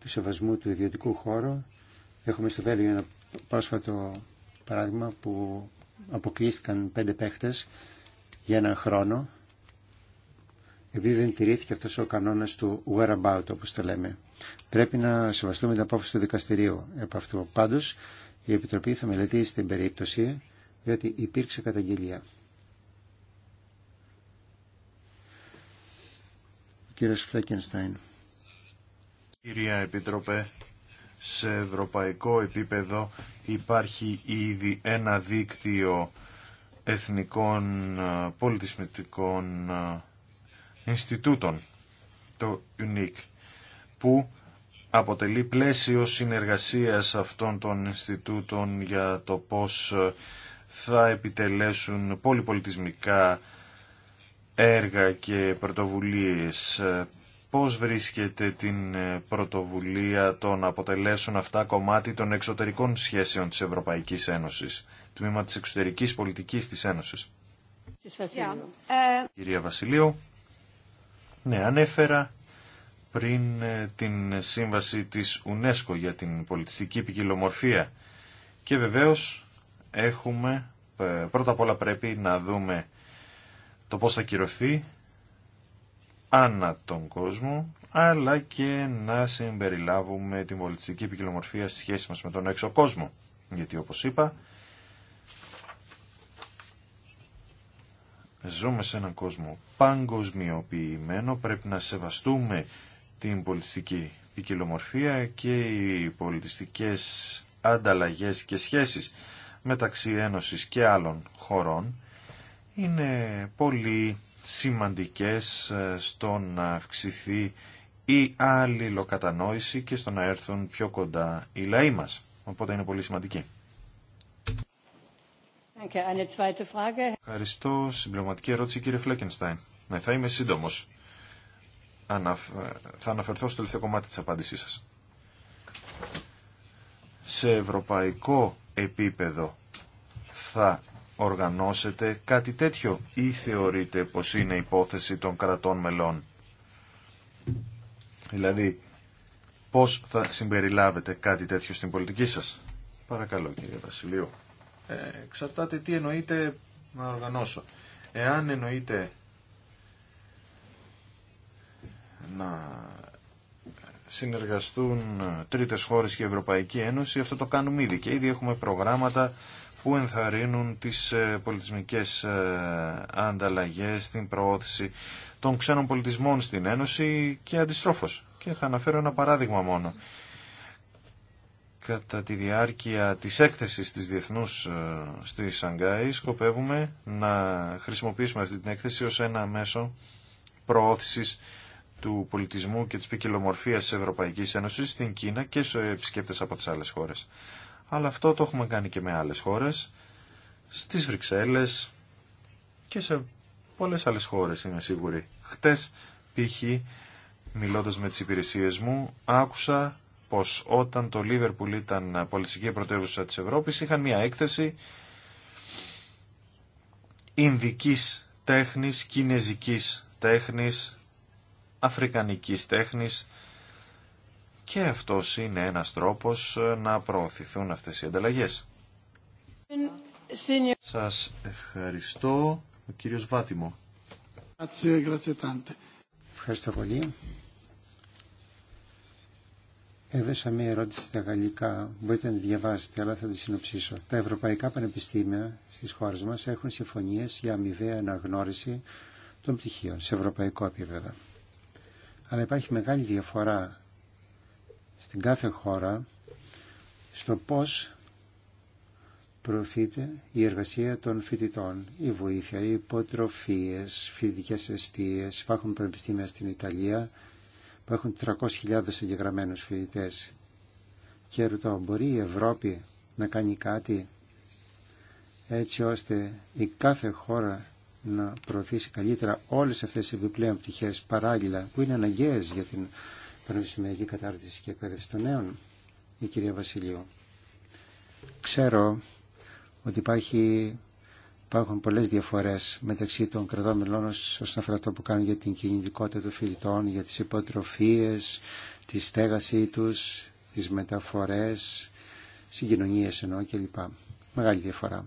του σεβασμού του ιδιωτικού χώρου. Έχουμε στο Βέλγιο ένα πρόσφατο παράδειγμα που αποκλείστηκαν πέντε παίχτες για έναν χρόνο επειδή δεν τηρήθηκε αυτός ο κανόνας του whereabout όπως το λέμε. Πρέπει να σεβαστούμε την απόφαση του δικαστηρίου από αυτό. Πάντως η Επιτροπή θα μελετήσει την περίπτωση διότι υπήρξε καταγγελία. κύριος Φλέκενστάιν. Κυρία Επίτροπε, σε ευρωπαϊκό επίπεδο υπάρχει ήδη ένα δίκτυο εθνικών πολιτισμικών Ινστιτούτων, το UNIC, που αποτελεί πλαίσιο συνεργασίας αυτών των Ινστιτούτων για το πώς θα επιτελέσουν πολυπολιτισμικά έργα και πρωτοβουλίες. Πώς βρίσκεται την πρωτοβουλία των να αποτελέσουν αυτά κομμάτι των εξωτερικών σχέσεων της Ευρωπαϊκής Ένωσης, τμήμα της εξωτερικής πολιτικής της Ένωσης. Ε, Κυρία Βασιλείου, ναι, ανέφερα πριν ε, την σύμβαση της UNESCO για την πολιτιστική ποικιλομορφία και βεβαίως έχουμε ε, πρώτα απ' όλα πρέπει να δούμε το πώς θα κυρωθεί ανά τον κόσμο, αλλά και να συμπεριλάβουμε την πολιτιστική ποικιλομορφία στη σχέση μας με τον έξω κόσμο. Γιατί όπως είπα, ζούμε σε έναν κόσμο παγκοσμιοποιημένο, πρέπει να σεβαστούμε την πολιτιστική ποικιλομορφία και οι πολιτιστικές ανταλλαγές και σχέσεις μεταξύ Ένωσης και άλλων χωρών είναι πολύ σημαντικές ε, στο να αυξηθεί η άλλη αλληλοκατανόηση και στο να έρθουν πιο κοντά οι λαοί μας. Οπότε είναι πολύ σημαντική. Ευχαριστώ. Συμπληρωματική ερώτηση κύριε Φλέκενστάιν. Ναι, θα είμαι σύντομος. Θα αναφερθώ στο τελευταίο κομμάτι της απάντησής σας. Σε ευρωπαϊκό επίπεδο θα οργανώσετε κάτι τέτοιο ή θεωρείτε πως είναι υπόθεση των κρατών μελών. Δηλαδή, πώς θα συμπεριλάβετε κάτι τέτοιο στην πολιτική σας. Παρακαλώ κύριε Βασιλείου. Ε, εξαρτάται τι εννοείτε να οργανώσω. Εάν εννοείτε να συνεργαστούν τρίτες χώρες και η Ευρωπαϊκή Ένωση, αυτό το κάνουμε ήδη και ήδη έχουμε προγράμματα που ενθαρρύνουν τις ε, πολιτισμικές ε, ανταλλαγές, την προώθηση των ξένων πολιτισμών στην Ένωση και αντιστρόφως. Και θα αναφέρω ένα παράδειγμα μόνο. Κατά τη διάρκεια της έκθεσης της Διεθνούς ε, στη Σανγκάη σκοπεύουμε να χρησιμοποιήσουμε αυτή την έκθεση ως ένα μέσο προώθησης του πολιτισμού και της ποικιλομορφίας της Ευρωπαϊκής Ένωσης στην Κίνα και στους επισκέπτες από τις άλλες χώρες αλλά αυτό το έχουμε κάνει και με άλλες χώρες, στις Βρυξέλλες και σε πολλές άλλες χώρες είμαι σίγουρη. Χτες π.χ. μιλώντας με τις υπηρεσίες μου άκουσα πως όταν το Λίβερπουλ ήταν πολιτική πρωτεύουσα της Ευρώπης είχαν μια έκθεση Ινδικής τέχνης, Κινέζικης τέχνης, Αφρικανικής τέχνης και αυτό είναι ένας τρόπος ε, να προωθηθούν αυτές οι ανταλλαγές. Σας ευχαριστώ. Ο κύριος Βάτιμο. Ευχαριστώ πολύ. Έδωσα μία ερώτηση στα γαλλικά, μπορείτε να τη διαβάσετε, αλλά θα τη συνοψίσω. Τα ευρωπαϊκά πανεπιστήμια στις χώρες μας έχουν συμφωνίες για αμοιβαία αναγνώριση των πτυχίων σε ευρωπαϊκό επίπεδο. Αλλά υπάρχει μεγάλη διαφορά στην κάθε χώρα στο πώς προωθείται η εργασία των φοιτητών, η βοήθεια, οι υποτροφίες, φοιτητικές αιστείες. Υπάρχουν πανεπιστήμια στην Ιταλία που έχουν 300.000 εγγεγραμμένους φοιτητές. Και ρωτώ μπορεί η Ευρώπη να κάνει κάτι έτσι ώστε η κάθε χώρα να προωθήσει καλύτερα όλες αυτές τις επιπλέον πτυχές παράλληλα που είναι αναγκαίες για την πανεπιστημιακή κατάρτιση και εκπαίδευση των νέων, η κυρία Βασιλείου. Ξέρω ότι υπάρχει, υπάρχουν πολλές διαφορές μεταξύ των κρατών μελών όσον αφορά το που κάνουν για την κινητικότητα των φοιτητών, για τις υποτροφίες, τη στέγασή τους, τις μεταφορές, συγκοινωνίες ενώ κλπ. Μεγάλη διαφορά.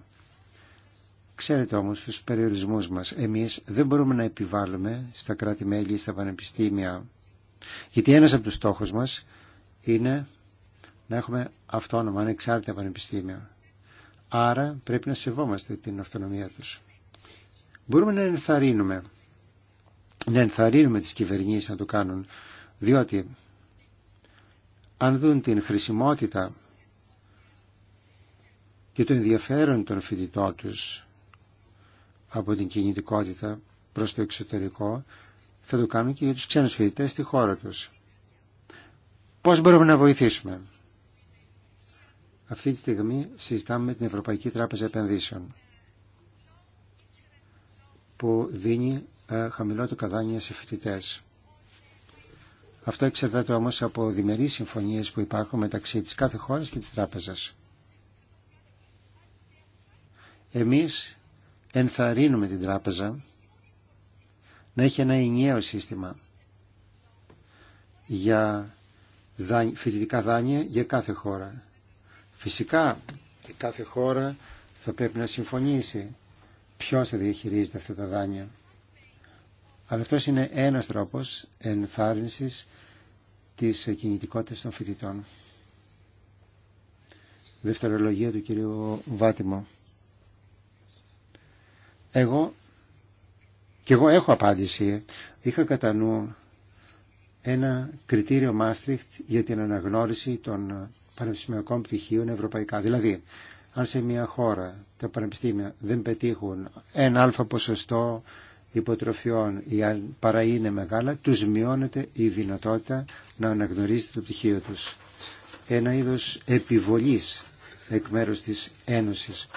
Ξέρετε όμως τους περιορισμούς μας. Εμείς δεν μπορούμε να επιβάλλουμε στα κράτη-μέλη, στα πανεπιστήμια γιατί ένας από τους στόχους μας είναι να έχουμε αυτόνομα, ανεξάρτητα πανεπιστήμια. Άρα πρέπει να σεβόμαστε την αυτονομία τους. Μπορούμε να ενθαρρύνουμε, να ενθαρρύνουμε τις κυβερνήσεις να το κάνουν, διότι αν δουν την χρησιμότητα και το ενδιαφέρον των φοιτητών τους από την κινητικότητα προς το εξωτερικό, θα το κάνουν και για τους ξένους φοιτητές στη χώρα τους. Πώς μπορούμε να βοηθήσουμε. Αυτή τη στιγμή συζητάμε με την Ευρωπαϊκή Τράπεζα Επενδύσεων που δίνει ε, χαμηλό το καδάνια σε φοιτητέ. Αυτό εξαρτάται όμως από διμερείς συμφωνίες που υπάρχουν μεταξύ της κάθε χώρας και της τράπεζας. Εμείς ενθαρρύνουμε την τράπεζα να έχει ένα ενιαίο σύστημα για φοιτητικά δάνεια για κάθε χώρα. Φυσικά η κάθε χώρα θα πρέπει να συμφωνήσει ποιος θα διαχειρίζεται αυτά τα δάνεια. Αλλά αυτός είναι ένας τρόπος ενθάρρυνσης της κινητικότητας των φοιτητών. Δευτερολογία του κυρίου Βάτιμο. Εγώ και εγώ έχω απάντηση. Είχα κατά νου ένα κριτήριο Μάστριχτ για την αναγνώριση των πανεπιστημιακών πτυχίων ευρωπαϊκά. Δηλαδή, αν σε μια χώρα τα πανεπιστήμια δεν πετύχουν ένα αλφα ποσοστό υποτροφιών ή αν παρά είναι μεγάλα, τους μειώνεται η δυνατότητα να αναγνωρίζετε το πτυχίο τους. Ένα είδος επιβολής εκ μέρους της Ένωσης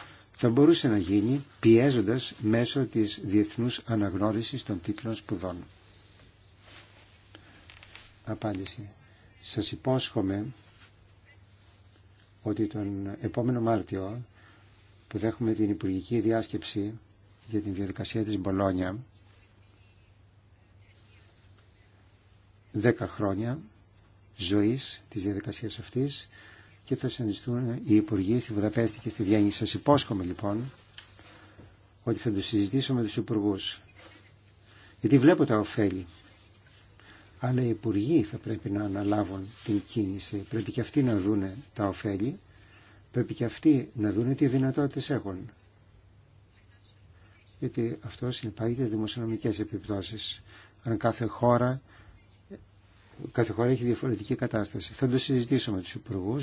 θα μπορούσε να γίνει πιέζοντας μέσω της διεθνούς αναγνώρισης των τίτλων σπουδών. Απάντηση. Σας υπόσχομαι ότι τον επόμενο Μάρτιο που δέχουμε την Υπουργική Διάσκεψη για την διαδικασία της Μπολόνια δέκα χρόνια ζωής της διαδικασίας αυτής και θα συνιστούν οι Υπουργοί στη Βουδαπέστη και στη Βιέννη. Σας υπόσχομαι λοιπόν ότι θα το συζητήσω με του υπουργού. Γιατί βλέπω τα ωφέλη. Αλλά οι υπουργοί θα πρέπει να αναλάβουν την κίνηση. Πρέπει και αυτοί να δούνε τα ωφέλη. Πρέπει και αυτοί να δούνε τι δυνατότητες έχουν. Γιατί αυτό συνεπάγεται δημοσιονομικέ επιπτώσεις. Αν κάθε χώρα κάθε χώρα έχει διαφορετική κατάσταση. Θα το συζητήσω με τους υπουργού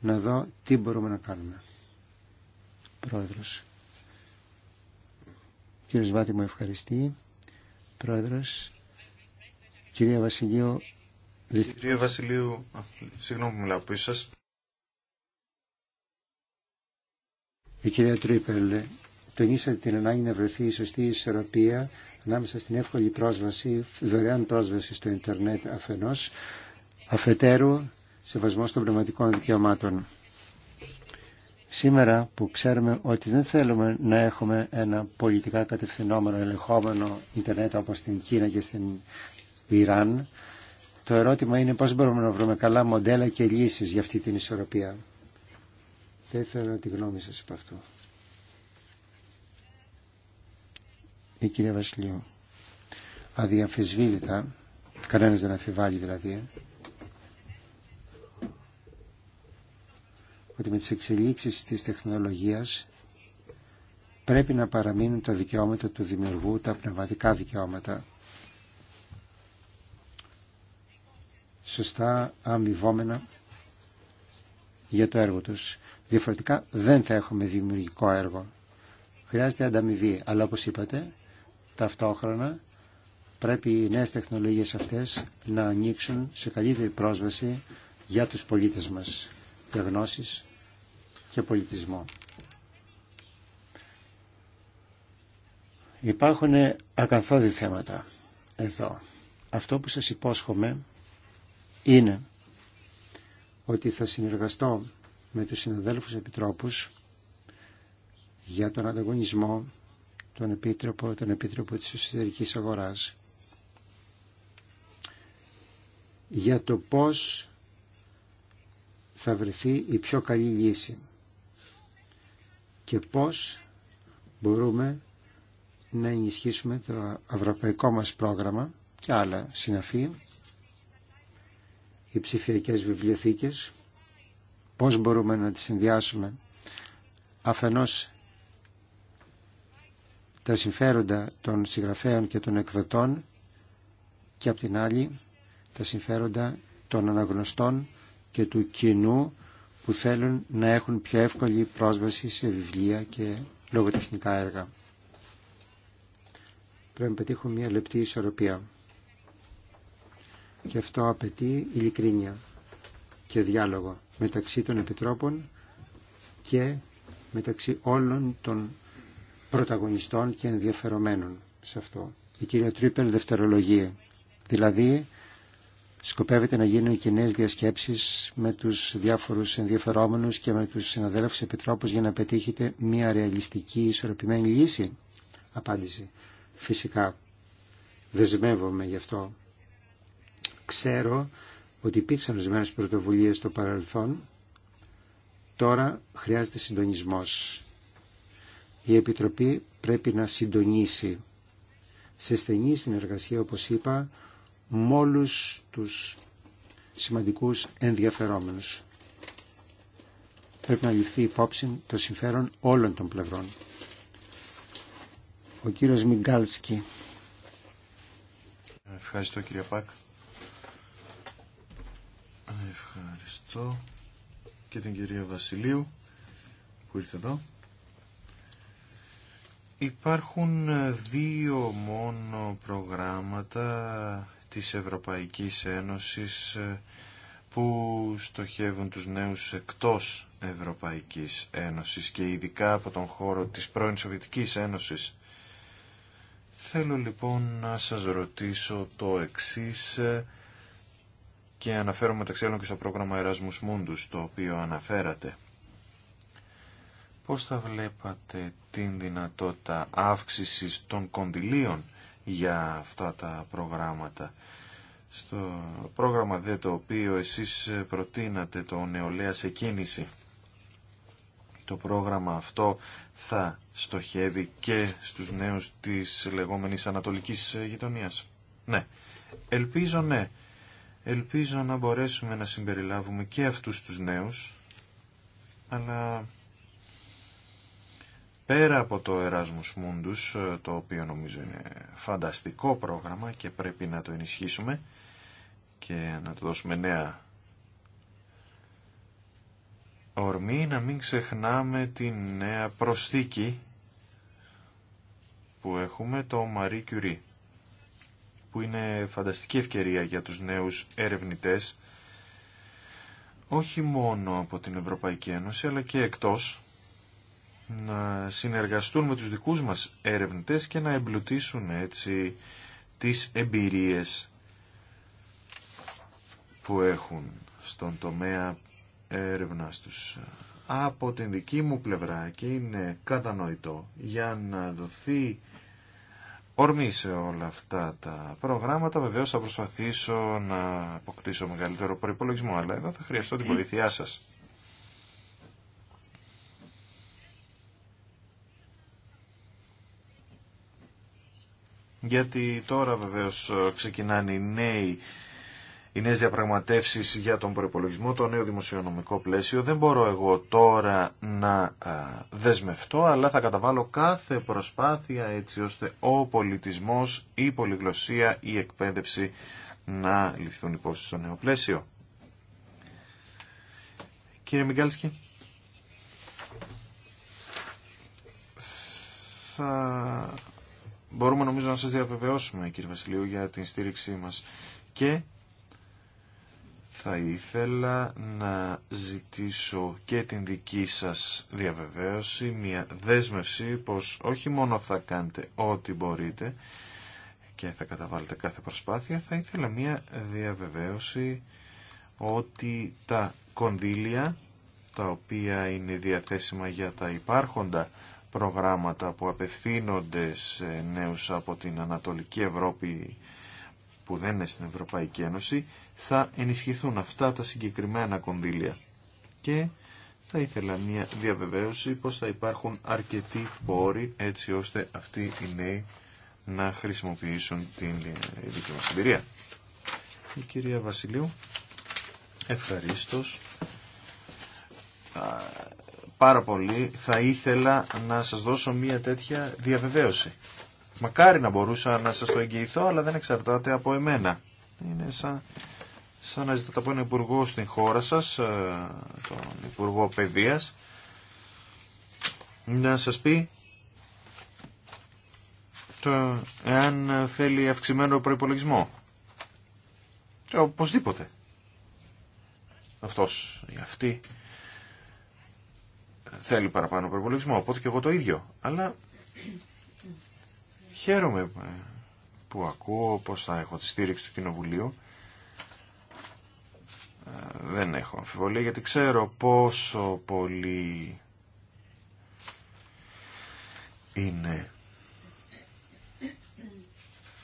να δω τι μπορούμε να κάνουμε. Πρόεδρος. Κύριος Βάτη μου ευχαριστεί. Πρόεδρος. Κυρία Βασιλείου. Κυρία Βασιλείου, συγγνώμη που μιλάω πίσω σας. Η κυρία Τρίπελ, τονίσατε την ανάγκη να βρεθεί η σωστή ισορροπία ανάμεσα στην εύκολη πρόσβαση, δωρεάν πρόσβαση στο ίντερνετ αφενός, αφετέρου σεβασμό των πνευματικών δικαιωμάτων. Σήμερα που ξέρουμε ότι δεν θέλουμε να έχουμε ένα πολιτικά κατευθυνόμενο, ελεγχόμενο ίντερνετ όπως στην Κίνα και στην Ιράν, το ερώτημα είναι πώς μπορούμε να βρούμε καλά μοντέλα και λύσεις για αυτή την ισορροπία. Θα ήθελα τη γνώμη σας από αυτό. η κυρία Βασιλείου. Αδιαμφισβήτητα, κανένας δεν αφιβάλλει δηλαδή, ότι με τις εξελίξεις της τεχνολογίας πρέπει να παραμείνουν τα δικαιώματα του δημιουργού, τα πνευματικά δικαιώματα. Σωστά αμοιβόμενα για το έργο τους. Διαφορετικά δεν θα έχουμε δημιουργικό έργο. Χρειάζεται ανταμοιβή, αλλά όπως είπατε Ταυτόχρονα πρέπει οι νέες τεχνολογίες αυτές να ανοίξουν σε καλύτερη πρόσβαση για τους πολίτες μας, για γνώσεις και πολιτισμό. Υπάρχουν ακαθόδη θέματα εδώ. Αυτό που σας υπόσχομαι είναι ότι θα συνεργαστώ με τους συναδέλφους επιτρόπους για τον ανταγωνισμό, τον Επίτροπο, τον Επίτροπο της Εσωτερικής Αγοράς για το πώς θα βρεθεί η πιο καλή λύση και πώς μπορούμε να ενισχύσουμε το ευρωπαϊκό μας πρόγραμμα και άλλα συναφή, οι ψηφιακές βιβλιοθήκες, πώς μπορούμε να τις συνδυάσουμε αφενός τα συμφέροντα των συγγραφέων και των εκδοτών και απ' την άλλη τα συμφέροντα των αναγνωστών και του κοινού που θέλουν να έχουν πιο εύκολη πρόσβαση σε βιβλία και λογοτεχνικά έργα. Πρέπει να πετύχουμε μια λεπτή ισορροπία. Και αυτό απαιτεί ειλικρίνεια και διάλογο μεταξύ των επιτρόπων και μεταξύ όλων των πρωταγωνιστών και ενδιαφερομένων σε αυτό. Η κυρία Τρίπελ δευτερολογία. Δηλαδή, σκοπεύεται να γίνουν κοινέ διασκέψει με του διάφορου ενδιαφερόμενου και με του συναδέλφου επιτρόπου για να πετύχετε μια ρεαλιστική, ισορροπημένη λύση. Απάντηση. Φυσικά. Δεσμεύομαι γι' αυτό. Ξέρω ότι υπήρξαν ορισμένε πρωτοβουλίε στο παρελθόν. Τώρα χρειάζεται συντονισμός η Επιτροπή πρέπει να συντονίσει σε στενή συνεργασία, όπως είπα, με όλους τους σημαντικούς ενδιαφερόμενους. Πρέπει να ληφθεί υπόψη το συμφέρον όλων των πλευρών. Ο κύριος Μιγκάλσκι. Ευχαριστώ κύριε Πακ. Ευχαριστώ και την κυρία Βασιλείου που ήρθε εδώ. Υπάρχουν ε, δύο μόνο προγράμματα της Ευρωπαϊκής Ένωσης ε, που στοχεύουν τους νέους εκτός Ευρωπαϊκής Ένωσης και ειδικά από τον χώρο της πρώην Σοβιετικής Ένωσης. Θέλω λοιπόν να σας ρωτήσω το εξής ε, και αναφέρομαι μεταξύ άλλων και στο πρόγραμμα Erasmus Mundus το οποίο αναφέρατε. Πώς θα βλέπατε την δυνατότητα αύξησης των κονδυλίων για αυτά τα προγράμματα. Στο πρόγραμμα δε το οποίο εσείς προτείνατε το νεολαία σε κίνηση. Το πρόγραμμα αυτό θα στοχεύει και στους νέους της λεγόμενης ανατολικής γειτονίας. Ναι, ελπίζω ναι. Ελπίζω να μπορέσουμε να συμπεριλάβουμε και αυτούς τους νέους, αλλά πέρα από το Erasmus Mundus, ε, το οποίο νομίζω είναι φανταστικό πρόγραμμα και πρέπει να το ενισχύσουμε και να το δώσουμε νέα ορμή, να μην ξεχνάμε τη νέα προσθήκη που έχουμε, το Marie Curie, που είναι φανταστική ευκαιρία για τους νέους ερευνητές, όχι μόνο από την Ευρωπαϊκή Ένωση, αλλά και εκτός, να συνεργαστούν με τους δικούς μας έρευνητές και να εμπλουτίσουν έτσι τις εμπειρίες που έχουν στον τομέα έρευνας τους. Από την δική μου πλευρά και είναι κατανοητό για να δοθεί ορμή σε όλα αυτά τα προγράμματα βεβαίως θα προσπαθήσω να αποκτήσω μεγαλύτερο προϋπολογισμό αλλά εδώ θα χρειαστώ την βοήθειά σας. γιατί τώρα βεβαίως ξεκινάνε οι νέοι οι νέες διαπραγματεύσεις για τον προπολογισμό, το νέο δημοσιονομικό πλαίσιο. Δεν μπορώ εγώ τώρα να δεσμευτώ, αλλά θα καταβάλω κάθε προσπάθεια έτσι ώστε ο πολιτισμός, η πολυγλωσία, η εκπαίδευση να ληφθούν υπόψη στο νέο πλαίσιο. Κύριε Μιγκάλσκι. Θα μπορούμε νομίζω να σας διαβεβαιώσουμε κύριε Βασιλείου για την στήριξή μας και θα ήθελα να ζητήσω και την δική σας διαβεβαίωση, μια δέσμευση πως όχι μόνο θα κάνετε ό,τι μπορείτε και θα καταβάλλετε κάθε προσπάθεια, θα ήθελα μια διαβεβαίωση ότι τα κονδύλια τα οποία είναι διαθέσιμα για τα υπάρχοντα προγράμματα που απευθύνονται σε νέους από την Ανατολική Ευρώπη που δεν είναι στην Ευρωπαϊκή Ένωση, θα ενισχυθούν αυτά τα συγκεκριμένα κονδύλια. Και θα ήθελα μια διαβεβαίωση πως θα υπάρχουν αρκετοί πόροι έτσι ώστε αυτοί οι νέοι να χρησιμοποιήσουν την δική μας εμπειρία. Η κυρία Βασιλείου, ευχαρίστως πάρα πολύ. Θα ήθελα να σας δώσω μια τέτοια διαβεβαίωση. Μακάρι να μπορούσα να σας το εγγυηθώ, αλλά δεν εξαρτάται από εμένα. Είναι σαν, να ζητάτε από έναν υπουργό στην χώρα σας, ε, τον Υπουργό Παιδείας, να σας πει το, εάν θέλει αυξημένο προϋπολογισμό. Ε, οπωσδήποτε. Αυτός ή αυτή θέλει παραπάνω προπολογισμό, οπότε και εγώ το ίδιο. Αλλά χαίρομαι που ακούω πως θα έχω τη στήριξη του Κοινοβουλίου. Ε, δεν έχω αμφιβολία γιατί ξέρω πόσο πολύ είναι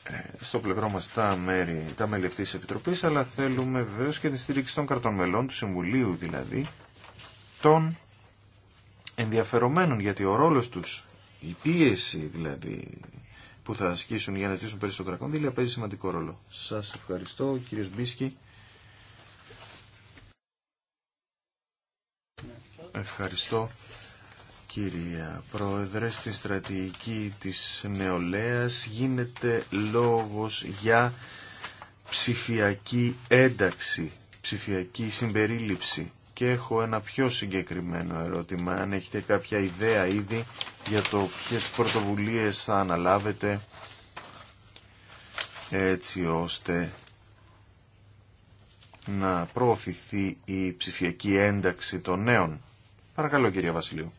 ε, στο πλευρό μας τα, μέρη, τα μέλη αυτής της Επιτροπής αλλά θέλουμε βεβαίως και τη στήριξη των κρατών μελών, του Συμβουλίου δηλαδή, των ενδιαφερομένων γιατί ο ρόλος τους, η πίεση δηλαδή που θα ασκήσουν για να ζήσουν περισσότερα κονδύλια δηλαδή, παίζει σημαντικό ρόλο. Σας ευχαριστώ κύριε Μπίσκι. Ευχαριστώ κυρία Πρόεδρε. Στην στρατηγική της νεολαίας γίνεται λόγος για ψηφιακή ένταξη, ψηφιακή συμπερίληψη και έχω ένα πιο συγκεκριμένο ερώτημα. Αν έχετε κάποια ιδέα ήδη για το ποιες πρωτοβουλίες θα αναλάβετε έτσι ώστε να προωθηθεί η ψηφιακή ένταξη των νέων. Παρακαλώ κυρία Βασιλείου.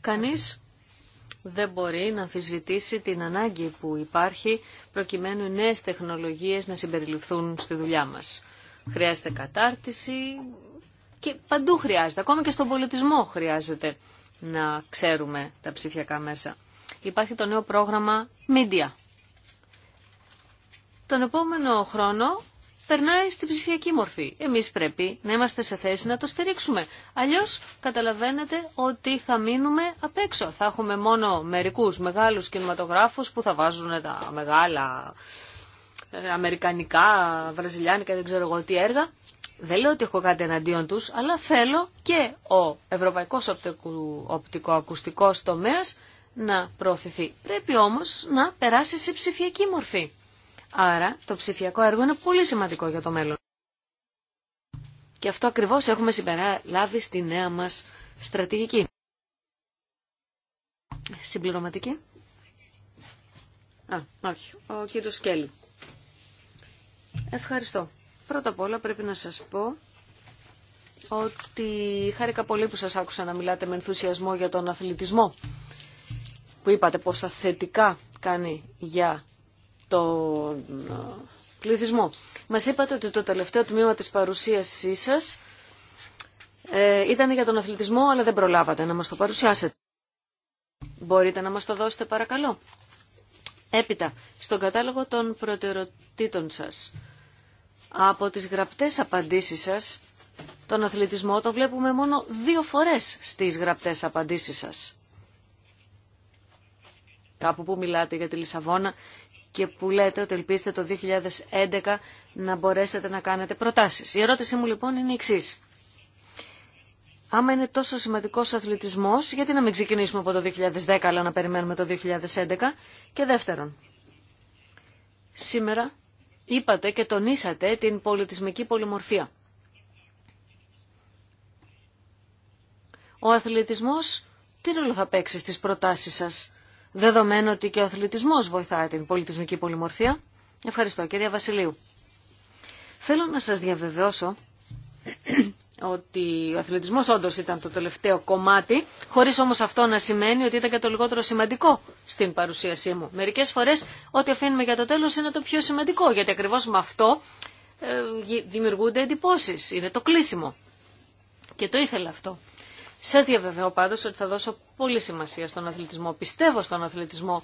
Κανείς δεν μπορεί να αμφισβητήσει την ανάγκη που υπάρχει προκειμένου νέες τεχνολογίες να συμπεριληφθούν στη δουλειά μας. Χρειάζεται κατάρτιση και παντού χρειάζεται, ακόμα και στον πολιτισμό χρειάζεται να ξέρουμε τα ψηφιακά μέσα. Υπάρχει το νέο πρόγραμμα Media. Τον επόμενο χρόνο περνάει στη ψηφιακή μορφή. Εμείς πρέπει να είμαστε σε θέση να το στηρίξουμε. Αλλιώς καταλαβαίνετε ότι θα μείνουμε απ' έξω. Θα έχουμε μόνο μερικούς μεγάλους κινηματογράφους που θα βάζουν τα μεγάλα ε, αμερικανικά, βραζιλιάνικα, δεν ξέρω εγώ τι έργα. Δεν λέω ότι έχω κάτι εναντίον τους, αλλά θέλω και ο ευρωπαϊκός οπτικοακουστικός τομέας να προωθηθεί. Πρέπει όμως να περάσει σε ψηφιακή μορφή. Άρα το ψηφιακό έργο είναι πολύ σημαντικό για το μέλλον. Και αυτό ακριβώς έχουμε συμπεραλάβει στη νέα μας στρατηγική. Συμπληρωματική. Α, όχι. Ο κύριος Σκέλη. Ευχαριστώ. Πρώτα απ' όλα πρέπει να σας πω ότι χάρηκα πολύ που σας άκουσα να μιλάτε με ενθουσιασμό για τον αθλητισμό που είπατε πόσα θετικά κάνει για τον ε, πληθυσμό. Μας είπατε ότι το τελευταίο τμήμα της παρουσίασής σας ε, ήταν για τον αθλητισμό αλλά δεν προλάβατε να μας το παρουσιάσετε. Μπορείτε να μας το δώσετε παρακαλώ. Έπειτα, στον κατάλογο των προτεραιοτήτων σας, από τις γραπτές απαντήσεις σας, τον αθλητισμό το βλέπουμε μόνο δύο φορές στις γραπτές απαντήσεις σας. Κάπου που μιλάτε για τη Λισαβόνα και που λέτε ότι ελπίστε το 2011 να μπορέσετε να κάνετε προτάσεις. Η ερώτησή μου λοιπόν είναι η εξής. Άμα είναι τόσο σημαντικό ο αθλητισμός, γιατί να μην ξεκινήσουμε από το 2010 αλλά να περιμένουμε το 2011. Και δεύτερον, σήμερα είπατε και τονίσατε την πολιτισμική πολυμορφία. Ο αθλητισμός τι ρόλο θα παίξει στις προτάσεις σας, δεδομένου ότι και ο αθλητισμός βοηθάει την πολιτισμική πολυμορφία. Ευχαριστώ κυρία Βασιλείου. Θέλω να σας διαβεβαιώσω ότι ο αθλητισμός όντως ήταν το τελευταίο κομμάτι, χωρίς όμως αυτό να σημαίνει ότι ήταν και το λιγότερο σημαντικό στην παρουσίασή μου. Μερικές φορές ό,τι αφήνουμε για το τέλος είναι το πιο σημαντικό, γιατί ακριβώς με αυτό ε, δημιουργούνται εντυπώσεις, είναι το κλείσιμο. Και το ήθελα αυτό. Σας διαβεβαιώ πάντως ότι θα δώσω πολύ σημασία στον αθλητισμό. Πιστεύω στον αθλητισμό.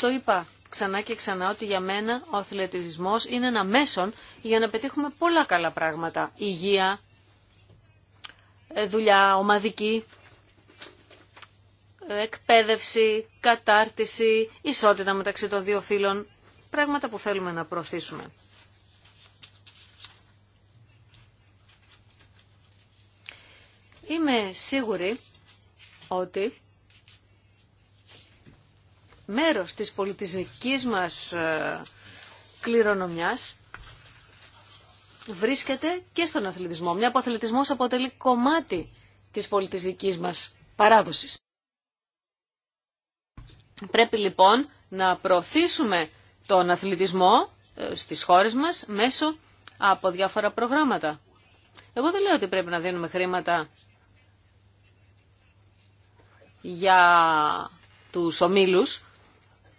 Το είπα ξανά και ξανά ότι για μένα ο αθλητισμός είναι ένα μέσον για να πετύχουμε πολλά καλά πράγματα. Υγεία, ε, δουλειά ομαδική, εκπαίδευση, κατάρτιση, ισότητα μεταξύ των δύο φύλων, πράγματα που θέλουμε να προωθήσουμε. Είμαι σίγουρη ότι μέρος της πολιτισμικής μας ε, κληρονομιάς βρίσκεται και στον αθλητισμό. Μια που ο αθλητισμός αποτελεί κομμάτι της πολιτιστικής μας παράδοσης. Πρέπει λοιπόν να προωθήσουμε τον αθλητισμό ε, στις χώρες μας μέσω από διάφορα προγράμματα. Εγώ δεν λέω ότι πρέπει να δίνουμε χρήματα για τους ομίλους,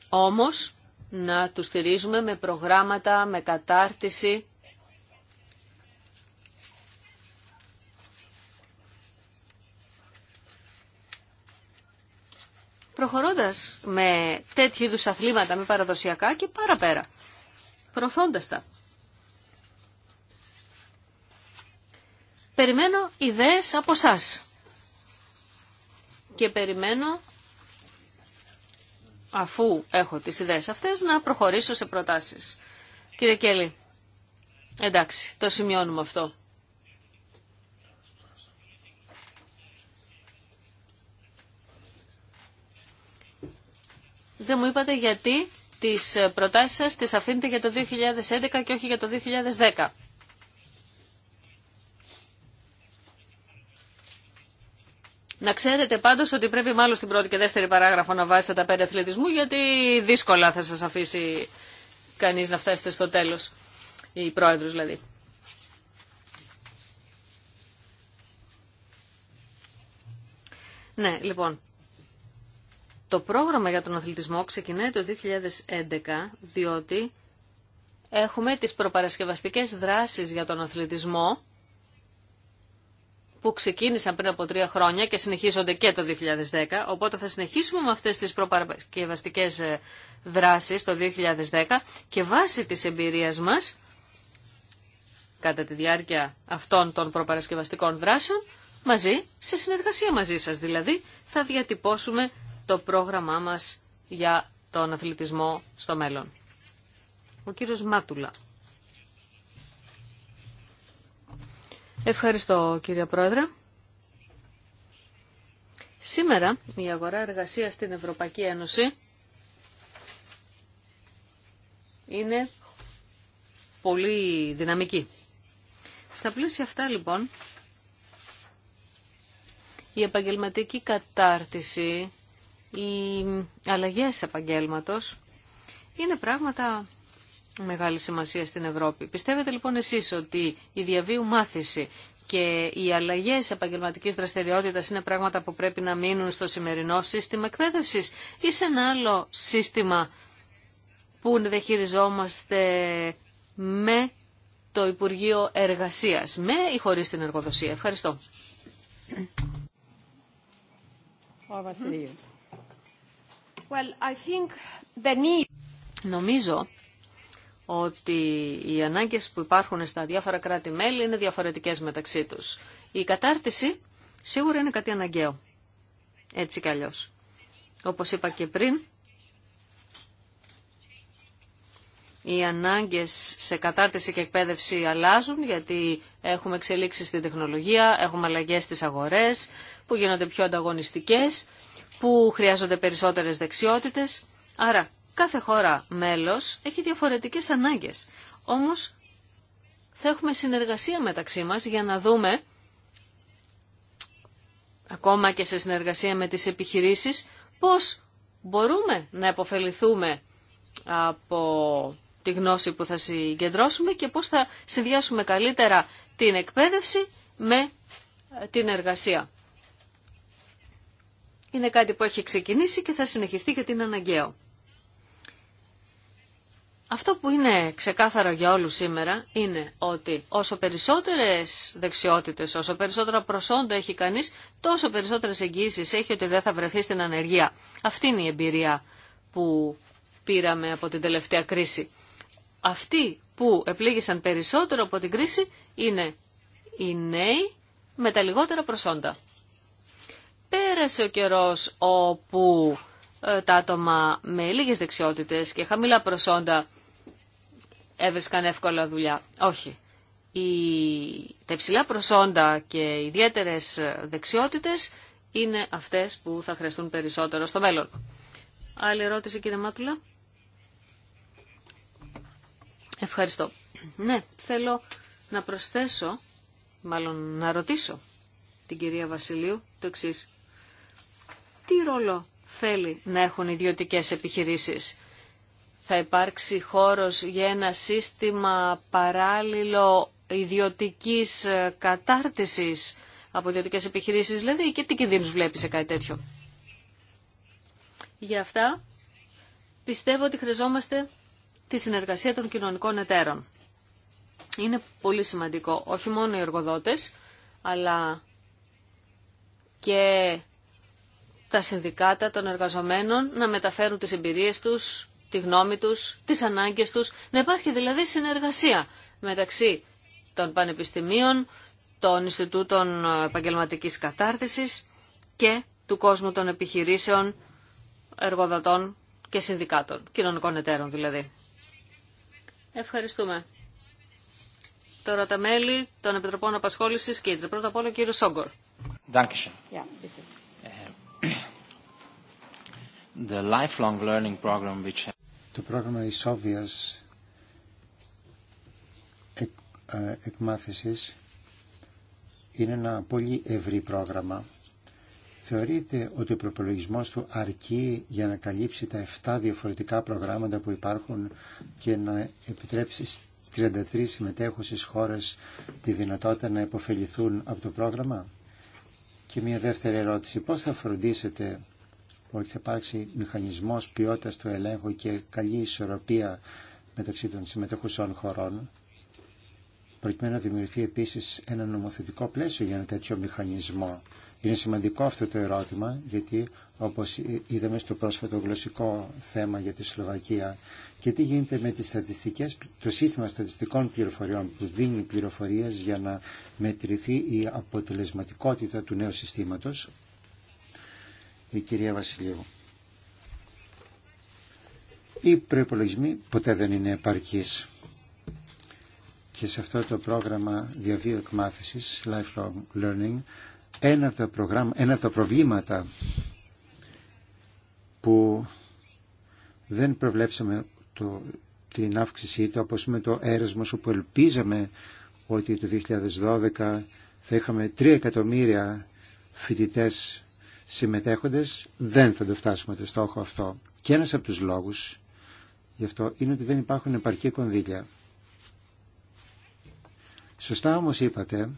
όμως να τους στηρίζουμε με προγράμματα, με κατάρτιση προχωρώντας με τέτοιου είδου αθλήματα, με παραδοσιακά και παραπέρα, προωθώντας τα. Περιμένω ιδέες από σας Και περιμένω, αφού έχω τις ιδέες αυτές, να προχωρήσω σε προτάσεις. Κύριε Κέλλη, εντάξει, το σημειώνουμε αυτό. δεν μου είπατε γιατί τις προτάσεις σας τις αφήνετε για το 2011 και όχι για το 2010. Να ξέρετε πάντως ότι πρέπει μάλλον στην πρώτη και δεύτερη παράγραφο να βάζετε τα πέντε αθλητισμού γιατί δύσκολα θα σας αφήσει κανείς να φτάσετε στο τέλος, η πρόεδρος δηλαδή. Ναι, λοιπόν, το πρόγραμμα για τον αθλητισμό ξεκινάει το 2011, διότι έχουμε τις προπαρασκευαστικές δράσεις για τον αθλητισμό, που ξεκίνησαν πριν από τρία χρόνια και συνεχίζονται και το 2010. Οπότε θα συνεχίσουμε με αυτές τις προπαρασκευαστικές ε, δράσεις το 2010 και βάσει της εμπειρίας μας, κατά τη διάρκεια αυτών των προπαρασκευαστικών δράσεων, μαζί, σε συνεργασία μαζί σας δηλαδή, θα διατυπώσουμε το πρόγραμμά μας για τον αθλητισμό στο μέλλον. Ο κύριος Μάτουλα. Ευχαριστώ κύριε Πρόεδρε. Σήμερα η αγορά εργασία στην Ευρωπαϊκή Ένωση είναι πολύ δυναμική. Στα πλαίσια αυτά λοιπόν η επαγγελματική κατάρτιση οι αλλαγές επαγγέλματος είναι πράγματα μεγάλη σημασία στην Ευρώπη. Πιστεύετε λοιπόν εσείς ότι η διαβίου μάθηση και οι αλλαγέ επαγγελματική δραστηριότητα είναι πράγματα που πρέπει να μείνουν στο σημερινό σύστημα εκπαίδευση ή σε ένα άλλο σύστημα που δεχειριζόμαστε με το Υπουργείο εργασία με ή χωρί την εργοδοσία. Ευχαριστώ. Νομίζω ότι οι ανάγκες που υπάρχουν στα διάφορα κράτη-μέλη είναι διαφορετικές μεταξύ τους. Η κατάρτιση σίγουρα είναι κάτι αναγκαίο. Έτσι κι αλλιώς. Όπως είπα και πριν, οι ανάγκες σε κατάρτιση και εκπαίδευση αλλάζουν γιατί έχουμε εξελίξει στην τεχνολογία, έχουμε αλλαγές στις αγορές που γίνονται πιο ανταγωνιστικές που χρειάζονται περισσότερες δεξιότητες. Άρα κάθε χώρα μέλος έχει διαφορετικές ανάγκες. Όμως θα έχουμε συνεργασία μεταξύ μας για να δούμε, ακόμα και σε συνεργασία με τις επιχειρήσεις, πώς μπορούμε να επωφεληθούμε από τη γνώση που θα συγκεντρώσουμε και πώς θα συνδυάσουμε καλύτερα την εκπαίδευση με την εργασία. Είναι κάτι που έχει ξεκινήσει και θα συνεχιστεί γιατί είναι αναγκαίο. Αυτό που είναι ξεκάθαρο για όλους σήμερα είναι ότι όσο περισσότερες δεξιότητες, όσο περισσότερα προσόντα έχει κανείς, τόσο περισσότερες εγγύησεις έχει ότι δεν θα βρεθεί στην ανεργία. Αυτή είναι η εμπειρία που πήραμε από την τελευταία κρίση. Αυτοί που επλήγησαν περισσότερο από την κρίση είναι οι νέοι με τα λιγότερα προσόντα πέρασε ο καιρός όπου ε, τα άτομα με λίγες δεξιότητες και χαμηλά προσόντα έβρισκαν εύκολα δουλειά. Όχι. Η... Τα υψηλά προσόντα και ιδιαίτερες ε, δεξιότητες είναι αυτές που θα χρειαστούν περισσότερο στο μέλλον. Άλλη ερώτηση κύριε Μάτουλα. Ευχαριστώ. Ναι, θέλω να προσθέσω, μάλλον να ρωτήσω την κυρία Βασιλείου το εξής τι ρόλο θέλει να έχουν ιδιωτικές επιχειρήσεις. Θα υπάρξει χώρος για ένα σύστημα παράλληλο ιδιωτικής ε, κατάρτισης από ιδιωτικές επιχειρήσεις, δηλαδή, και τι κινδύνους βλέπει σε κάτι τέτοιο. Για αυτά πιστεύω ότι χρειαζόμαστε τη συνεργασία των κοινωνικών εταίρων. Είναι πολύ σημαντικό, όχι μόνο οι εργοδότες, αλλά και τα συνδικάτα των εργαζομένων να μεταφέρουν τις εμπειρίες τους, τη γνώμη τους, τις ανάγκες τους, να υπάρχει δηλαδή συνεργασία μεταξύ των πανεπιστημίων, των Ινστιτούτων επαγγελματική Κατάρτισης και του κόσμου των επιχειρήσεων, εργοδοτών και συνδικάτων, κοινωνικών εταίρων δηλαδή. Ευχαριστούμε. Τώρα τα μέλη των Επιτροπών Απασχόλησης και Πρώτα απ' όλα ο κύριος Σόγκορ. Yeah, the lifelong learning program which... Το πρόγραμμα ισόβιας εκ, ε, εκμάθησης είναι ένα πολύ ευρύ πρόγραμμα. Θεωρείται ότι ο προπολογισμό του αρκεί για να καλύψει τα 7 διαφορετικά προγράμματα που υπάρχουν και να επιτρέψει 33 συμμετέχουσες χώρες τη δυνατότητα να υποφεληθούν από το πρόγραμμα. Και μια δεύτερη ερώτηση, πώς θα φροντίσετε ότι θα υπάρξει μηχανισμός ποιότητας του ελέγχου και καλή ισορροπία μεταξύ των συμμετέχουσών χωρών, προκειμένου να δημιουργηθεί επίσης ένα νομοθετικό πλαίσιο για ένα τέτοιο μηχανισμό. Είναι σημαντικό αυτό το ερώτημα, γιατί όπως είδαμε στο πρόσφατο γλωσσικό θέμα για τη Σλοβακία, και τι γίνεται με τις στατιστικές, το σύστημα στατιστικών πληροφοριών που δίνει πληροφορίες για να μετρηθεί η αποτελεσματικότητα του νέου συστήματος, η κυρία Βασιλείου. Οι προπολογισμοί ποτέ δεν είναι επαρκείς. Και σε αυτό το πρόγραμμα διαβίου εκμάθησης, lifelong learning, ένα από τα, προγράμμα, ένα τα προβλήματα που δεν προβλέψαμε το, την αύξησή του, όπως με το έρεσμο που ελπίζαμε ότι το 2012 θα είχαμε 3 εκατομμύρια φοιτητές συμμετέχοντες δεν θα το φτάσουμε το στόχο αυτό. Και ένας από τους λόγους γι' αυτό είναι ότι δεν υπάρχουν επαρκή κονδύλια. Σωστά όμως είπατε,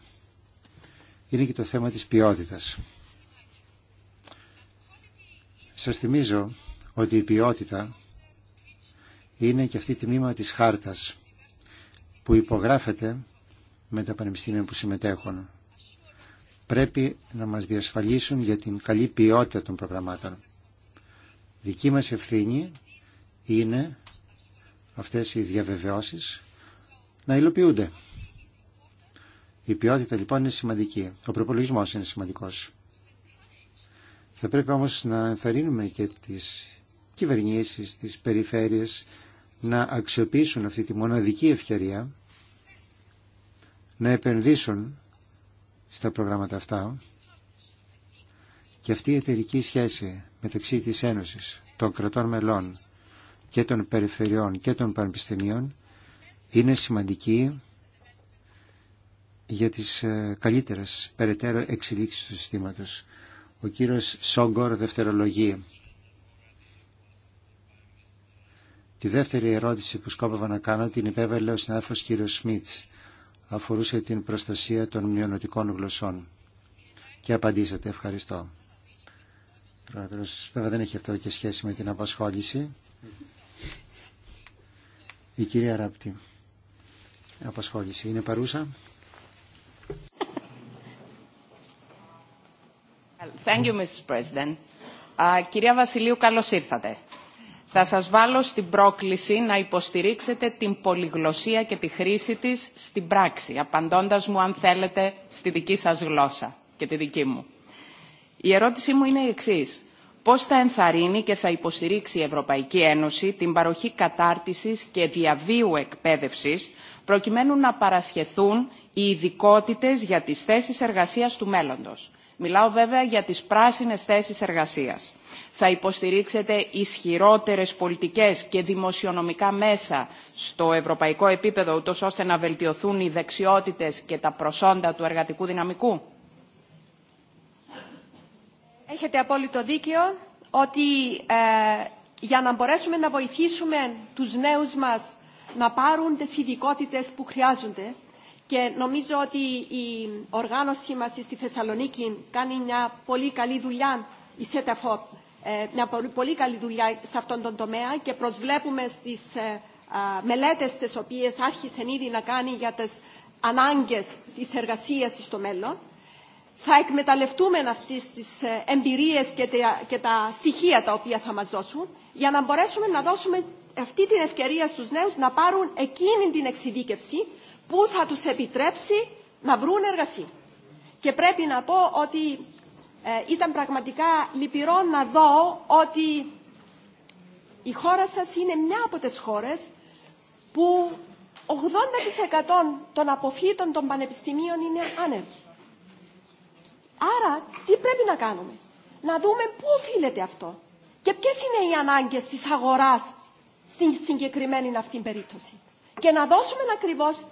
είναι και το θέμα της ποιότητας. Σας θυμίζω ότι η ποιότητα είναι και αυτή τη μήμα της χάρτας που υπογράφεται με τα πανεπιστήμια που συμμετέχουν πρέπει να μας διασφαλίσουν για την καλή ποιότητα των προγραμμάτων. Δική μας ευθύνη είναι αυτές οι διαβεβαιώσεις να υλοποιούνται. Η ποιότητα λοιπόν είναι σημαντική. Ο προπολογισμό είναι σημαντικός. Θα πρέπει όμως να ενθαρρύνουμε και τις κυβερνήσεις, τις περιφέρειες να αξιοποιήσουν αυτή τη μοναδική ευκαιρία να επενδύσουν στα προγράμματα αυτά και αυτή η εταιρική σχέση μεταξύ της Ένωσης, των κρατών μελών και των περιφερειών και των πανεπιστημίων είναι σημαντική για τις ε, καλύτερες περαιτέρω εξελίξεις του συστήματος. Ο κύριος Σόγκορ δευτερολογεί. Τη δεύτερη ερώτηση που σκόπευα να κάνω την υπέβαλε ο συνάδελφος κύριος Σμίτς αφορούσε την προστασία των μειονοτικών γλωσσών. Και απαντήσατε. Ευχαριστώ. Πρόεδρος, βέβαια δεν έχει αυτό και σχέση με την απασχόληση. Η κυρία Ράπτη. Απασχόληση. Είναι παρούσα. Thank you, Mr. President. κυρία Βασιλείου, καλώς ήρθατε θα σας βάλω στην πρόκληση να υποστηρίξετε την πολυγλωσία και τη χρήση της στην πράξη, απαντώντας μου αν θέλετε στη δική σας γλώσσα και τη δική μου. Η ερώτησή μου είναι η εξής. Πώς θα ενθαρρύνει και θα υποστηρίξει η Ευρωπαϊκή Ένωση την παροχή κατάρτισης και διαβίου εκπαίδευσης προκειμένου να παρασχεθούν οι ειδικότητε για τις θέσεις εργασίας του μέλλοντος. Μιλάω βέβαια για τις πράσινες θέσεις εργασίας θα υποστηρίξετε ισχυρότερες πολιτικές και δημοσιονομικά μέσα στο ευρωπαϊκό επίπεδο, ούτως ώστε να βελτιωθούν οι δεξιότητες και τα προσόντα του εργατικού δυναμικού. Έχετε απόλυτο δίκιο ότι ε, για να μπορέσουμε να βοηθήσουμε τους νέους μας να πάρουν τις ειδικότητε που χρειάζονται και νομίζω ότι η οργάνωση μας στη Θεσσαλονίκη κάνει μια πολύ καλή δουλειά η ε, μια πολύ καλή δουλειά σε αυτόν τον τομέα και προσβλέπουμε στις ε, μελέτες τις οποίες άρχισε ήδη να κάνει για τις ανάγκες της εργασίας στο μέλλον. Θα εκμεταλλευτούμε αυτές τις ε, εμπειρίες και τα στοιχεία τα οποία θα μας δώσουν για να μπορέσουμε να δώσουμε αυτή την ευκαιρία στους νέους να πάρουν εκείνη την εξειδίκευση που θα τους επιτρέψει να βρουν εργασία. Και πρέπει να πω ότι ε, ήταν πραγματικά λυπηρό να δω ότι η χώρα σας είναι μια από τις χώρες που 80% των αποφύτων των πανεπιστημίων είναι άνεργοι. Άρα, τι πρέπει να κάνουμε. Να δούμε πού οφείλεται αυτό. Και ποιες είναι οι ανάγκες της αγοράς στην συγκεκριμένη αυτή περίπτωση. Και να δώσουμε ακριβώς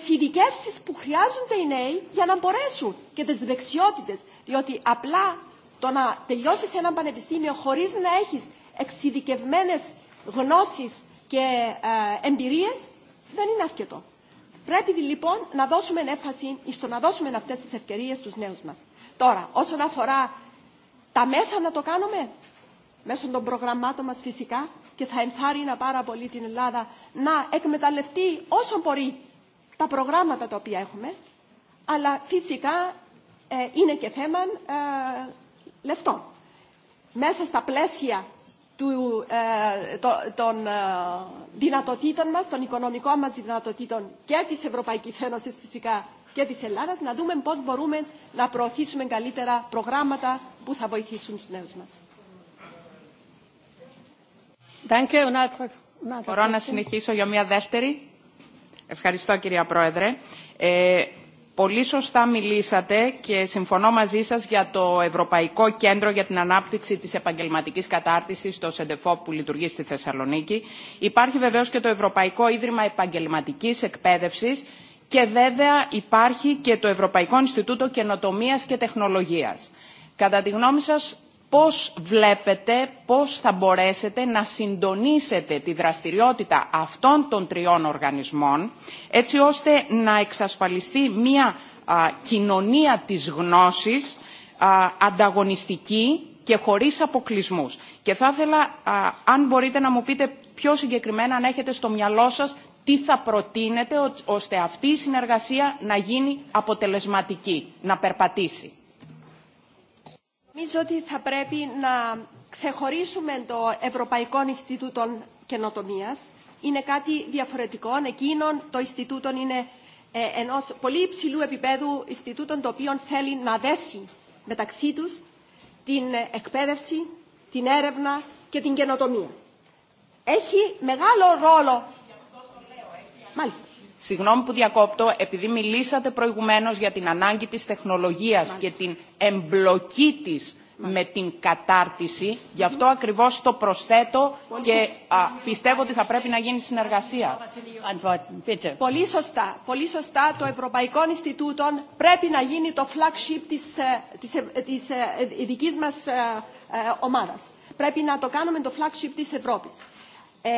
τι ειδικεύσει που χρειάζονται οι νέοι για να μπορέσουν και τι δεξιότητε, Διότι απλά το να τελειώσεις ένα πανεπιστήμιο χωρί να έχει εξειδικευμένε γνώσει και ε, εμπειρίε, δεν είναι αρκετό. Πρέπει λοιπόν να δώσουμε έμφαση στο να δώσουμε αυτέ τι ευκαιρίε στους νέου μα. Τώρα, όσον αφορά τα μέσα να το κάνουμε, μέσω των προγραμμάτων μα φυσικά, και θα ενθάρρυνα πάρα πολύ την Ελλάδα να εκμεταλλευτεί όσο μπορεί τα προγράμματα τα οποία έχουμε, αλλά φυσικά ε, είναι και θέμα ε, λεφτών. Μέσα στα πλαίσια του, ε, των δυνατοτήτων μας, των οικονομικών μας δυνατοτήτων και της Ευρωπαϊκής Ένωσης φυσικά και της Ελλάδας, να δούμε πώς μπορούμε να προωθήσουμε καλύτερα προγράμματα που θα βοηθήσουν τους νέους μας. Μπορώ να συνεχίσω για μια δεύτερη. Ευχαριστώ κυρία Πρόεδρε. Ε, πολύ σωστά μιλήσατε και συμφωνώ μαζί σας για το Ευρωπαϊκό Κέντρο για την Ανάπτυξη της Επαγγελματικής Κατάρτισης, το ΣΕΝΤΕΦΟ που λειτουργεί στη Θεσσαλονίκη. Υπάρχει βεβαίως και το Ευρωπαϊκό Ίδρυμα Επαγγελματικής Εκπαίδευσης και βέβαια υπάρχει και το Ευρωπαϊκό Ινστιτούτο Καινοτομίας και Τεχνολογίας. Κατά τη γνώμη σας, πώς βλέπετε, πώς θα μπορέσετε να συντονίσετε τη δραστηριότητα αυτών των τριών οργανισμών, έτσι ώστε να εξασφαλιστεί μια κοινωνία της γνώσης ανταγωνιστική και χωρίς αποκλεισμούς. Και θα ήθελα, αν μπορείτε να μου πείτε πιο συγκεκριμένα, αν έχετε στο μυαλό σας, τι θα προτείνετε ώστε αυτή η συνεργασία να γίνει αποτελεσματική, να περπατήσει. Νομίζω ότι θα πρέπει να ξεχωρίσουμε το Ευρωπαϊκό Ινστιτούτο Καινοτομία. Είναι κάτι διαφορετικό. Εκείνο το Ινστιτούτο είναι ε, ενό πολύ υψηλού επίπεδου Ινστιτούτων το οποίο θέλει να δέσει μεταξύ του την εκπαίδευση, την έρευνα και την καινοτομία. Έχει μεγάλο ρόλο. Μάλιστα. Συγγνώμη που διακόπτω, επειδή μιλήσατε προηγουμένως για την ανάγκη της τεχνολογίας και την εμπλοκή της με την κατάρτιση. Γι' αυτό ακριβώς το προσθέτω και πιστεύω ότι θα πρέπει να γίνει συνεργασία. Πολύ σωστά. Πολύ σωστά το Ευρωπαϊκό Ινστιτούτο πρέπει να γίνει το flagship της, ε, της, ε, της ε, δικής μας ομάδας. Πρέπει να το κάνουμε το flagship της Ευρώπης. Ε,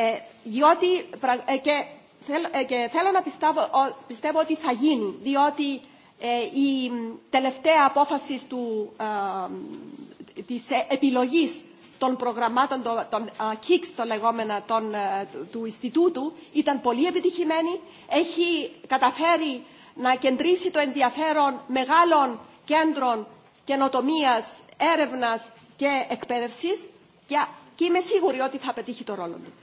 και, θέλω, και θέλω να πιστεύω, πιστεύω ότι θα γίνει, διότι ε, η τελευταία απόφαση του, ε, της επιλογής των προγραμμάτων, των ε, KICS, το λεγόμενα, των, του Ινστιτούτου, ήταν πολύ επιτυχημένη. Έχει καταφέρει να κεντρήσει το ενδιαφέρον μεγάλων κέντρων καινοτομίας, έρευνας και εκπαίδευσης και, και είμαι σίγουρη ότι θα πετύχει το ρόλο του.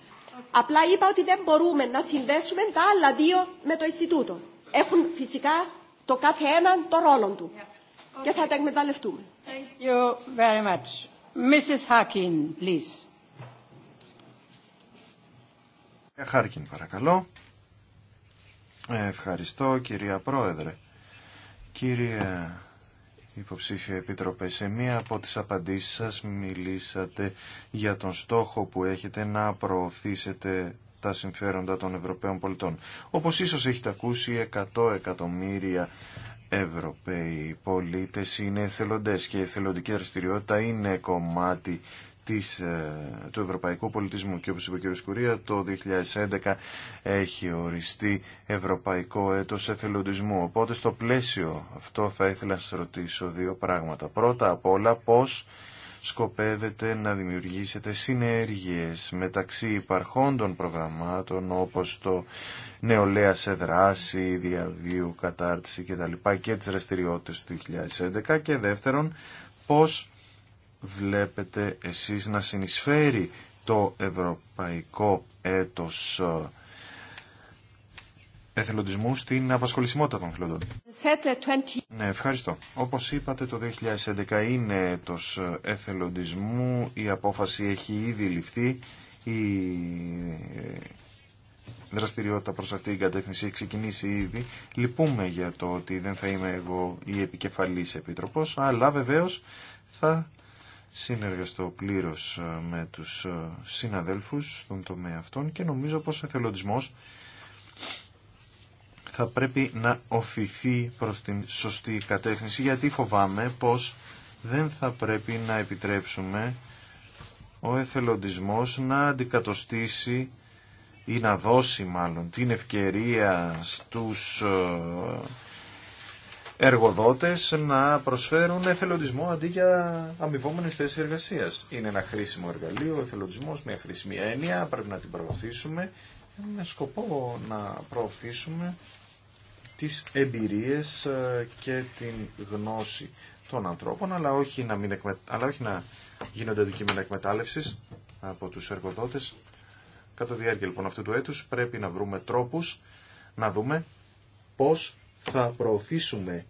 Απλά είπα ότι δεν μπορούμε να συνδέσουμε τα άλλα δύο με το Ινστιτούτο. Έχουν φυσικά το κάθε έναν το ρόλο του. Και θα τα εκμεταλλευτούμε. Thank you very much. Mrs. please. Χάρκιν, ε, παρακαλώ. Ε, ευχαριστώ, κυρία Πρόεδρε. Κύριε Υποψήφιο Επίτροπε, σε μία από τις απαντήσεις σας μιλήσατε για τον στόχο που έχετε να προωθήσετε τα συμφέροντα των Ευρωπαίων πολιτών. Όπως ίσως έχετε ακούσει, 100 εκατομμύρια Ευρωπαίοι πολίτες είναι εθελοντές και η εθελοντική δραστηριότητα είναι κομμάτι της, ε, του ευρωπαϊκού πολιτισμού και όπως είπε ο κ. Σκουρία το 2011 έχει οριστεί ευρωπαϊκό έτος εθελοντισμού οπότε στο πλαίσιο αυτό θα ήθελα να σας ρωτήσω δύο πράγματα πρώτα απ' όλα πως σκοπεύετε να δημιουργήσετε συνέργειες μεταξύ υπαρχόντων προγραμμάτων όπως το νεολαία σε δράση, διαβίου, κατάρτιση κτλ. και τις δραστηριότητε του 2011 και δεύτερον πώς βλέπετε εσείς να συνεισφέρει το ευρωπαϊκό έτος ε, εθελοντισμού στην απασχολησιμότητα των εθελοντών. Ναι, ευχαριστώ. Όπω είπατε, το 2011 είναι έτος εθελοντισμού. Η απόφαση έχει ήδη ληφθεί. Η ε, δραστηριότητα προς αυτή την κατεύθυνση έχει ξεκινήσει ήδη. Λυπούμε για το ότι δεν θα είμαι εγώ η επικεφαλής επίτροπος, αλλά βεβαίως θα συνεργαστώ πλήρως ε, με τους ε, συναδέλφους στον τομέα αυτών και νομίζω πως ο εθελοντισμός θα πρέπει να οφηθεί προς την σωστή κατεύθυνση γιατί φοβάμαι πως δεν θα πρέπει να επιτρέψουμε ο εθελοντισμός να αντικατοστήσει ή να δώσει μάλλον την ευκαιρία στους ε, εργοδότες να προσφέρουν εθελοντισμό αντί για αμοιβόμενες θέσεις εργασίας. Είναι ένα χρήσιμο εργαλείο, ο εθελοντισμός, μια χρήσιμη έννοια, πρέπει να την προωθήσουμε με σκοπό να προωθήσουμε τις εμπειρίες ε, και την γνώση των ανθρώπων, αλλά όχι να, μην αλλά όχι να γίνονται αντικείμενα εκμετάλλευση από τους εργοδότες. Κατά διάρκεια λοιπόν αυτού του έτους πρέπει να βρούμε τρόπους να δούμε πώς θα προωθήσουμε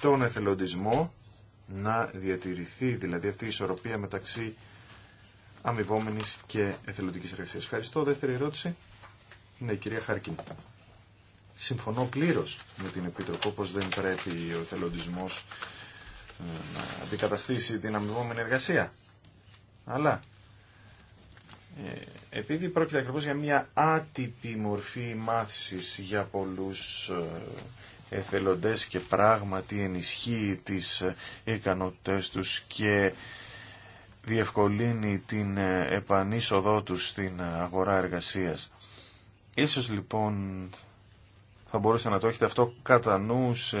τον εθελοντισμό να διατηρηθεί δηλαδή αυτή η ισορροπία μεταξύ αμοιβόμενης και εθελοντικής εργασίας. Ευχαριστώ. Δεύτερη ερώτηση. Ναι, κυρία Χάρκιν. Συμφωνώ πλήρω με την Επιτροπή πώ δεν πρέπει ο εθελοντισμός ε, να αντικαταστήσει την αμοιβόμενη εργασία. Αλλά ε, επειδή πρόκειται ακριβώ για μια άτυπη μορφή μάθησης για πολλούς ε, εθελοντές και πράγματι ενισχύει τις ικανότητές τους και διευκολύνει την επανείσοδό τους στην αγορά εργασίας. Ίσως λοιπόν θα μπορούσατε να το έχετε αυτό κατά νου σε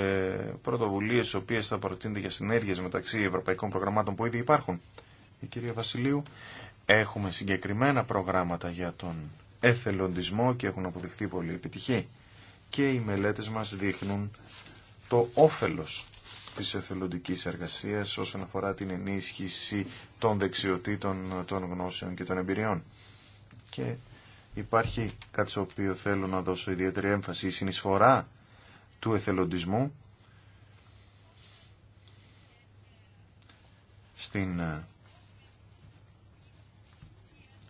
πρωτοβουλίες οι οποίες θα προτείνετε για συνέργειε μεταξύ ευρωπαϊκών προγραμμάτων που ήδη υπάρχουν. Η κυρία Βασιλείου, έχουμε συγκεκριμένα προγράμματα για τον εθελοντισμό και έχουν αποδειχθεί πολύ επιτυχή. Και οι μελέτες μας δείχνουν το όφελος της εθελοντικής εργασία όσον αφορά την ενίσχυση των δεξιοτήτων, των γνώσεων και των εμπειριών. Και Υπάρχει κάτι στο οποίο θέλω να δώσω ιδιαίτερη έμφαση. Η συνεισφορά του εθελοντισμού στην ε,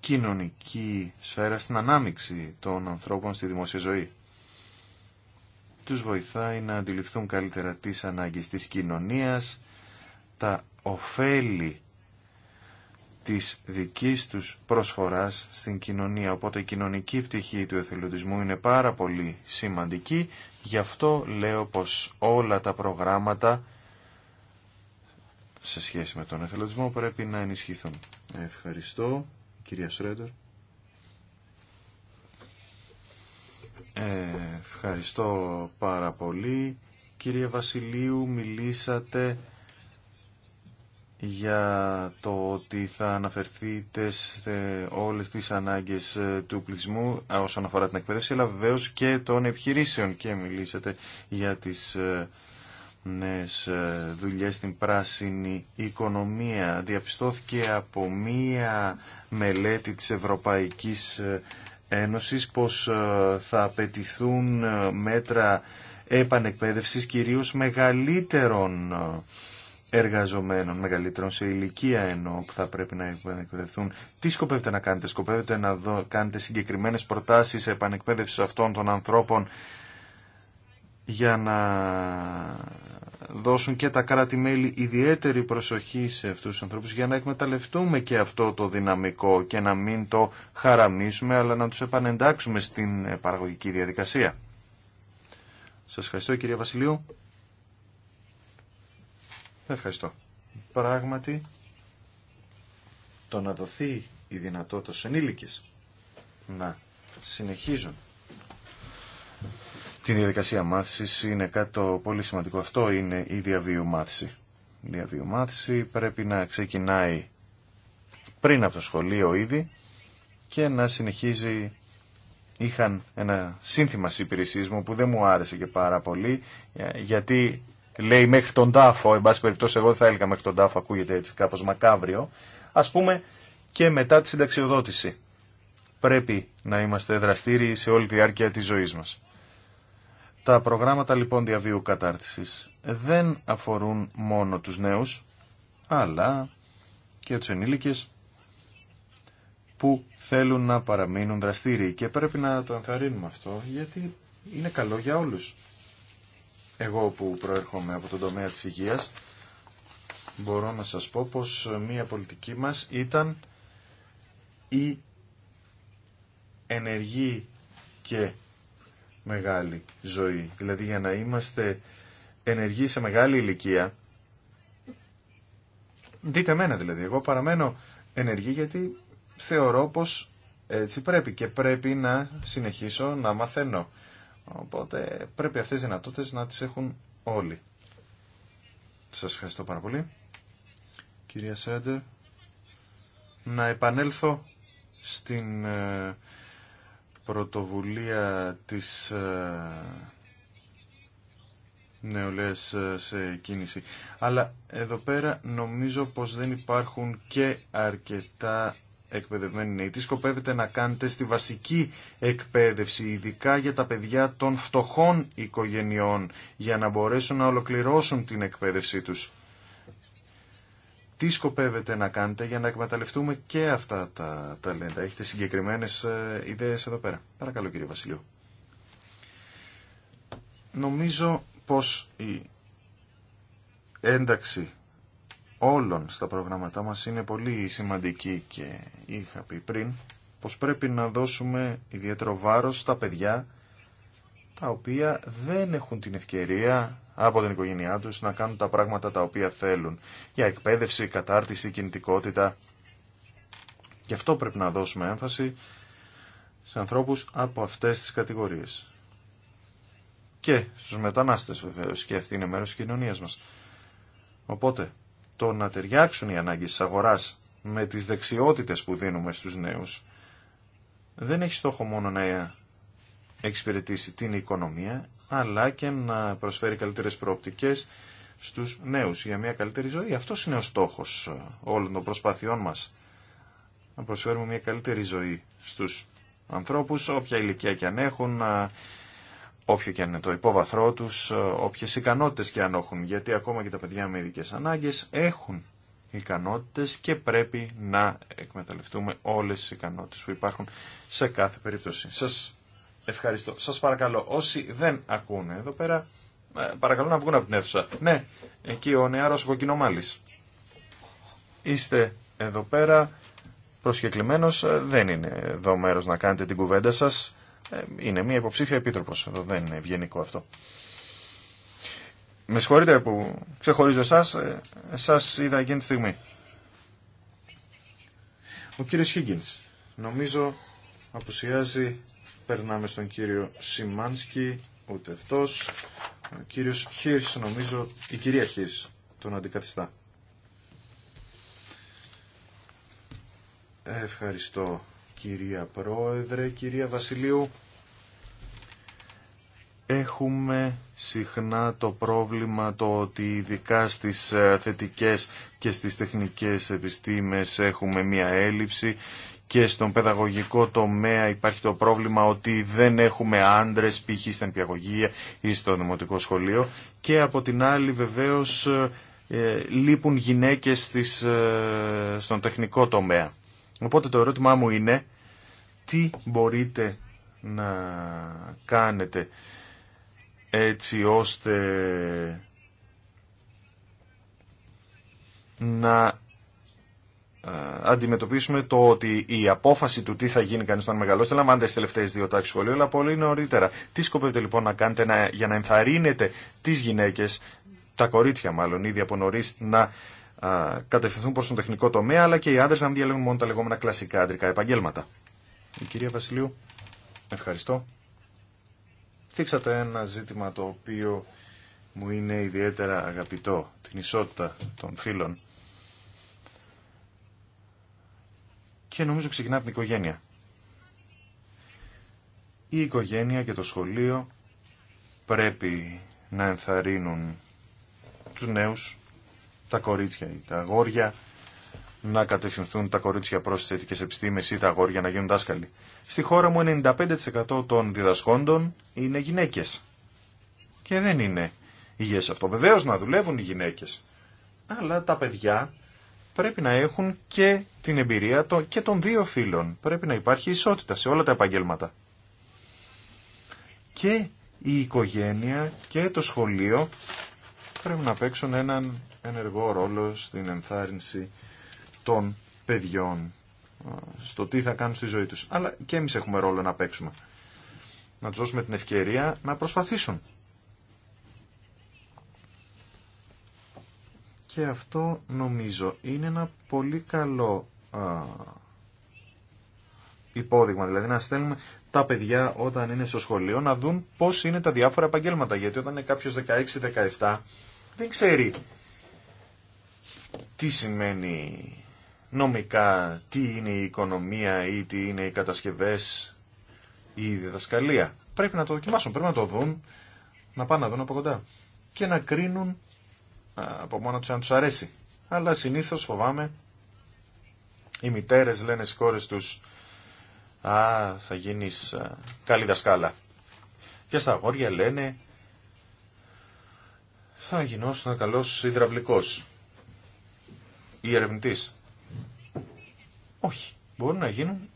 κοινωνική σφαίρα, στην ανάμιξη των ανθρώπων στη δημόσια ζωή. Τους βοηθάει να αντιληφθούν καλύτερα τις ανάγκες της κοινωνίας, τα ωφέλη της δικής τους προσφοράς στην κοινωνία. Οπότε η κοινωνική πτυχή του εθελοντισμού είναι πάρα πολύ σημαντική. Γι' αυτό λέω πως όλα τα προγράμματα σε σχέση με τον εθελοντισμό πρέπει να ενισχυθούν. Ευχαριστώ, κυρία Σρέντερ. ευχαριστώ πάρα πολύ. Κύριε Βασιλείου, μιλήσατε για το ότι θα αναφερθείτε σε όλες τις ανάγκες ε, του πληθυσμού ε, όσον αφορά την εκπαίδευση, αλλά βεβαίως και των επιχειρήσεων και μιλήσατε για τις ε, νέες δουλειές στην πράσινη οικονομία. Διαπιστώθηκε από μία μελέτη της Ευρωπαϊκής Ένωσης πως θα απαιτηθούν μέτρα επανεκπαίδευσης κυρίως μεγαλύτερων εργαζομένων μεγαλύτερων σε ηλικία ενώ που θα πρέπει να εκπαιδευτούν. Τι σκοπεύετε να κάνετε, σκοπεύετε να δω, κάνετε συγκεκριμένες προτάσεις επανεκπαίδευση αυτών των ανθρώπων για να δώσουν και τα κράτη-μέλη ιδιαίτερη προσοχή σε αυτούς τους ανθρώπους για να εκμεταλλευτούμε και αυτό το δυναμικό και να μην το χαραμίσουμε αλλά να τους επανεντάξουμε στην παραγωγική διαδικασία. Σας ευχαριστώ κυρία Βασιλείου. Ευχαριστώ. Πράγματι, το να δοθεί η δυνατότητα στους ενήλικες να συνεχίζουν τη διαδικασία μάθησης είναι κάτι το πολύ σημαντικό. Αυτό είναι η διαβίου μάθηση. Η διαβίου μάθηση πρέπει να ξεκινάει πριν από το σχολείο ήδη και να συνεχίζει είχαν ένα σύνθημα στις μου που δεν μου άρεσε και πάρα πολύ ε, γιατί λέει μέχρι τον τάφο, εν πάση περιπτώσει εγώ δεν θα έλεγα μέχρι τον τάφο, ακούγεται έτσι κάπως μακάβριο, ας πούμε και μετά τη συνταξιοδότηση. Πρέπει να είμαστε δραστήριοι σε όλη τη διάρκεια της ζωής μας. Τα προγράμματα λοιπόν διαβίου κατάρτισης δεν αφορούν μόνο τους νέους, αλλά και τους ενήλικες που θέλουν να παραμείνουν δραστήριοι και πρέπει να το ενθαρρύνουμε αυτό γιατί είναι καλό για όλους εγώ που προέρχομαι από τον τομέα της υγείας, μπορώ να σας πω πως μία πολιτική μας ήταν η ενεργή και μεγάλη ζωή. Δηλαδή για να είμαστε ενεργοί σε μεγάλη ηλικία, δείτε μένα δηλαδή, εγώ παραμένω ενεργή γιατί θεωρώ πως έτσι πρέπει και πρέπει να συνεχίσω να μαθαίνω. Οπότε πρέπει αυτές τις δυνατότητες να τις έχουν όλοι. Σας ευχαριστώ πάρα πολύ. Κυρία Σέντερ, να επανέλθω στην ε, πρωτοβουλία της ε, νεολαίας ε, σε κίνηση. Αλλά εδώ πέρα νομίζω πως δεν υπάρχουν και αρκετά εκπαιδευμένοι νέοι, τι σκοπεύετε να κάνετε στη βασική εκπαίδευση, ειδικά για τα παιδιά των φτωχών οικογενειών, για να μπορέσουν να ολοκληρώσουν την εκπαίδευσή τους. Τι σκοπεύετε να κάνετε για να εκμεταλλευτούμε και αυτά τα ταλέντα. Έχετε συγκεκριμένες ε, ιδέες εδώ πέρα. Παρακαλώ κύριε Βασιλείο Νομίζω πως η ένταξη όλων στα προγράμματά μας είναι πολύ σημαντική και είχα πει πριν πως πρέπει να δώσουμε ιδιαίτερο βάρος στα παιδιά τα οποία δεν έχουν την ευκαιρία από την οικογένειά τους να κάνουν τα πράγματα τα οποία θέλουν για εκπαίδευση, κατάρτιση, κινητικότητα. Γι' αυτό πρέπει να δώσουμε έμφαση σε ανθρώπους από αυτές τις κατηγορίες. Και στους μετανάστες βεβαίως και αυτή είναι μέρος της κοινωνίας μας. Οπότε το να ταιριάξουν οι ανάγκες της αγοράς με τις δεξιότητες που δίνουμε στους νέους δεν έχει στόχο μόνο να εξυπηρετήσει την οικονομία αλλά και να προσφέρει καλύτερες προοπτικές στους νέους για μια καλύτερη ζωή. Αυτός είναι ο στόχος ε, όλων των προσπαθειών μας. Να προσφέρουμε μια καλύτερη ζωή στους ανθρώπους, όποια ηλικία και αν έχουν, όποιο και αν είναι το υπόβαθρό του, ε, όποιε ικανότητε και αν έχουν, γιατί ακόμα και τα παιδιά με ειδικέ ανάγκες έχουν ικανότητε και πρέπει να εκμεταλλευτούμε όλες τι ικανότητε που υπάρχουν σε κάθε περίπτωση. Σας ευχαριστώ. Σας παρακαλώ, όσοι δεν ακούνε εδώ πέρα, ε, παρακαλώ να βγουν από την αίθουσα. Ναι, εκεί ο νεάρο κοκκινομάλης. Είστε εδώ πέρα προσκεκλημένος, ε, δεν είναι εδώ μέρος να κάνετε την κουβέντα σας είναι μια υποψήφια επίτροπος. Εδώ δεν είναι ευγενικό αυτό. Με συγχωρείτε που ξεχωρίζω εσά, εσά είδα εκείνη τη στιγμή. Ο κύριος Higgins, νομίζω απουσιάζει, περνάμε στον κύριο Σιμάνσκι, ούτε αυτός. Ο κύριος Χίρς, νομίζω, η κυρία Χίρς, τον αντικαθιστά. Ευχαριστώ κυρία Πρόεδρε. Κυρία Βασιλείου, έχουμε συχνά το πρόβλημα το ότι ειδικά στις ε, θετικές και στις τεχνικές επιστήμες έχουμε μία έλλειψη και στον παιδαγωγικό τομέα υπάρχει το πρόβλημα ότι δεν έχουμε άντρες π.χ. στην πιαγωγία ή στο δημοτικό σχολείο και από την άλλη βεβαίως ε, ε, λείπουν γυναίκες στον τεχνικό τομέα. Οπότε το ερώτημά μου είναι τι μπορείτε να κάνετε έτσι ώστε να ε, αντιμετωπίσουμε το ότι η απόφαση του τι θα γίνει κανείς όταν μεγαλώσει, δεν τελευταίες τελευταίε δύο τάξεις σχολείου, αλλά πολύ νωρίτερα. Τι σκοπεύετε λοιπόν να κάνετε για να ενθαρρύνετε τις γυναίκες, τα κορίτσια μάλλον, ήδη από νωρίς να α, κατευθυνθούν προς τον τεχνικό τομέα, αλλά και οι άντρες να μην διαλέγουν μόνο τα λεγόμενα κλασικά αντρικά επαγγέλματα. Η κυρία Βασιλείου, ευχαριστώ. Θίξατε ένα ζήτημα το οποίο μου είναι ιδιαίτερα αγαπητό, την ισότητα των φίλων. Και νομίζω ξεκινά από την οικογένεια. Η οικογένεια και το σχολείο πρέπει να ενθαρρύνουν τους νέους τα κορίτσια ή τα αγόρια να κατευθυνθούν τα κορίτσια προς τις θετικέ επιστήμες ή τα αγόρια να γίνουν δάσκαλοι. Στη χώρα μου 95% των διδασκόντων είναι γυναίκες. Και δεν είναι υγιές αυτό. Βεβαίως να δουλεύουν οι γυναίκες. Αλλά τα παιδιά πρέπει να έχουν και την εμπειρία και των δύο φίλων. Πρέπει να υπάρχει ισότητα σε όλα τα επαγγέλματα. Και η οικογένεια και το σχολείο πρέπει να παίξουν έναν ενεργό ρόλο στην ενθάρρυνση των παιδιών ε, στο τι θα κάνουν στη ζωή τους. Αλλά και εμείς έχουμε ρόλο να παίξουμε. Να τους δώσουμε την ευκαιρία να προσπαθήσουν. Και αυτό νομίζω είναι ένα πολύ καλό α, ε, υπόδειγμα. Δηλαδή να στέλνουμε τα παιδιά όταν είναι στο σχολείο να δουν πώς είναι τα διάφορα επαγγέλματα. Γιατί όταν είναι κάποιος 16-17 δεν ξέρει τι σημαίνει νομικά, τι είναι η οικονομία ή τι είναι οι κατασκευές ή η διδασκαλία. Πρέπει να το δοκιμάσουν, πρέπει να το δουν, να πάνε να δουν από κοντά και να κρίνουν από μόνο τους αν τους αρέσει. Αλλά συνήθως φοβάμαι οι μητέρες λένε στις κόρες τους «Α, θα γίνεις καλή δασκάλα». Και στα αγόρια λένε «Θα γινώσουν καλός υδραυλικός». Οι ερευνητέ. οχι μπορουν να γινουν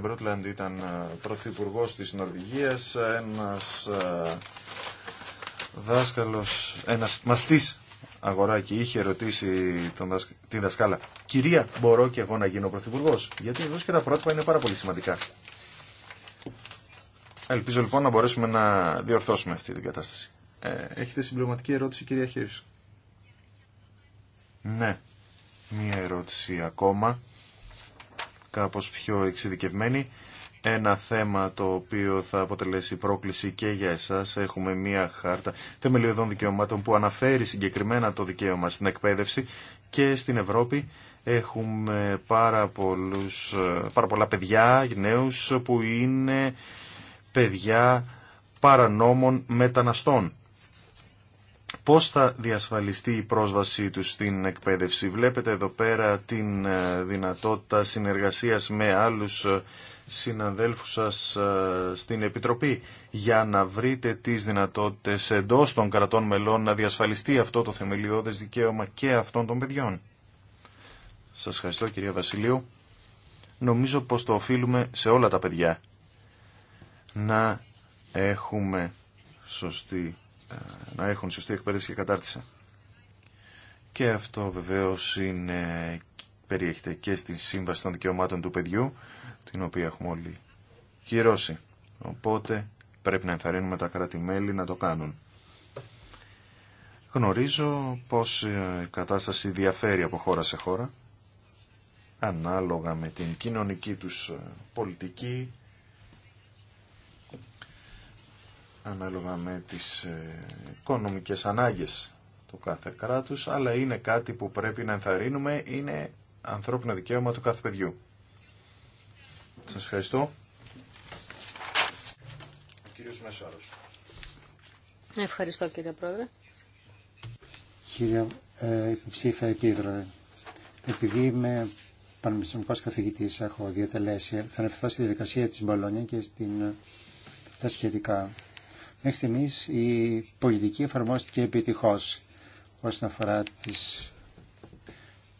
Μπρούτλαντ ήταν ε, πρωθυπουργό της Νορβηγία, ένας ε, δάσκαλος, ένας μαθητής αγοράκι είχε ρωτήσει τον την δασκάλα «Κυρία, μπορώ και εγώ να γίνω πρωθυπουργό, γιατί εδώ και τα πρότυπα είναι πάρα πολύ σημαντικά». Ελπίζω λοιπόν να μπορέσουμε να διορθώσουμε αυτή την κατάσταση. Ε, έχετε συμπληρωματική ερώτηση, κυρία Χίρις. Ναι, μία ερώτηση ακόμα, κάπως πιο εξειδικευμένη. Ένα θέμα το οποίο θα αποτελέσει πρόκληση και για εσάς. Έχουμε μία χάρτα θεμελιωδών δικαιωμάτων που αναφέρει συγκεκριμένα το δικαίωμα στην εκπαίδευση και στην Ευρώπη έχουμε πάρα, πολλούς, ε, πάρα πολλά παιδιά, νέους που είναι παιδιά παρανόμων μεταναστών. Πώς θα διασφαλιστεί η πρόσβασή τους στην εκπαίδευση. Βλέπετε εδώ πέρα την ε, δυνατότητα συνεργασίας με άλλους ε, συναδέλφους σας ε, στην Επιτροπή για να βρείτε τις δυνατότητες εντός των κρατών μελών να διασφαλιστεί αυτό το θεμελιώδες δικαίωμα και αυτών των παιδιών. Σας ευχαριστώ κυρία Βασιλείου. Νομίζω πως το οφείλουμε σε όλα τα παιδιά να έχουμε σωστή να έχουν σωστή εκπαίδευση και κατάρτιση. Και αυτό βεβαίως είναι, περιέχεται και στη Σύμβαση των Δικαιωμάτων του Παιδιού, την οποία έχουμε όλοι κυρώσει. Οπότε πρέπει να ενθαρρύνουμε τα κράτη-μέλη να το κάνουν. Γνωρίζω πως ε, η κατάσταση διαφέρει από χώρα σε χώρα, ανάλογα με την κοινωνική τους ε, πολιτική, ανάλογα με τις ε, οικονομικές ανάγκες του κάθε κράτους, αλλά είναι κάτι που πρέπει να ενθαρρύνουμε, είναι ανθρώπινο δικαίωμα του κάθε παιδιού. Σας ευχαριστώ. κύριος Μεσάρος. Ευχαριστώ κύριε Πρόεδρε. Κύριε ε, Ψήφα Επίδροε. επειδή είμαι πανεπιστημικός καθηγητής, έχω διατελέσει, θα αναφερθώ στη διαδικασία της Μπολόνια και στην, ε, τα σχετικά. Μέχρι στιγμή η πολιτική εφαρμόστηκε επιτυχώ όσον αφορά τις,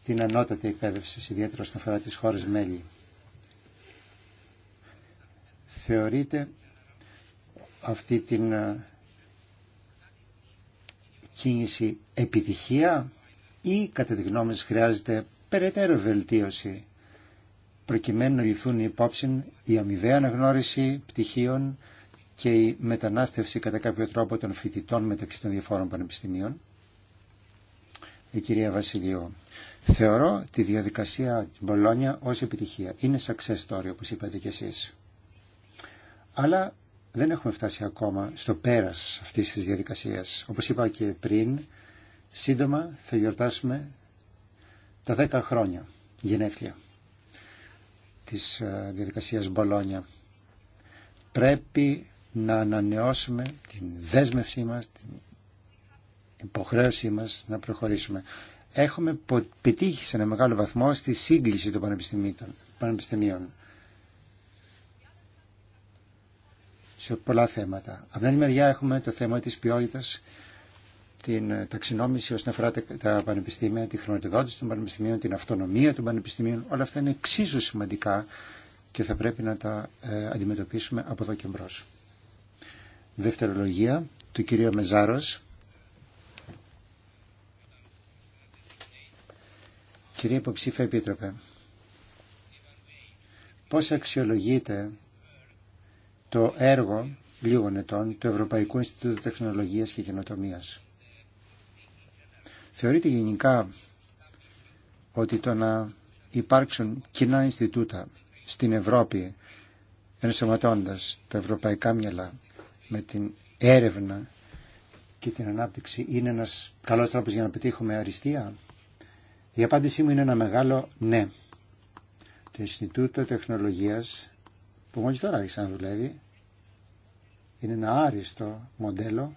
την ανώτατη εκπαίδευση, ιδιαίτερα όσον αφορά τις χώρες μέλη. Θεωρείται αυτή την ε, κίνηση επιτυχία ή κατά τη γνώμη σας χρειάζεται περαιτέρω βελτίωση προκειμένου να ληφθούν υπόψη η κατα τη γνωμη χρειαζεται αναγνώριση πτυχίων, και η μετανάστευση κατά κάποιο τρόπο των φοιτητών μεταξύ των διαφόρων πανεπιστημίων. Η κυρία Βασιλείου. Θεωρώ τη διαδικασία Μπολόνια ως επιτυχία. Είναι success story όπως είπατε κι εσείς. Αλλά δεν έχουμε φτάσει ακόμα στο πέρας αυτής της διαδικασίας. Όπως είπα και πριν, σύντομα θα γιορτάσουμε τα 10 χρόνια γενέθλια της ε, διαδικασίας Μπολόνια. Πρέπει να ανανεώσουμε την δέσμευσή μας, την υποχρέωσή μας να προχωρήσουμε. Έχουμε πετύχει σε ένα μεγάλο βαθμό στη σύγκληση των πανεπιστημίων σε πολλά θέματα. Από την άλλη μεριά έχουμε το θέμα της ποιότητας, την ταξινόμηση όσον αφορά τα πανεπιστήμια, τη χρηματοδότηση των πανεπιστημίων, την αυτονομία των πανεπιστημίων. Όλα αυτά είναι εξίσου σημαντικά και θα πρέπει να τα ε, αντιμετωπίσουμε από εδώ και μπρος δευτερολογία του κυρίου Μεζάρος. Κύριε Υποψήφια Επίτροπε, πώς αξιολογείται το έργο λίγων ετών του Ευρωπαϊκού Ινστιτούτου Τεχνολογίας και Καινοτομίας. Θεωρείται γενικά ότι το να υπάρξουν κοινά Ινστιτούτα στην Ευρώπη ενσωματώντας τα ευρωπαϊκά μυαλά με την έρευνα και την ανάπτυξη είναι ένας καλός τρόπος για να πετύχουμε αριστεία. Η απάντησή μου είναι ένα μεγάλο ναι. Το Ινστιτούτο Τεχνολογίας που μόλις τώρα άρχισε να δουλεύει είναι ένα άριστο μοντέλο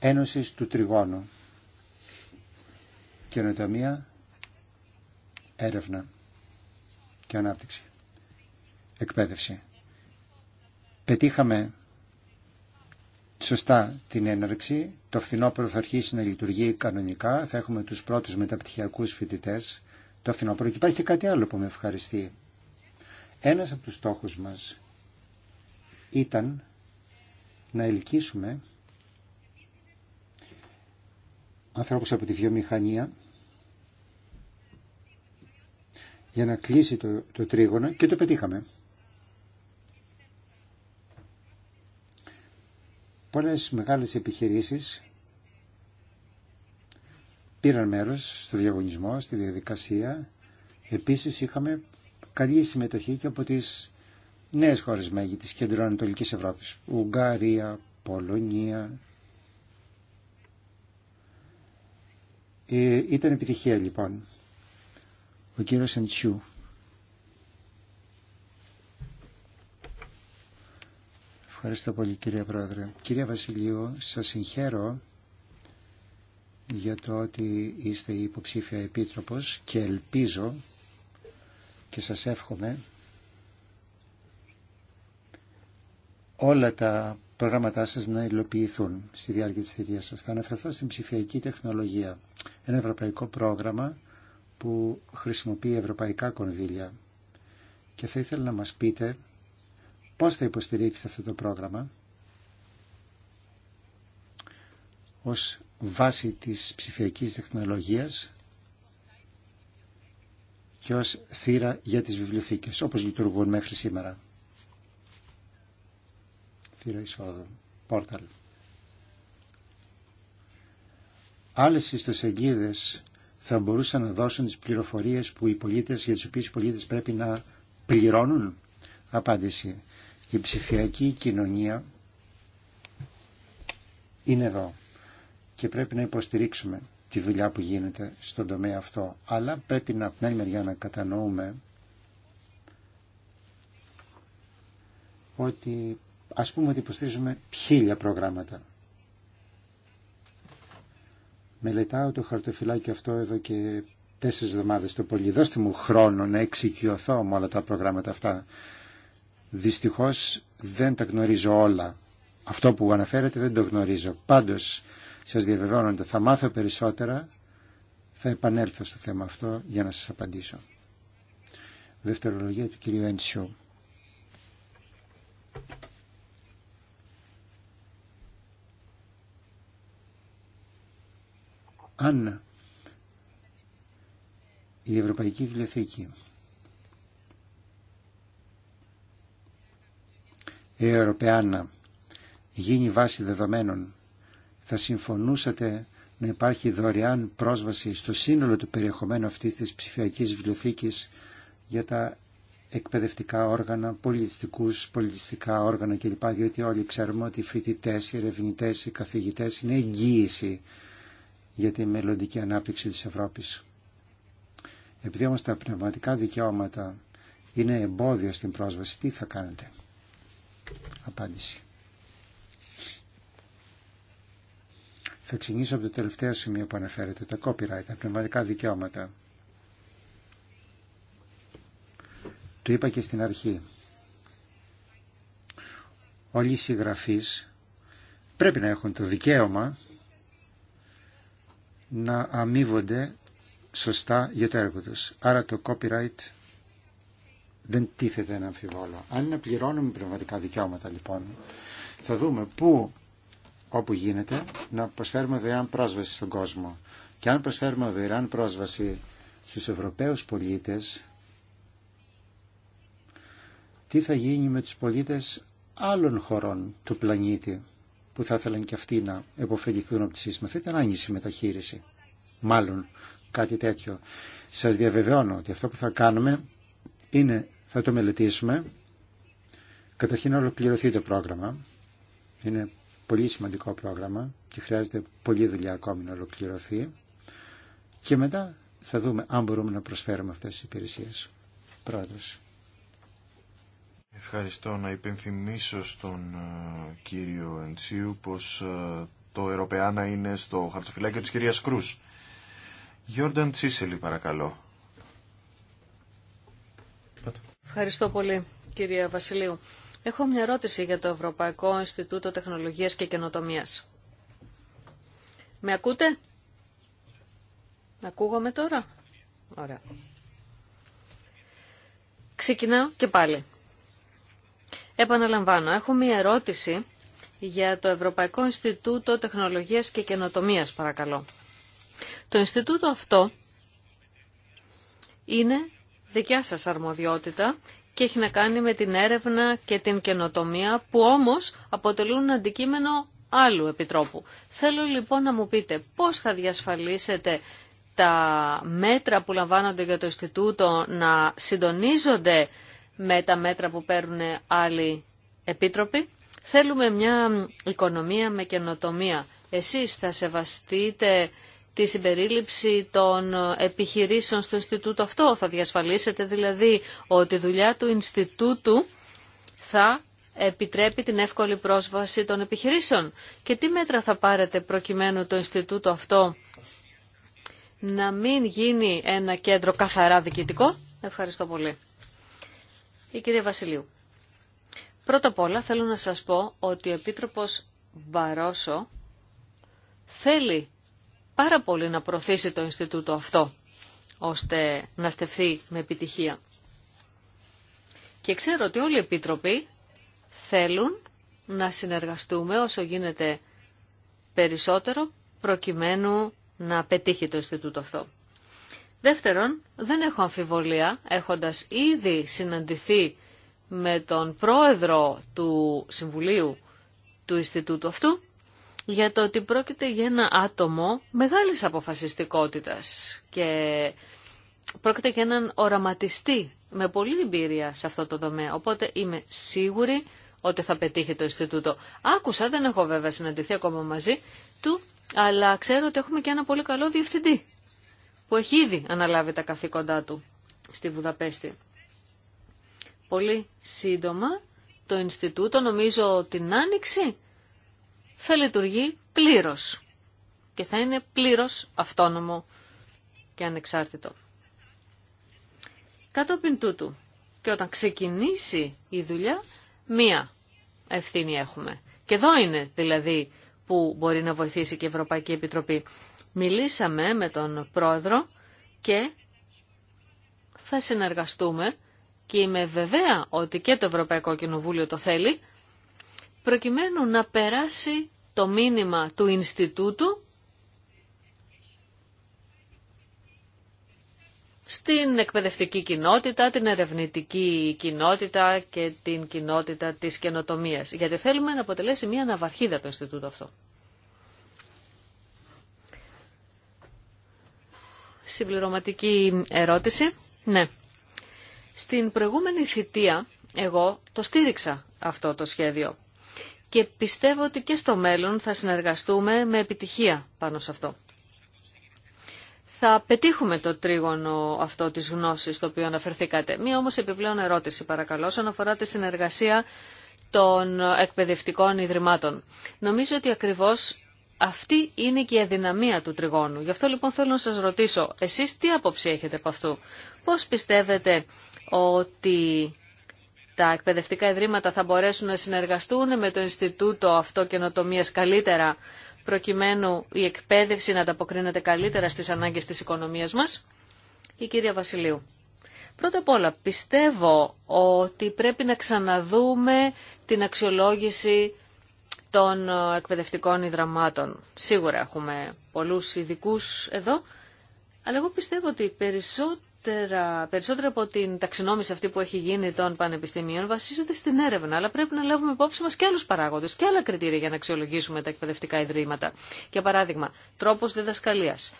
ένωσης του τριγώνου. Καινοτομία, έρευνα και ανάπτυξη. Εκπαίδευση. Πετύχαμε σωστά την έναρξη. Το φθινόπωρο θα αρχίσει να λειτουργεί κανονικά. Θα έχουμε τους πρώτους μεταπτυχιακούς φοιτητές το φθινόπωρο. Και υπάρχει και κάτι άλλο που με ευχαριστεί. Ένας από τους στόχους μας ήταν να ελκύσουμε ανθρώπους από τη βιομηχανία για να κλείσει το, το τρίγωνο και το πετύχαμε. Πολλές μεγάλες επιχειρήσεις πήραν μέρος στο διαγωνισμό, στη διαδικασία. Επίσης είχαμε καλή συμμετοχή και από τις νέες χώρες μέγη της Κεντροανατολικής Ευρώπης. Ουγγαρία, Πολωνία. Ε, ήταν επιτυχία λοιπόν. Ο κύριος Εντσιού. Ευχαριστώ πολύ κύριε Πρόεδρε. Κύριε Βασιλείου, σας συγχαίρω για το ότι είστε η υποψήφια επίτροπος και ελπίζω και σας εύχομαι όλα τα προγράμματά σας να υλοποιηθούν στη διάρκεια της θητείας σας. Θα αναφερθώ στην ψηφιακή τεχνολογία, ένα ευρωπαϊκό πρόγραμμα που χρησιμοποιεί ευρωπαϊκά κονδύλια. Και θα ήθελα να μας πείτε Πώς θα υποστηρίξετε αυτό το πρόγραμμα ως βάση της ψηφιακής τεχνολογίας και ως θύρα για τις βιβλιοθήκες, όπως λειτουργούν μέχρι σήμερα. Θύρα εισόδου, πόρταλ. Άλλες ιστοσεγγίδες θα μπορούσαν να δώσουν τις πληροφορίες που οι πολίτες, για τις οποίες οι πολίτες πρέπει να πληρώνουν. Απάντηση. Η ψηφιακή κοινωνία είναι εδώ και πρέπει να υποστηρίξουμε τη δουλειά που γίνεται στον τομέα αυτό. Αλλά πρέπει να από την άλλη μεριά να κατανοούμε ότι ας πούμε ότι υποστηρίζουμε χίλια προγράμματα. Μελετάω το χαρτοφυλάκι αυτό εδώ και τέσσερις εβδομάδες το πολύ. Δώστε μου χρόνο να εξοικειωθώ με όλα τα προγράμματα αυτά Δυστυχώς δεν τα γνωρίζω όλα. Αυτό που αναφέρετε δεν το γνωρίζω. Πάντως σας διαβεβαιώνω ότι θα μάθω περισσότερα, θα επανέλθω στο θέμα αυτό για να σας απαντήσω. Δευτερολογία του κυρίου Έντσιου. Αν η Ευρωπαϊκή Βιβλιοθήκη η ε, γίνει βάση δεδομένων, θα συμφωνούσατε να υπάρχει δωρεάν πρόσβαση στο σύνολο του περιεχομένου αυτής της ψηφιακής βιβλιοθήκης για τα εκπαιδευτικά όργανα, πολιτιστικούς, πολιτιστικά όργανα κλπ. Διότι όλοι ξέρουμε ότι οι φοιτητέ, οι ερευνητέ, οι καθηγητές είναι εγγύηση για τη μελλοντική ανάπτυξη της Ευρώπης. Επειδή όμως τα πνευματικά δικαιώματα είναι εμπόδιο στην πρόσβαση, τι θα κάνετε. Απάντηση. Θα ξεκινήσω από το τελευταίο σημείο που αναφέρεται, τα copyright, τα πνευματικά δικαιώματα. Το είπα και στην αρχή. Όλοι οι συγγραφείς πρέπει να έχουν το δικαίωμα να αμείβονται σωστά για το έργο τους. Άρα το copyright δεν τίθεται ένα αμφιβόλο. Αν να πληρώνουμε πνευματικά δικαιώματα λοιπόν, θα δούμε πού, όπου γίνεται, να προσφέρουμε δωρεάν πρόσβαση στον κόσμο. Και αν προσφέρουμε δωρεάν πρόσβαση στους Ευρωπαίους πολίτες, τι θα γίνει με τους πολίτες άλλων χωρών του πλανήτη που θα ήθελαν και αυτοί να επωφεληθούν από τη σύστημα. Θα ήταν άνηση μεταχείριση. Μάλλον κάτι τέτοιο. Σας διαβεβαιώνω ότι αυτό που θα κάνουμε είναι θα το μελετήσουμε. Καταρχήν ολοκληρωθεί το πρόγραμμα. Είναι πολύ σημαντικό πρόγραμμα και χρειάζεται πολλή δουλειά ακόμη να ολοκληρωθεί. Και μετά θα δούμε αν μπορούμε να προσφέρουμε αυτές τις υπηρεσίες. Πρόεδρος. Ευχαριστώ να υπενθυμίσω στον ε, κύριο Εντσίου πως ε, το Ευρωπαϊκό είναι στο χαρτοφυλάκιο της κυρίας Κρούς. Γιόρνταν Τσίσελη παρακαλώ. Ευχαριστώ πολύ, κυρία Βασιλείου. Έχω μια ερώτηση για το Ευρωπαϊκό Ινστιτούτο Τεχνολογίας και Καινοτομίας. Με ακούτε? Με ακούγομαι τώρα? Ωραία. Ξεκινάω και πάλι. Επαναλαμβάνω, έχω μια ερώτηση για το Ευρωπαϊκό Ινστιτούτο Τεχνολογίας και Καινοτομίας, παρακαλώ. Το Ινστιτούτο αυτό είναι δικιά σας αρμοδιότητα και έχει να κάνει με την έρευνα και την καινοτομία που όμως αποτελούν αντικείμενο άλλου επιτρόπου. Θέλω λοιπόν να μου πείτε πώς θα διασφαλίσετε τα μέτρα που λαμβάνονται για το Ινστιτούτο να συντονίζονται με τα μέτρα που παίρνουν άλλοι επίτροποι. Θέλουμε μια οικονομία με καινοτομία. Εσείς θα σεβαστείτε τη συμπερίληψη των επιχειρήσεων στο Ινστιτούτο αυτό. Θα διασφαλίσετε δηλαδή ότι η δουλειά του Ινστιτούτου θα επιτρέπει την εύκολη πρόσβαση των επιχειρήσεων. Και τι μέτρα θα πάρετε προκειμένου το Ινστιτούτο αυτό να μην γίνει ένα κέντρο καθαρά διοικητικό. Ευχαριστώ πολύ. Η κυρία Βασιλείου. Πρώτα απ' όλα θέλω να σας πω ότι ο Επίτροπος Μπαρόσο θέλει πάρα πολύ να προωθήσει το Ινστιτούτο αυτό, ώστε να στεφθεί με επιτυχία. Και ξέρω ότι όλοι οι επίτροποι θέλουν να συνεργαστούμε όσο γίνεται περισσότερο προκειμένου να πετύχει το Ινστιτούτο αυτό. Δεύτερον, δεν έχω αμφιβολία, έχοντας ήδη συναντηθεί με τον πρόεδρο του Συμβουλίου του Ινστιτούτου αυτού, για το ότι πρόκειται για ένα άτομο μεγάλης αποφασιστικότητας και πρόκειται για έναν οραματιστή με πολλή εμπειρία σε αυτό το τομέα. Οπότε είμαι σίγουρη ότι θα πετύχει το Ινστιτούτο. Άκουσα, δεν έχω βέβαια συναντηθεί ακόμα μαζί του, αλλά ξέρω ότι έχουμε και ένα πολύ καλό διευθυντή που έχει ήδη αναλάβει τα καθήκοντά του στη Βουδαπέστη. Πολύ σύντομα το Ινστιτούτο νομίζω την Άνοιξη θα λειτουργεί πλήρως και θα είναι πλήρως αυτόνομο και ανεξάρτητο. Κατόπιν τούτου και όταν ξεκινήσει η δουλειά, μία ευθύνη έχουμε. Και εδώ είναι δηλαδή που μπορεί να βοηθήσει και η Ευρωπαϊκή Επιτροπή. Μιλήσαμε με τον πρόεδρο και θα συνεργαστούμε και είμαι βεβαία ότι και το Ευρωπαϊκό Κοινοβούλιο το θέλει, προκειμένου να περάσει το μήνυμα του Ινστιτούτου στην εκπαιδευτική κοινότητα, την ερευνητική κοινότητα και την κοινότητα της καινοτομίας. Γιατί θέλουμε να αποτελέσει μια αναβαρχίδα το Ινστιτούτο αυτό. Συμπληρωματική ερώτηση. Ναι. Στην προηγούμενη θητεία εγώ το στήριξα αυτό το σχέδιο και πιστεύω ότι και στο μέλλον θα συνεργαστούμε με επιτυχία πάνω σε αυτό. Θα πετύχουμε το τρίγωνο αυτό της γνώσης στο οποίο αναφερθήκατε. Μία όμως επιπλέον ερώτηση παρακαλώ όσον αφορά τη συνεργασία των εκπαιδευτικών ιδρυμάτων. Νομίζω ότι ακριβώς αυτή είναι και η αδυναμία του τριγώνου. Γι' αυτό λοιπόν θέλω να σας ρωτήσω, εσείς τι άποψη έχετε από αυτού. Πώς πιστεύετε ότι τα εκπαιδευτικά ιδρύματα θα μπορέσουν να συνεργαστούν με το Ινστιτούτο αυτό καλύτερα, προκειμένου η εκπαίδευση να ανταποκρίνεται καλύτερα στις ανάγκες της οικονομίας μας. Η κυρία Βασιλείου. Πρώτα απ' όλα, πιστεύω ότι πρέπει να ξαναδούμε την αξιολόγηση των ε, εκπαιδευτικών ιδραμάτων. Σίγουρα έχουμε πολλούς ειδικού εδώ, αλλά εγώ πιστεύω ότι περισσότερο Περισσότερο από την ταξινόμηση αυτή που έχει γίνει των πανεπιστημίων βασίζεται στην έρευνα, αλλά πρέπει να λάβουμε υπόψη μας και άλλους παράγοντες και άλλα κριτήρια για να αξιολογήσουμε τα εκπαιδευτικά ιδρύματα. Για παράδειγμα, τρόπος διδασκαλίας.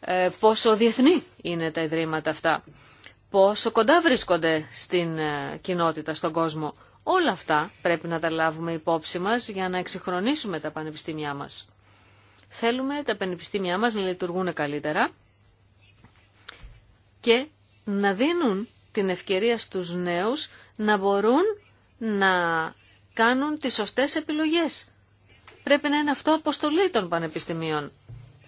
Ε, πόσο διεθνή είναι τα ιδρύματα αυτά. Πόσο κοντά βρίσκονται στην ε, κοινότητα, στον κόσμο. Όλα αυτά πρέπει να τα λάβουμε υπόψη μας για να εξυγχρονίσουμε τα πανεπιστήμια μας. Θέλουμε τα πανεπιστήμια μας να λειτουργούν καλύτερα και να δίνουν την ευκαιρία στους νέους να μπορούν να κάνουν τις σωστές επιλογές. Πρέπει να είναι αυτό αποστολή των πανεπιστημίων,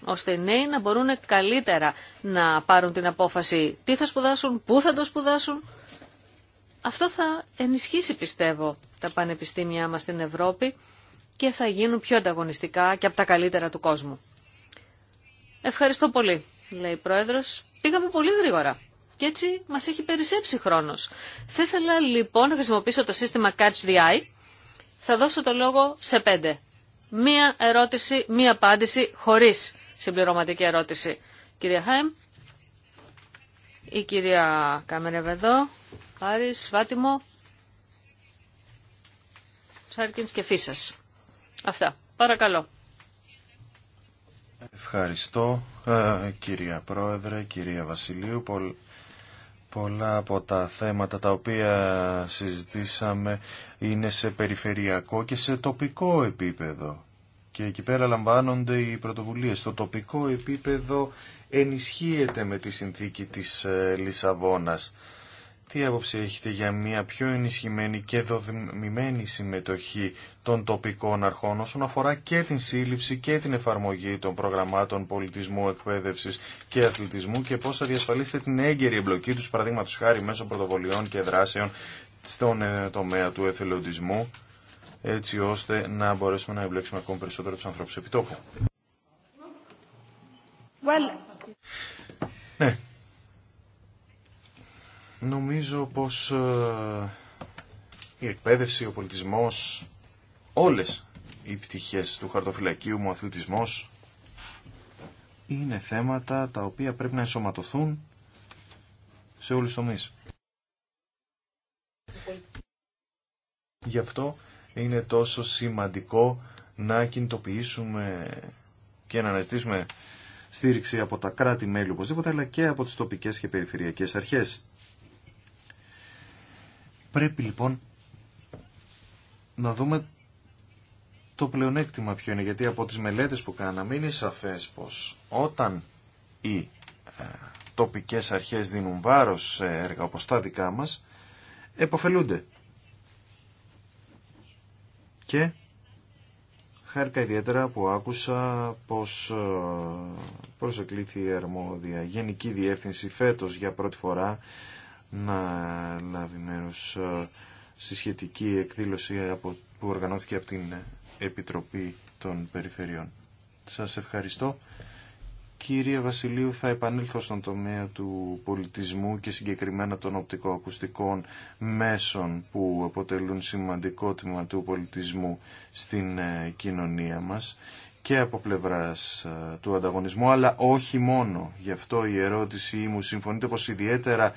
ώστε οι νέοι να μπορούν καλύτερα να πάρουν την απόφαση τι θα σπουδάσουν, πού θα το σπουδάσουν. Αυτό θα ενισχύσει πιστεύω τα πανεπιστήμια μας στην Ευρώπη και θα γίνουν πιο ανταγωνιστικά και από τα καλύτερα του κόσμου. Ευχαριστώ πολύ λέει η Πρόεδρος, πήγαμε πολύ γρήγορα. Και έτσι μας έχει περισσέψει χρόνος. Θα ήθελα λοιπόν να χρησιμοποιήσω το σύστημα Catch the Eye. Θα δώσω το λόγο σε πέντε. Μία ερώτηση, μία απάντηση χωρίς συμπληρωματική ερώτηση. Κυρία Χάιμ, η κυρία Καμερεβεδό, Άρης, Βάτιμο, Σάρκινς και Φίσα. Αυτά. Παρακαλώ. Ευχαριστώ ε, κυρία Πρόεδρε, κυρία Βασιλείου. Πολλά από τα θέματα τα οποία συζητήσαμε είναι σε περιφερειακό και σε τοπικό επίπεδο. Και εκεί πέρα λαμβάνονται οι πρωτοβουλίες. Το τοπικό επίπεδο ενισχύεται με τη συνθήκη της ε, Λισαβόνας. Τι άποψη έχετε για μια πιο ενισχυμένη και δοδημημένη συμμετοχή των τοπικών αρχών όσον αφορά και την σύλληψη και την εφαρμογή των προγραμμάτων πολιτισμού, εκπαίδευση και αθλητισμού και πώ θα διασφαλίσετε την έγκαιρη εμπλοκή του, παραδείγματο χάρη μέσω πρωτοβολιών και δράσεων στον ε, τομέα του εθελοντισμού, έτσι ώστε να μπορέσουμε να εμπλέξουμε ακόμη περισσότερο του ανθρώπου επιτόπου. Ναι. Νομίζω πως ε, η εκπαίδευση, ο πολιτισμός, όλες οι πτυχές του χαρτοφυλακίου μου, ο αθλητισμός, είναι θέματα τα οποία πρέπει να ενσωματωθούν σε όλους τους τομείς. Γι' αυτό είναι τόσο σημαντικό να κινητοποιήσουμε και να αναζητήσουμε στήριξη από τα κράτη-μέλη οπωσδήποτε, αλλά και από τις τοπικές και περιφερειακές αρχές. Πρέπει λοιπόν να δούμε το πλεονέκτημα ποιο είναι, γιατί από τις μελέτες που κάναμε είναι σαφές πως όταν οι ε, τοπικές αρχές δίνουν βάρος σε έργα όπως τα δικά μας, εποφελούνται. Και χάρηκα ιδιαίτερα που άκουσα πως ε, προσεκλήθη η αρμόδια Γενική Διεύθυνση φέτος για πρώτη φορά να λάβει μέρος ε, στη σχετική εκδήλωση που οργανώθηκε από την Επιτροπή των Περιφερειών. Σας ευχαριστώ. Κύριε Βασιλείου, θα επανέλθω στον τομέα του πολιτισμού και συγκεκριμένα των οπτικοακουστικών μέσων που αποτελούν σημαντικό τμήμα του πολιτισμού στην ε, κοινωνία μας και από πλευράς ε, του ανταγωνισμού, αλλά όχι μόνο. Γι' αυτό η ερώτησή μου συμφωνείτε πως ιδιαίτερα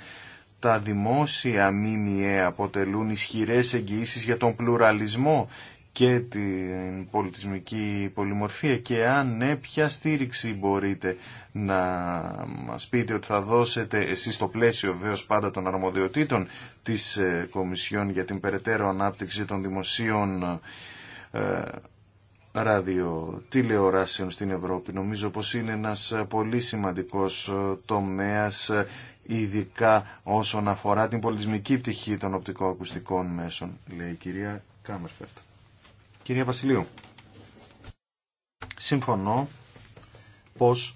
τα δημόσια ΜΜΕ αποτελούν ισχυρές εγγυήσεις για τον πλουραλισμό και την πολιτισμική πολυμορφία και αν ναι, ποια στήριξη μπορείτε να μας πείτε ότι θα δώσετε εσείς στο πλαίσιο βέβαια πάντα των αρμοδιοτήτων της ε, Κομισιόν για την περαιτέρω ανάπτυξη των δημοσίων ε, ραδιο-τηλεοράσεων στην Ευρώπη. Νομίζω πως είναι ένας πολύ σημαντικός ε, τομέας ειδικά όσον αφορά την πολιτισμική πτυχή των οπτικοακουστικών μέσων, λέει η κυρία Κάμερφερτ. Κυρία Βασιλείου, συμφωνώ πως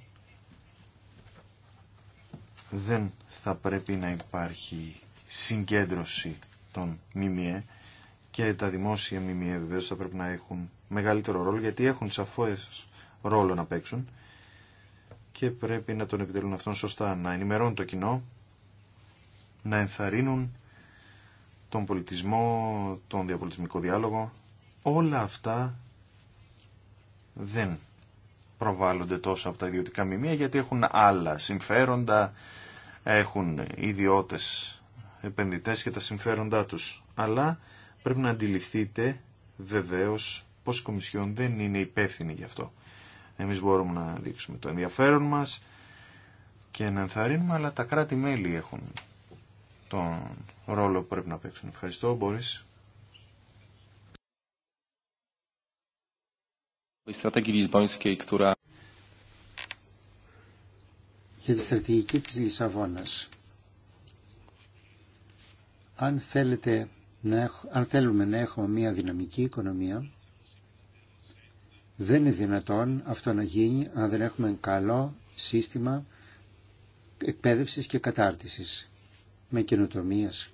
δεν θα πρέπει να υπάρχει συγκέντρωση των ΜΜΕ και τα δημόσια ΜΜΕ βεβαίως θα πρέπει να έχουν μεγαλύτερο ρόλο γιατί έχουν σαφώς ρόλο να παίξουν και πρέπει να τον επιτελούν αυτόν σωστά, να ενημερώνουν το κοινό, να ενθαρρύνουν τον πολιτισμό, τον διαπολιτισμικό διάλογο. Όλα αυτά δεν προβάλλονται τόσο από τα ιδιωτικά μημεία γιατί έχουν άλλα συμφέροντα, έχουν ιδιώτες επενδυτές και τα συμφέροντά τους. Αλλά πρέπει να αντιληφθείτε βεβαίως πως η Κομισιόν δεν είναι υπεύθυνη γι' αυτό. Εμείς μπορούμε να δείξουμε το ενδιαφέρον μας και να ενθαρρύνουμε, αλλά τα κράτη-μέλη έχουν τον ρόλο που πρέπει να παίξουν. Ευχαριστώ, Μπορείς. Για τη στρατηγική της Λισαβόνας. Αν, θέλετε Αν θέλουμε να έχουμε μια δυναμική οικονομία, δεν είναι δυνατόν αυτό να γίνει αν δεν έχουμε καλό σύστημα εκπαίδευσης και κατάρτισης με καινοτομίες.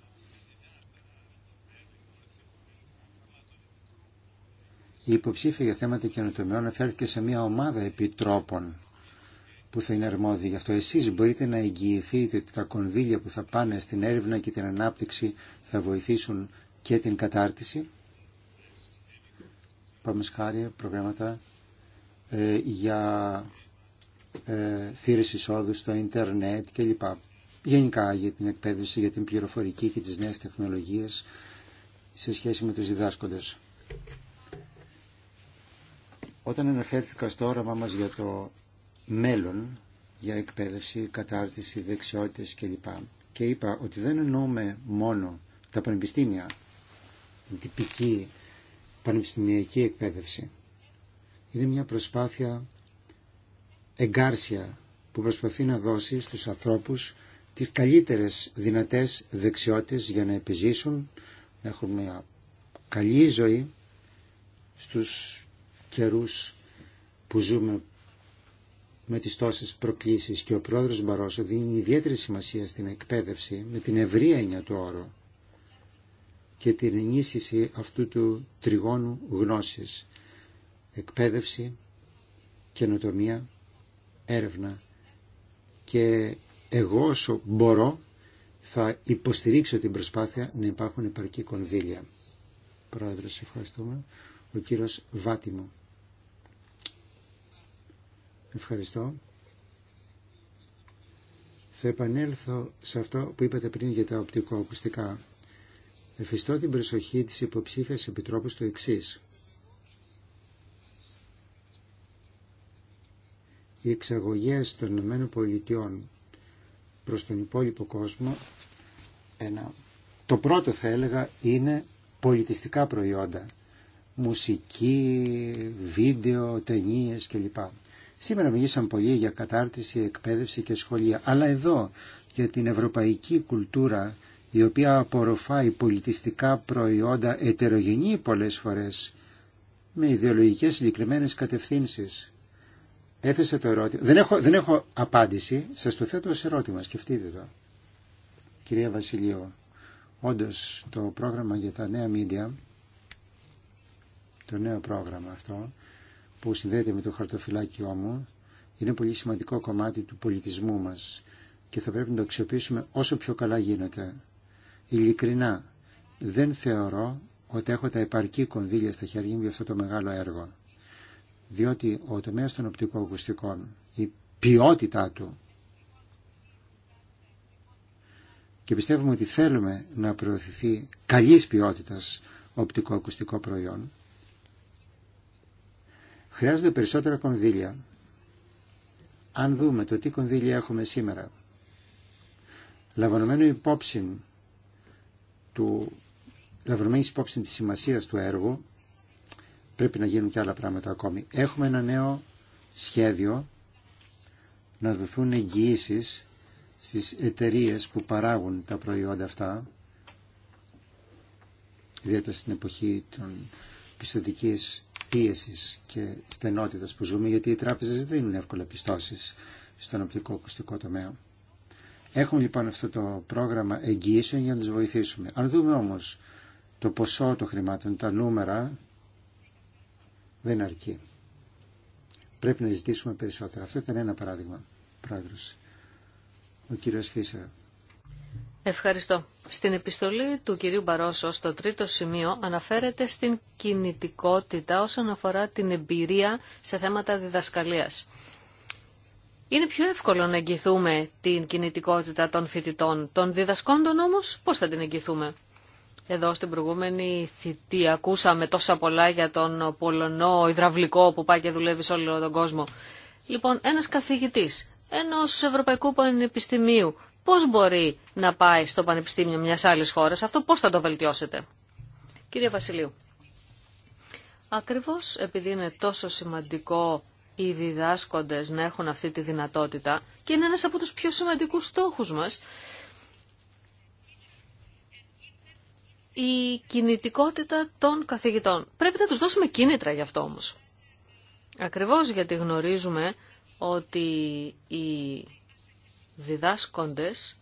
Η υποψήφια για θέματα καινοτομιών αναφέρθηκε σε μια ομάδα επιτρόπων που θα είναι αρμόδιοι. Γι' αυτό εσείς μπορείτε να εγγυηθείτε ότι τα κονδύλια που θα πάνε στην έρευνα και την ανάπτυξη θα βοηθήσουν και την κατάρτιση Πάμε προγράμματα ε, για ε, θύρες εισόδου στο ίντερνετ κλπ. Γενικά για την εκπαίδευση, για την πληροφορική και τις νέες τεχνολογίες σε σχέση με τους διδάσκοντες. Όταν αναφέρθηκα στο όραμά μας για το μέλλον, για εκπαίδευση, κατάρτιση, δεξιότητες κλπ. Και είπα ότι δεν εννοούμε μόνο τα πανεπιστήμια, την τυπική πανεπιστημιακή εκπαίδευση. Είναι μια προσπάθεια εγκάρσια που προσπαθεί να δώσει στους ανθρώπους τις καλύτερες δυνατές δεξιότητες για να επιζήσουν, να έχουν μια καλή ζωή στους καιρούς που ζούμε με τις τόσες προκλήσεις και ο πρόεδρος Μπαρόσο δίνει ιδιαίτερη σημασία στην εκπαίδευση με την ευρία έννοια του όρου και την ενίσχυση αυτού του τριγώνου γνώσης, εκπαίδευση, καινοτομία, έρευνα και εγώ όσο μπορώ θα υποστηρίξω την προσπάθεια να υπάρχουν επαρκή κονδύλια. Πρόεδρος, ευχαριστούμε. Ο κύριος Βάτιμο. Ευχαριστώ. Θα επανέλθω σε αυτό που είπατε πριν για τα οπτικοακουστικά. Εφιστώ την προσοχή της υποψήφιας επιτρόπου στο εξή. Οι εξαγωγές των ΗΠΑ προς τον υπόλοιπο κόσμο, ένα, το πρώτο θα έλεγα είναι πολιτιστικά προϊόντα, μουσική, βίντεο, ταινίες κλπ. Σήμερα μιλήσαμε πολύ για κατάρτιση, εκπαίδευση και σχολεία, αλλά εδώ για την ευρωπαϊκή κουλτούρα η οποία απορροφάει πολιτιστικά προϊόντα ετερογενή πολλές φορές με ιδεολογικές συγκεκριμένες κατευθύνσεις. Έθεσε το ερώτημα. Δεν έχω, δεν έχω απάντηση. Σας το θέτω ως ερώτημα. Σκεφτείτε το. Κυρία Βασιλείο, όντως το πρόγραμμα για τα νέα μίντια, το νέο πρόγραμμα αυτό, που συνδέεται με το χαρτοφυλάκιό μου, είναι πολύ σημαντικό κομμάτι του πολιτισμού μας και θα πρέπει να το αξιοποιήσουμε όσο πιο καλά γίνεται. Ειλικρινά, δεν θεωρώ ότι έχω τα επαρκή κονδύλια στα χέρια μου για αυτό το μεγάλο έργο. Διότι ο τομέας των οπτικοακουστικών, η ποιότητά του και πιστεύουμε ότι θέλουμε να προωθηθεί καλής ποιότητας οπτικοακουστικό προϊόν, χρειάζονται περισσότερα κονδύλια. Αν δούμε το τι κονδύλια έχουμε σήμερα, λαμβανωμένο υπόψη του λαβρωμένης υπόψη της σημασίας του έργου πρέπει να γίνουν και άλλα πράγματα ακόμη. Έχουμε ένα νέο σχέδιο να δοθούν εγγυήσει στις εταιρείε που παράγουν τα προϊόντα αυτά ιδιαίτερα στην εποχή των πιστοτικής πίεσης και στενότητας που ζούμε γιατί οι τράπεζες δεν είναι εύκολα πιστώσεις στον οπτικό ακουστικό τομέα. Έχουμε λοιπόν αυτό το πρόγραμμα εγγύησεων για να τους βοηθήσουμε. Αν δούμε όμως το ποσό των χρημάτων, τα νούμερα, δεν αρκεί. Πρέπει να ζητήσουμε περισσότερα. Αυτό ήταν ένα παράδειγμα, πρόεδρος. Ο κύριος Φίσερ. Ευχαριστώ. Στην επιστολή του κυρίου Μπαρόσο στο τρίτο σημείο αναφέρεται στην κινητικότητα όσον αφορά την εμπειρία σε θέματα διδασκαλίας είναι πιο εύκολο να εγγυθούμε την κινητικότητα των φοιτητών. Των διδασκόντων όμως πώς θα την εγγυθούμε. Εδώ στην προηγούμενη θητή ακούσαμε τόσα πολλά για τον Πολωνό υδραυλικό που πάει και δουλεύει σε όλο τον κόσμο. Λοιπόν, ένας καθηγητής ένας Ευρωπαϊκού Πανεπιστημίου πώς μπορεί να πάει στο Πανεπιστήμιο μιας άλλης χώρας, αυτό πώς θα το βελτιώσετε. Κύριε Βασιλείου, ακριβώς επειδή είναι τόσο σημαντικό οι διδάσκοντες να έχουν αυτή τη δυνατότητα και είναι ένας από τους πιο σημαντικούς στόχους μας. Η κινητικότητα των καθηγητών. Πρέπει να τους δώσουμε κίνητρα γι' αυτό όμως. Ακριβώς γιατί γνωρίζουμε ότι οι διδάσκοντες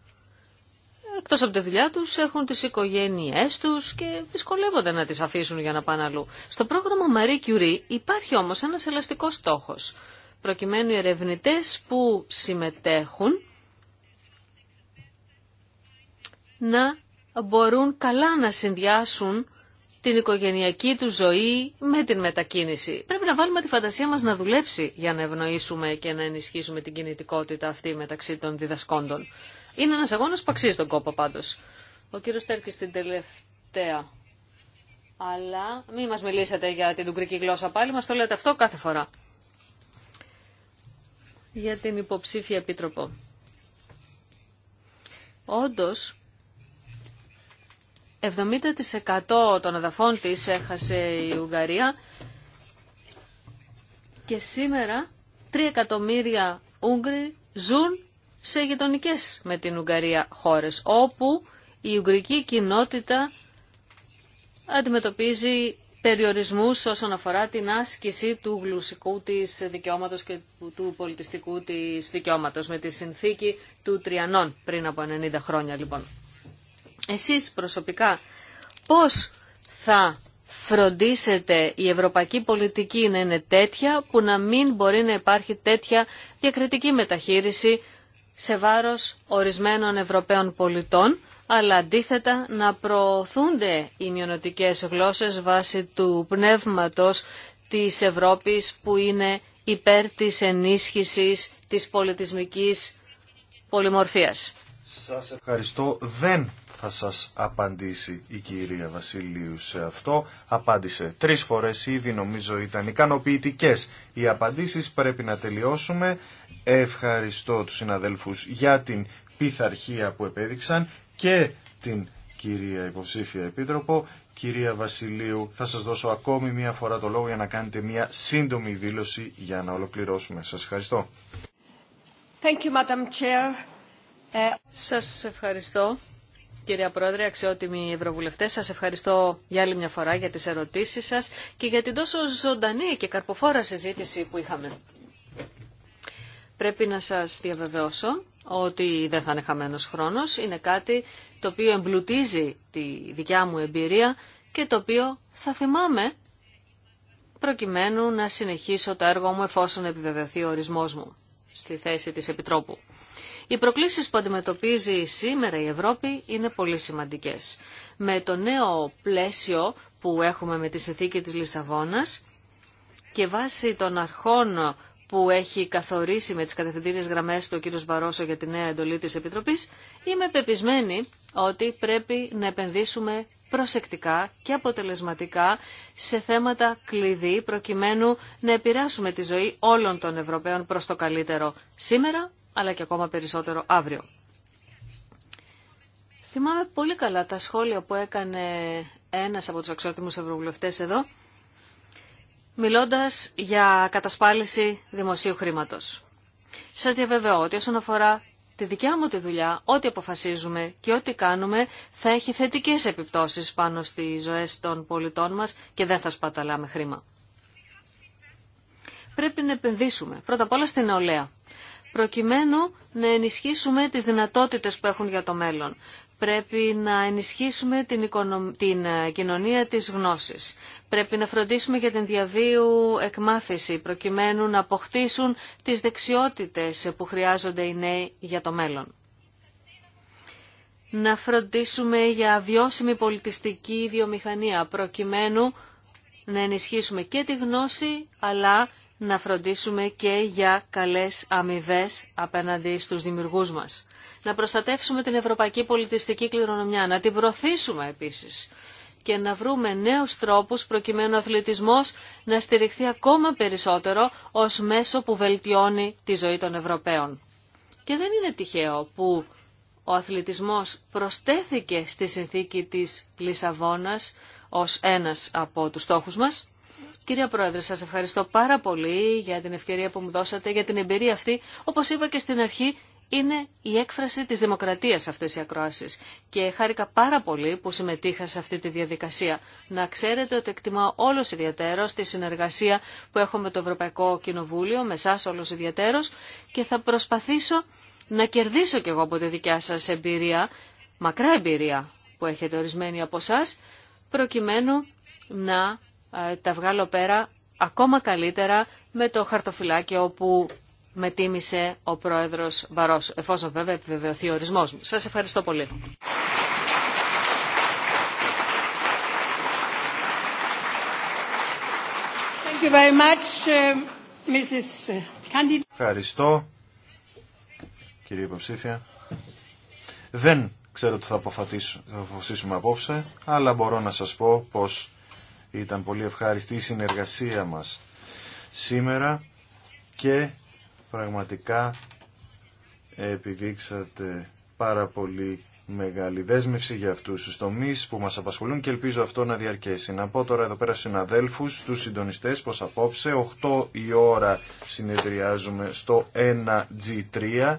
εκτός από τη δουλειά τους έχουν τις οικογένειές τους και δυσκολεύονται να τις αφήσουν για να πάνε αλλού. Στο πρόγραμμα Marie Curie υπάρχει όμως ένας ελαστικός στόχος, προκειμένου οι ερευνητές που συμμετέχουν να μπορούν καλά να συνδυάσουν την οικογενειακή του ζωή με την μετακίνηση. Πρέπει να βάλουμε τη φαντασία μας να δουλέψει για να ευνοήσουμε και να ενισχύσουμε την κινητικότητα αυτή μεταξύ των διδασκόντων. Είναι ένα αγώνα που αξίζει τον κόπο πάντω. Ο κύριος Τέρκη την τελευταία. Αλλά μην μα μιλήσετε για την ουγγρική γλώσσα πάλι, μα το λέτε αυτό κάθε φορά. Για την υποψήφια επίτροπο. Όντω 70% των εδαφών τη έχασε η Ουγγαρία και σήμερα 3 εκατομμύρια Ούγγροι ζουν σε γειτονικέ με την Ουγγαρία χώρες, όπου η ουγγρική κοινότητα αντιμετωπίζει περιορισμούς όσον αφορά την άσκηση του γλουσικού της δικαιώματος και του πολιτιστικού της δικαιώματος με τη συνθήκη του Τριανών πριν από 90 χρόνια λοιπόν. Εσείς προσωπικά πώς θα φροντίσετε η ευρωπαϊκή πολιτική να είναι τέτοια που να μην μπορεί να υπάρχει τέτοια διακριτική μεταχείριση σε βάρος ορισμένων Ευρωπαίων πολιτών, αλλά αντίθετα να προωθούνται οι μειονοτικές γλώσσες βάσει του πνεύματος της Ευρώπης που είναι υπέρ της ενίσχυσης της πολιτισμικής πολυμορφίας. Σας ευχαριστώ. Δεν θα σας απαντήσει η κυρία Βασιλείου σε αυτό. Απάντησε τρεις φορές ήδη, νομίζω ήταν ικανοποιητικέ. Οι απαντήσεις πρέπει να τελειώσουμε. Ευχαριστώ τους συναδέλφους για την πειθαρχία που επέδειξαν και την κυρία υποψήφια επίτροπο. Κυρία Βασιλείου, θα σας δώσω ακόμη μία φορά το λόγο για να κάνετε μία σύντομη δήλωση για να ολοκληρώσουμε. Σας ευχαριστώ. Thank you, ε, Σας ευχαριστώ. Κυρία Πρόεδρε, αξιότιμοι ευρωβουλευτές, σας ευχαριστώ για άλλη μια φορά για τις ερωτήσεις σας και για την τόσο ζωντανή και καρποφόρα συζήτηση που είχαμε. Πρέπει να σας διαβεβαιώσω ότι δεν θα είναι χαμένος χρόνος. Είναι κάτι το οποίο εμπλουτίζει τη δικιά μου εμπειρία και το οποίο θα θυμάμαι προκειμένου να συνεχίσω το έργο μου εφόσον επιβεβαιωθεί ο ορισμός μου στη θέση της Επιτρόπου. Οι προκλήσεις που αντιμετωπίζει σήμερα η Ευρώπη είναι πολύ σημαντικές. Με το νέο πλαίσιο που έχουμε με τη συνθήκη της Λισαβόνας και βάσει των αρχών που έχει καθορίσει με τις κατευθυντήριες γραμμές του ο κ. Βαρόσο για τη νέα εντολή της Επιτροπής, είμαι πεπισμένη ότι πρέπει να επενδύσουμε προσεκτικά και αποτελεσματικά σε θέματα κλειδί προκειμένου να επηρεάσουμε τη ζωή όλων των Ευρωπαίων προς το καλύτερο σήμερα αλλά και ακόμα περισσότερο αύριο. Θυμάμαι πολύ καλά τα σχόλια που έκανε ένας από τους αξιότιμους ευρωβουλευτές εδώ, μιλώντας για κατασπάληση δημοσίου χρήματος. Σας διαβεβαιώ ότι όσον αφορά τη δικιά μου τη δουλειά, ό,τι αποφασίζουμε και ό,τι κάνουμε θα έχει θετικές επιπτώσεις πάνω στις ζωές των πολιτών μας και δεν θα σπαταλάμε χρήμα. Πρέπει να επενδύσουμε πρώτα απ' όλα στην νεολαία προκειμένου να ενισχύσουμε τις δυνατότητες που έχουν για το μέλλον. Πρέπει να ενισχύσουμε την, την ε, κοινωνία της γνώσης. Πρέπει να φροντίσουμε για την διαβίου εκμάθηση, προκειμένου να αποκτήσουν τις δεξιότητες που χρειάζονται οι νέοι για το μέλλον. Να φροντίσουμε για βιώσιμη πολιτιστική βιομηχανία, προκειμένου να ενισχύσουμε και τη γνώση αλλά να φροντίσουμε και για καλές αμοιβέ απέναντι στους δημιουργούς μας. Να προστατεύσουμε την ευρωπαϊκή πολιτιστική κληρονομιά, να την προωθήσουμε επίσης και να βρούμε νέους τρόπους προκειμένου ο αθλητισμός να στηριχθεί ακόμα περισσότερο ως μέσο που βελτιώνει τη ζωή των Ευρωπαίων. Και δεν είναι τυχαίο που ο αθλητισμός προστέθηκε στη συνθήκη της Λισαβόνας ως ένας από τους στόχους μας. Κύριε Πρόεδρε, σας ευχαριστώ πάρα πολύ για την ευκαιρία που μου δώσατε, για την εμπειρία αυτή. Όπως είπα και στην αρχή, είναι η έκφραση της δημοκρατίας αυτές οι ακροάσεις. Και χάρηκα πάρα πολύ που συμμετείχα σε αυτή τη διαδικασία. Να ξέρετε ότι εκτιμά όλος ιδιαίτερος τη συνεργασία που έχω με το Ευρωπαϊκό Κοινοβούλιο, με εσά όλος ιδιαίτερος, και θα προσπαθήσω να κερδίσω κι εγώ από τη δικιά σας εμπειρία, μακρά εμπειρία που έχετε ορισμένη από εσά, προκειμένου να ε, τα βγάλω πέρα ακόμα καλύτερα με το χαρτοφυλάκιο που με τίμησε ο πρόεδρος Βαρός, εφόσον βέβαια επιβεβαιωθεί ο ορισμός μου. Σας ευχαριστώ πολύ. Uh, ευχαριστώ, κύριε υποψήφια. Δεν ξέρω τι θα αποφασίσουμε απόψε, αλλά μπορώ να σας πω πως ήταν πολύ ευχάριστη η συνεργασία μας σήμερα και πραγματικά επιδείξατε πάρα πολύ μεγάλη δέσμευση για αυτούς τους τομείς που μας απασχολούν και ελπίζω αυτό να διαρκέσει. Να πω τώρα εδώ πέρα στους συναδέλφους, στους συντονιστές, πως απόψε 8 η ώρα συνεδριάζουμε στο 1G3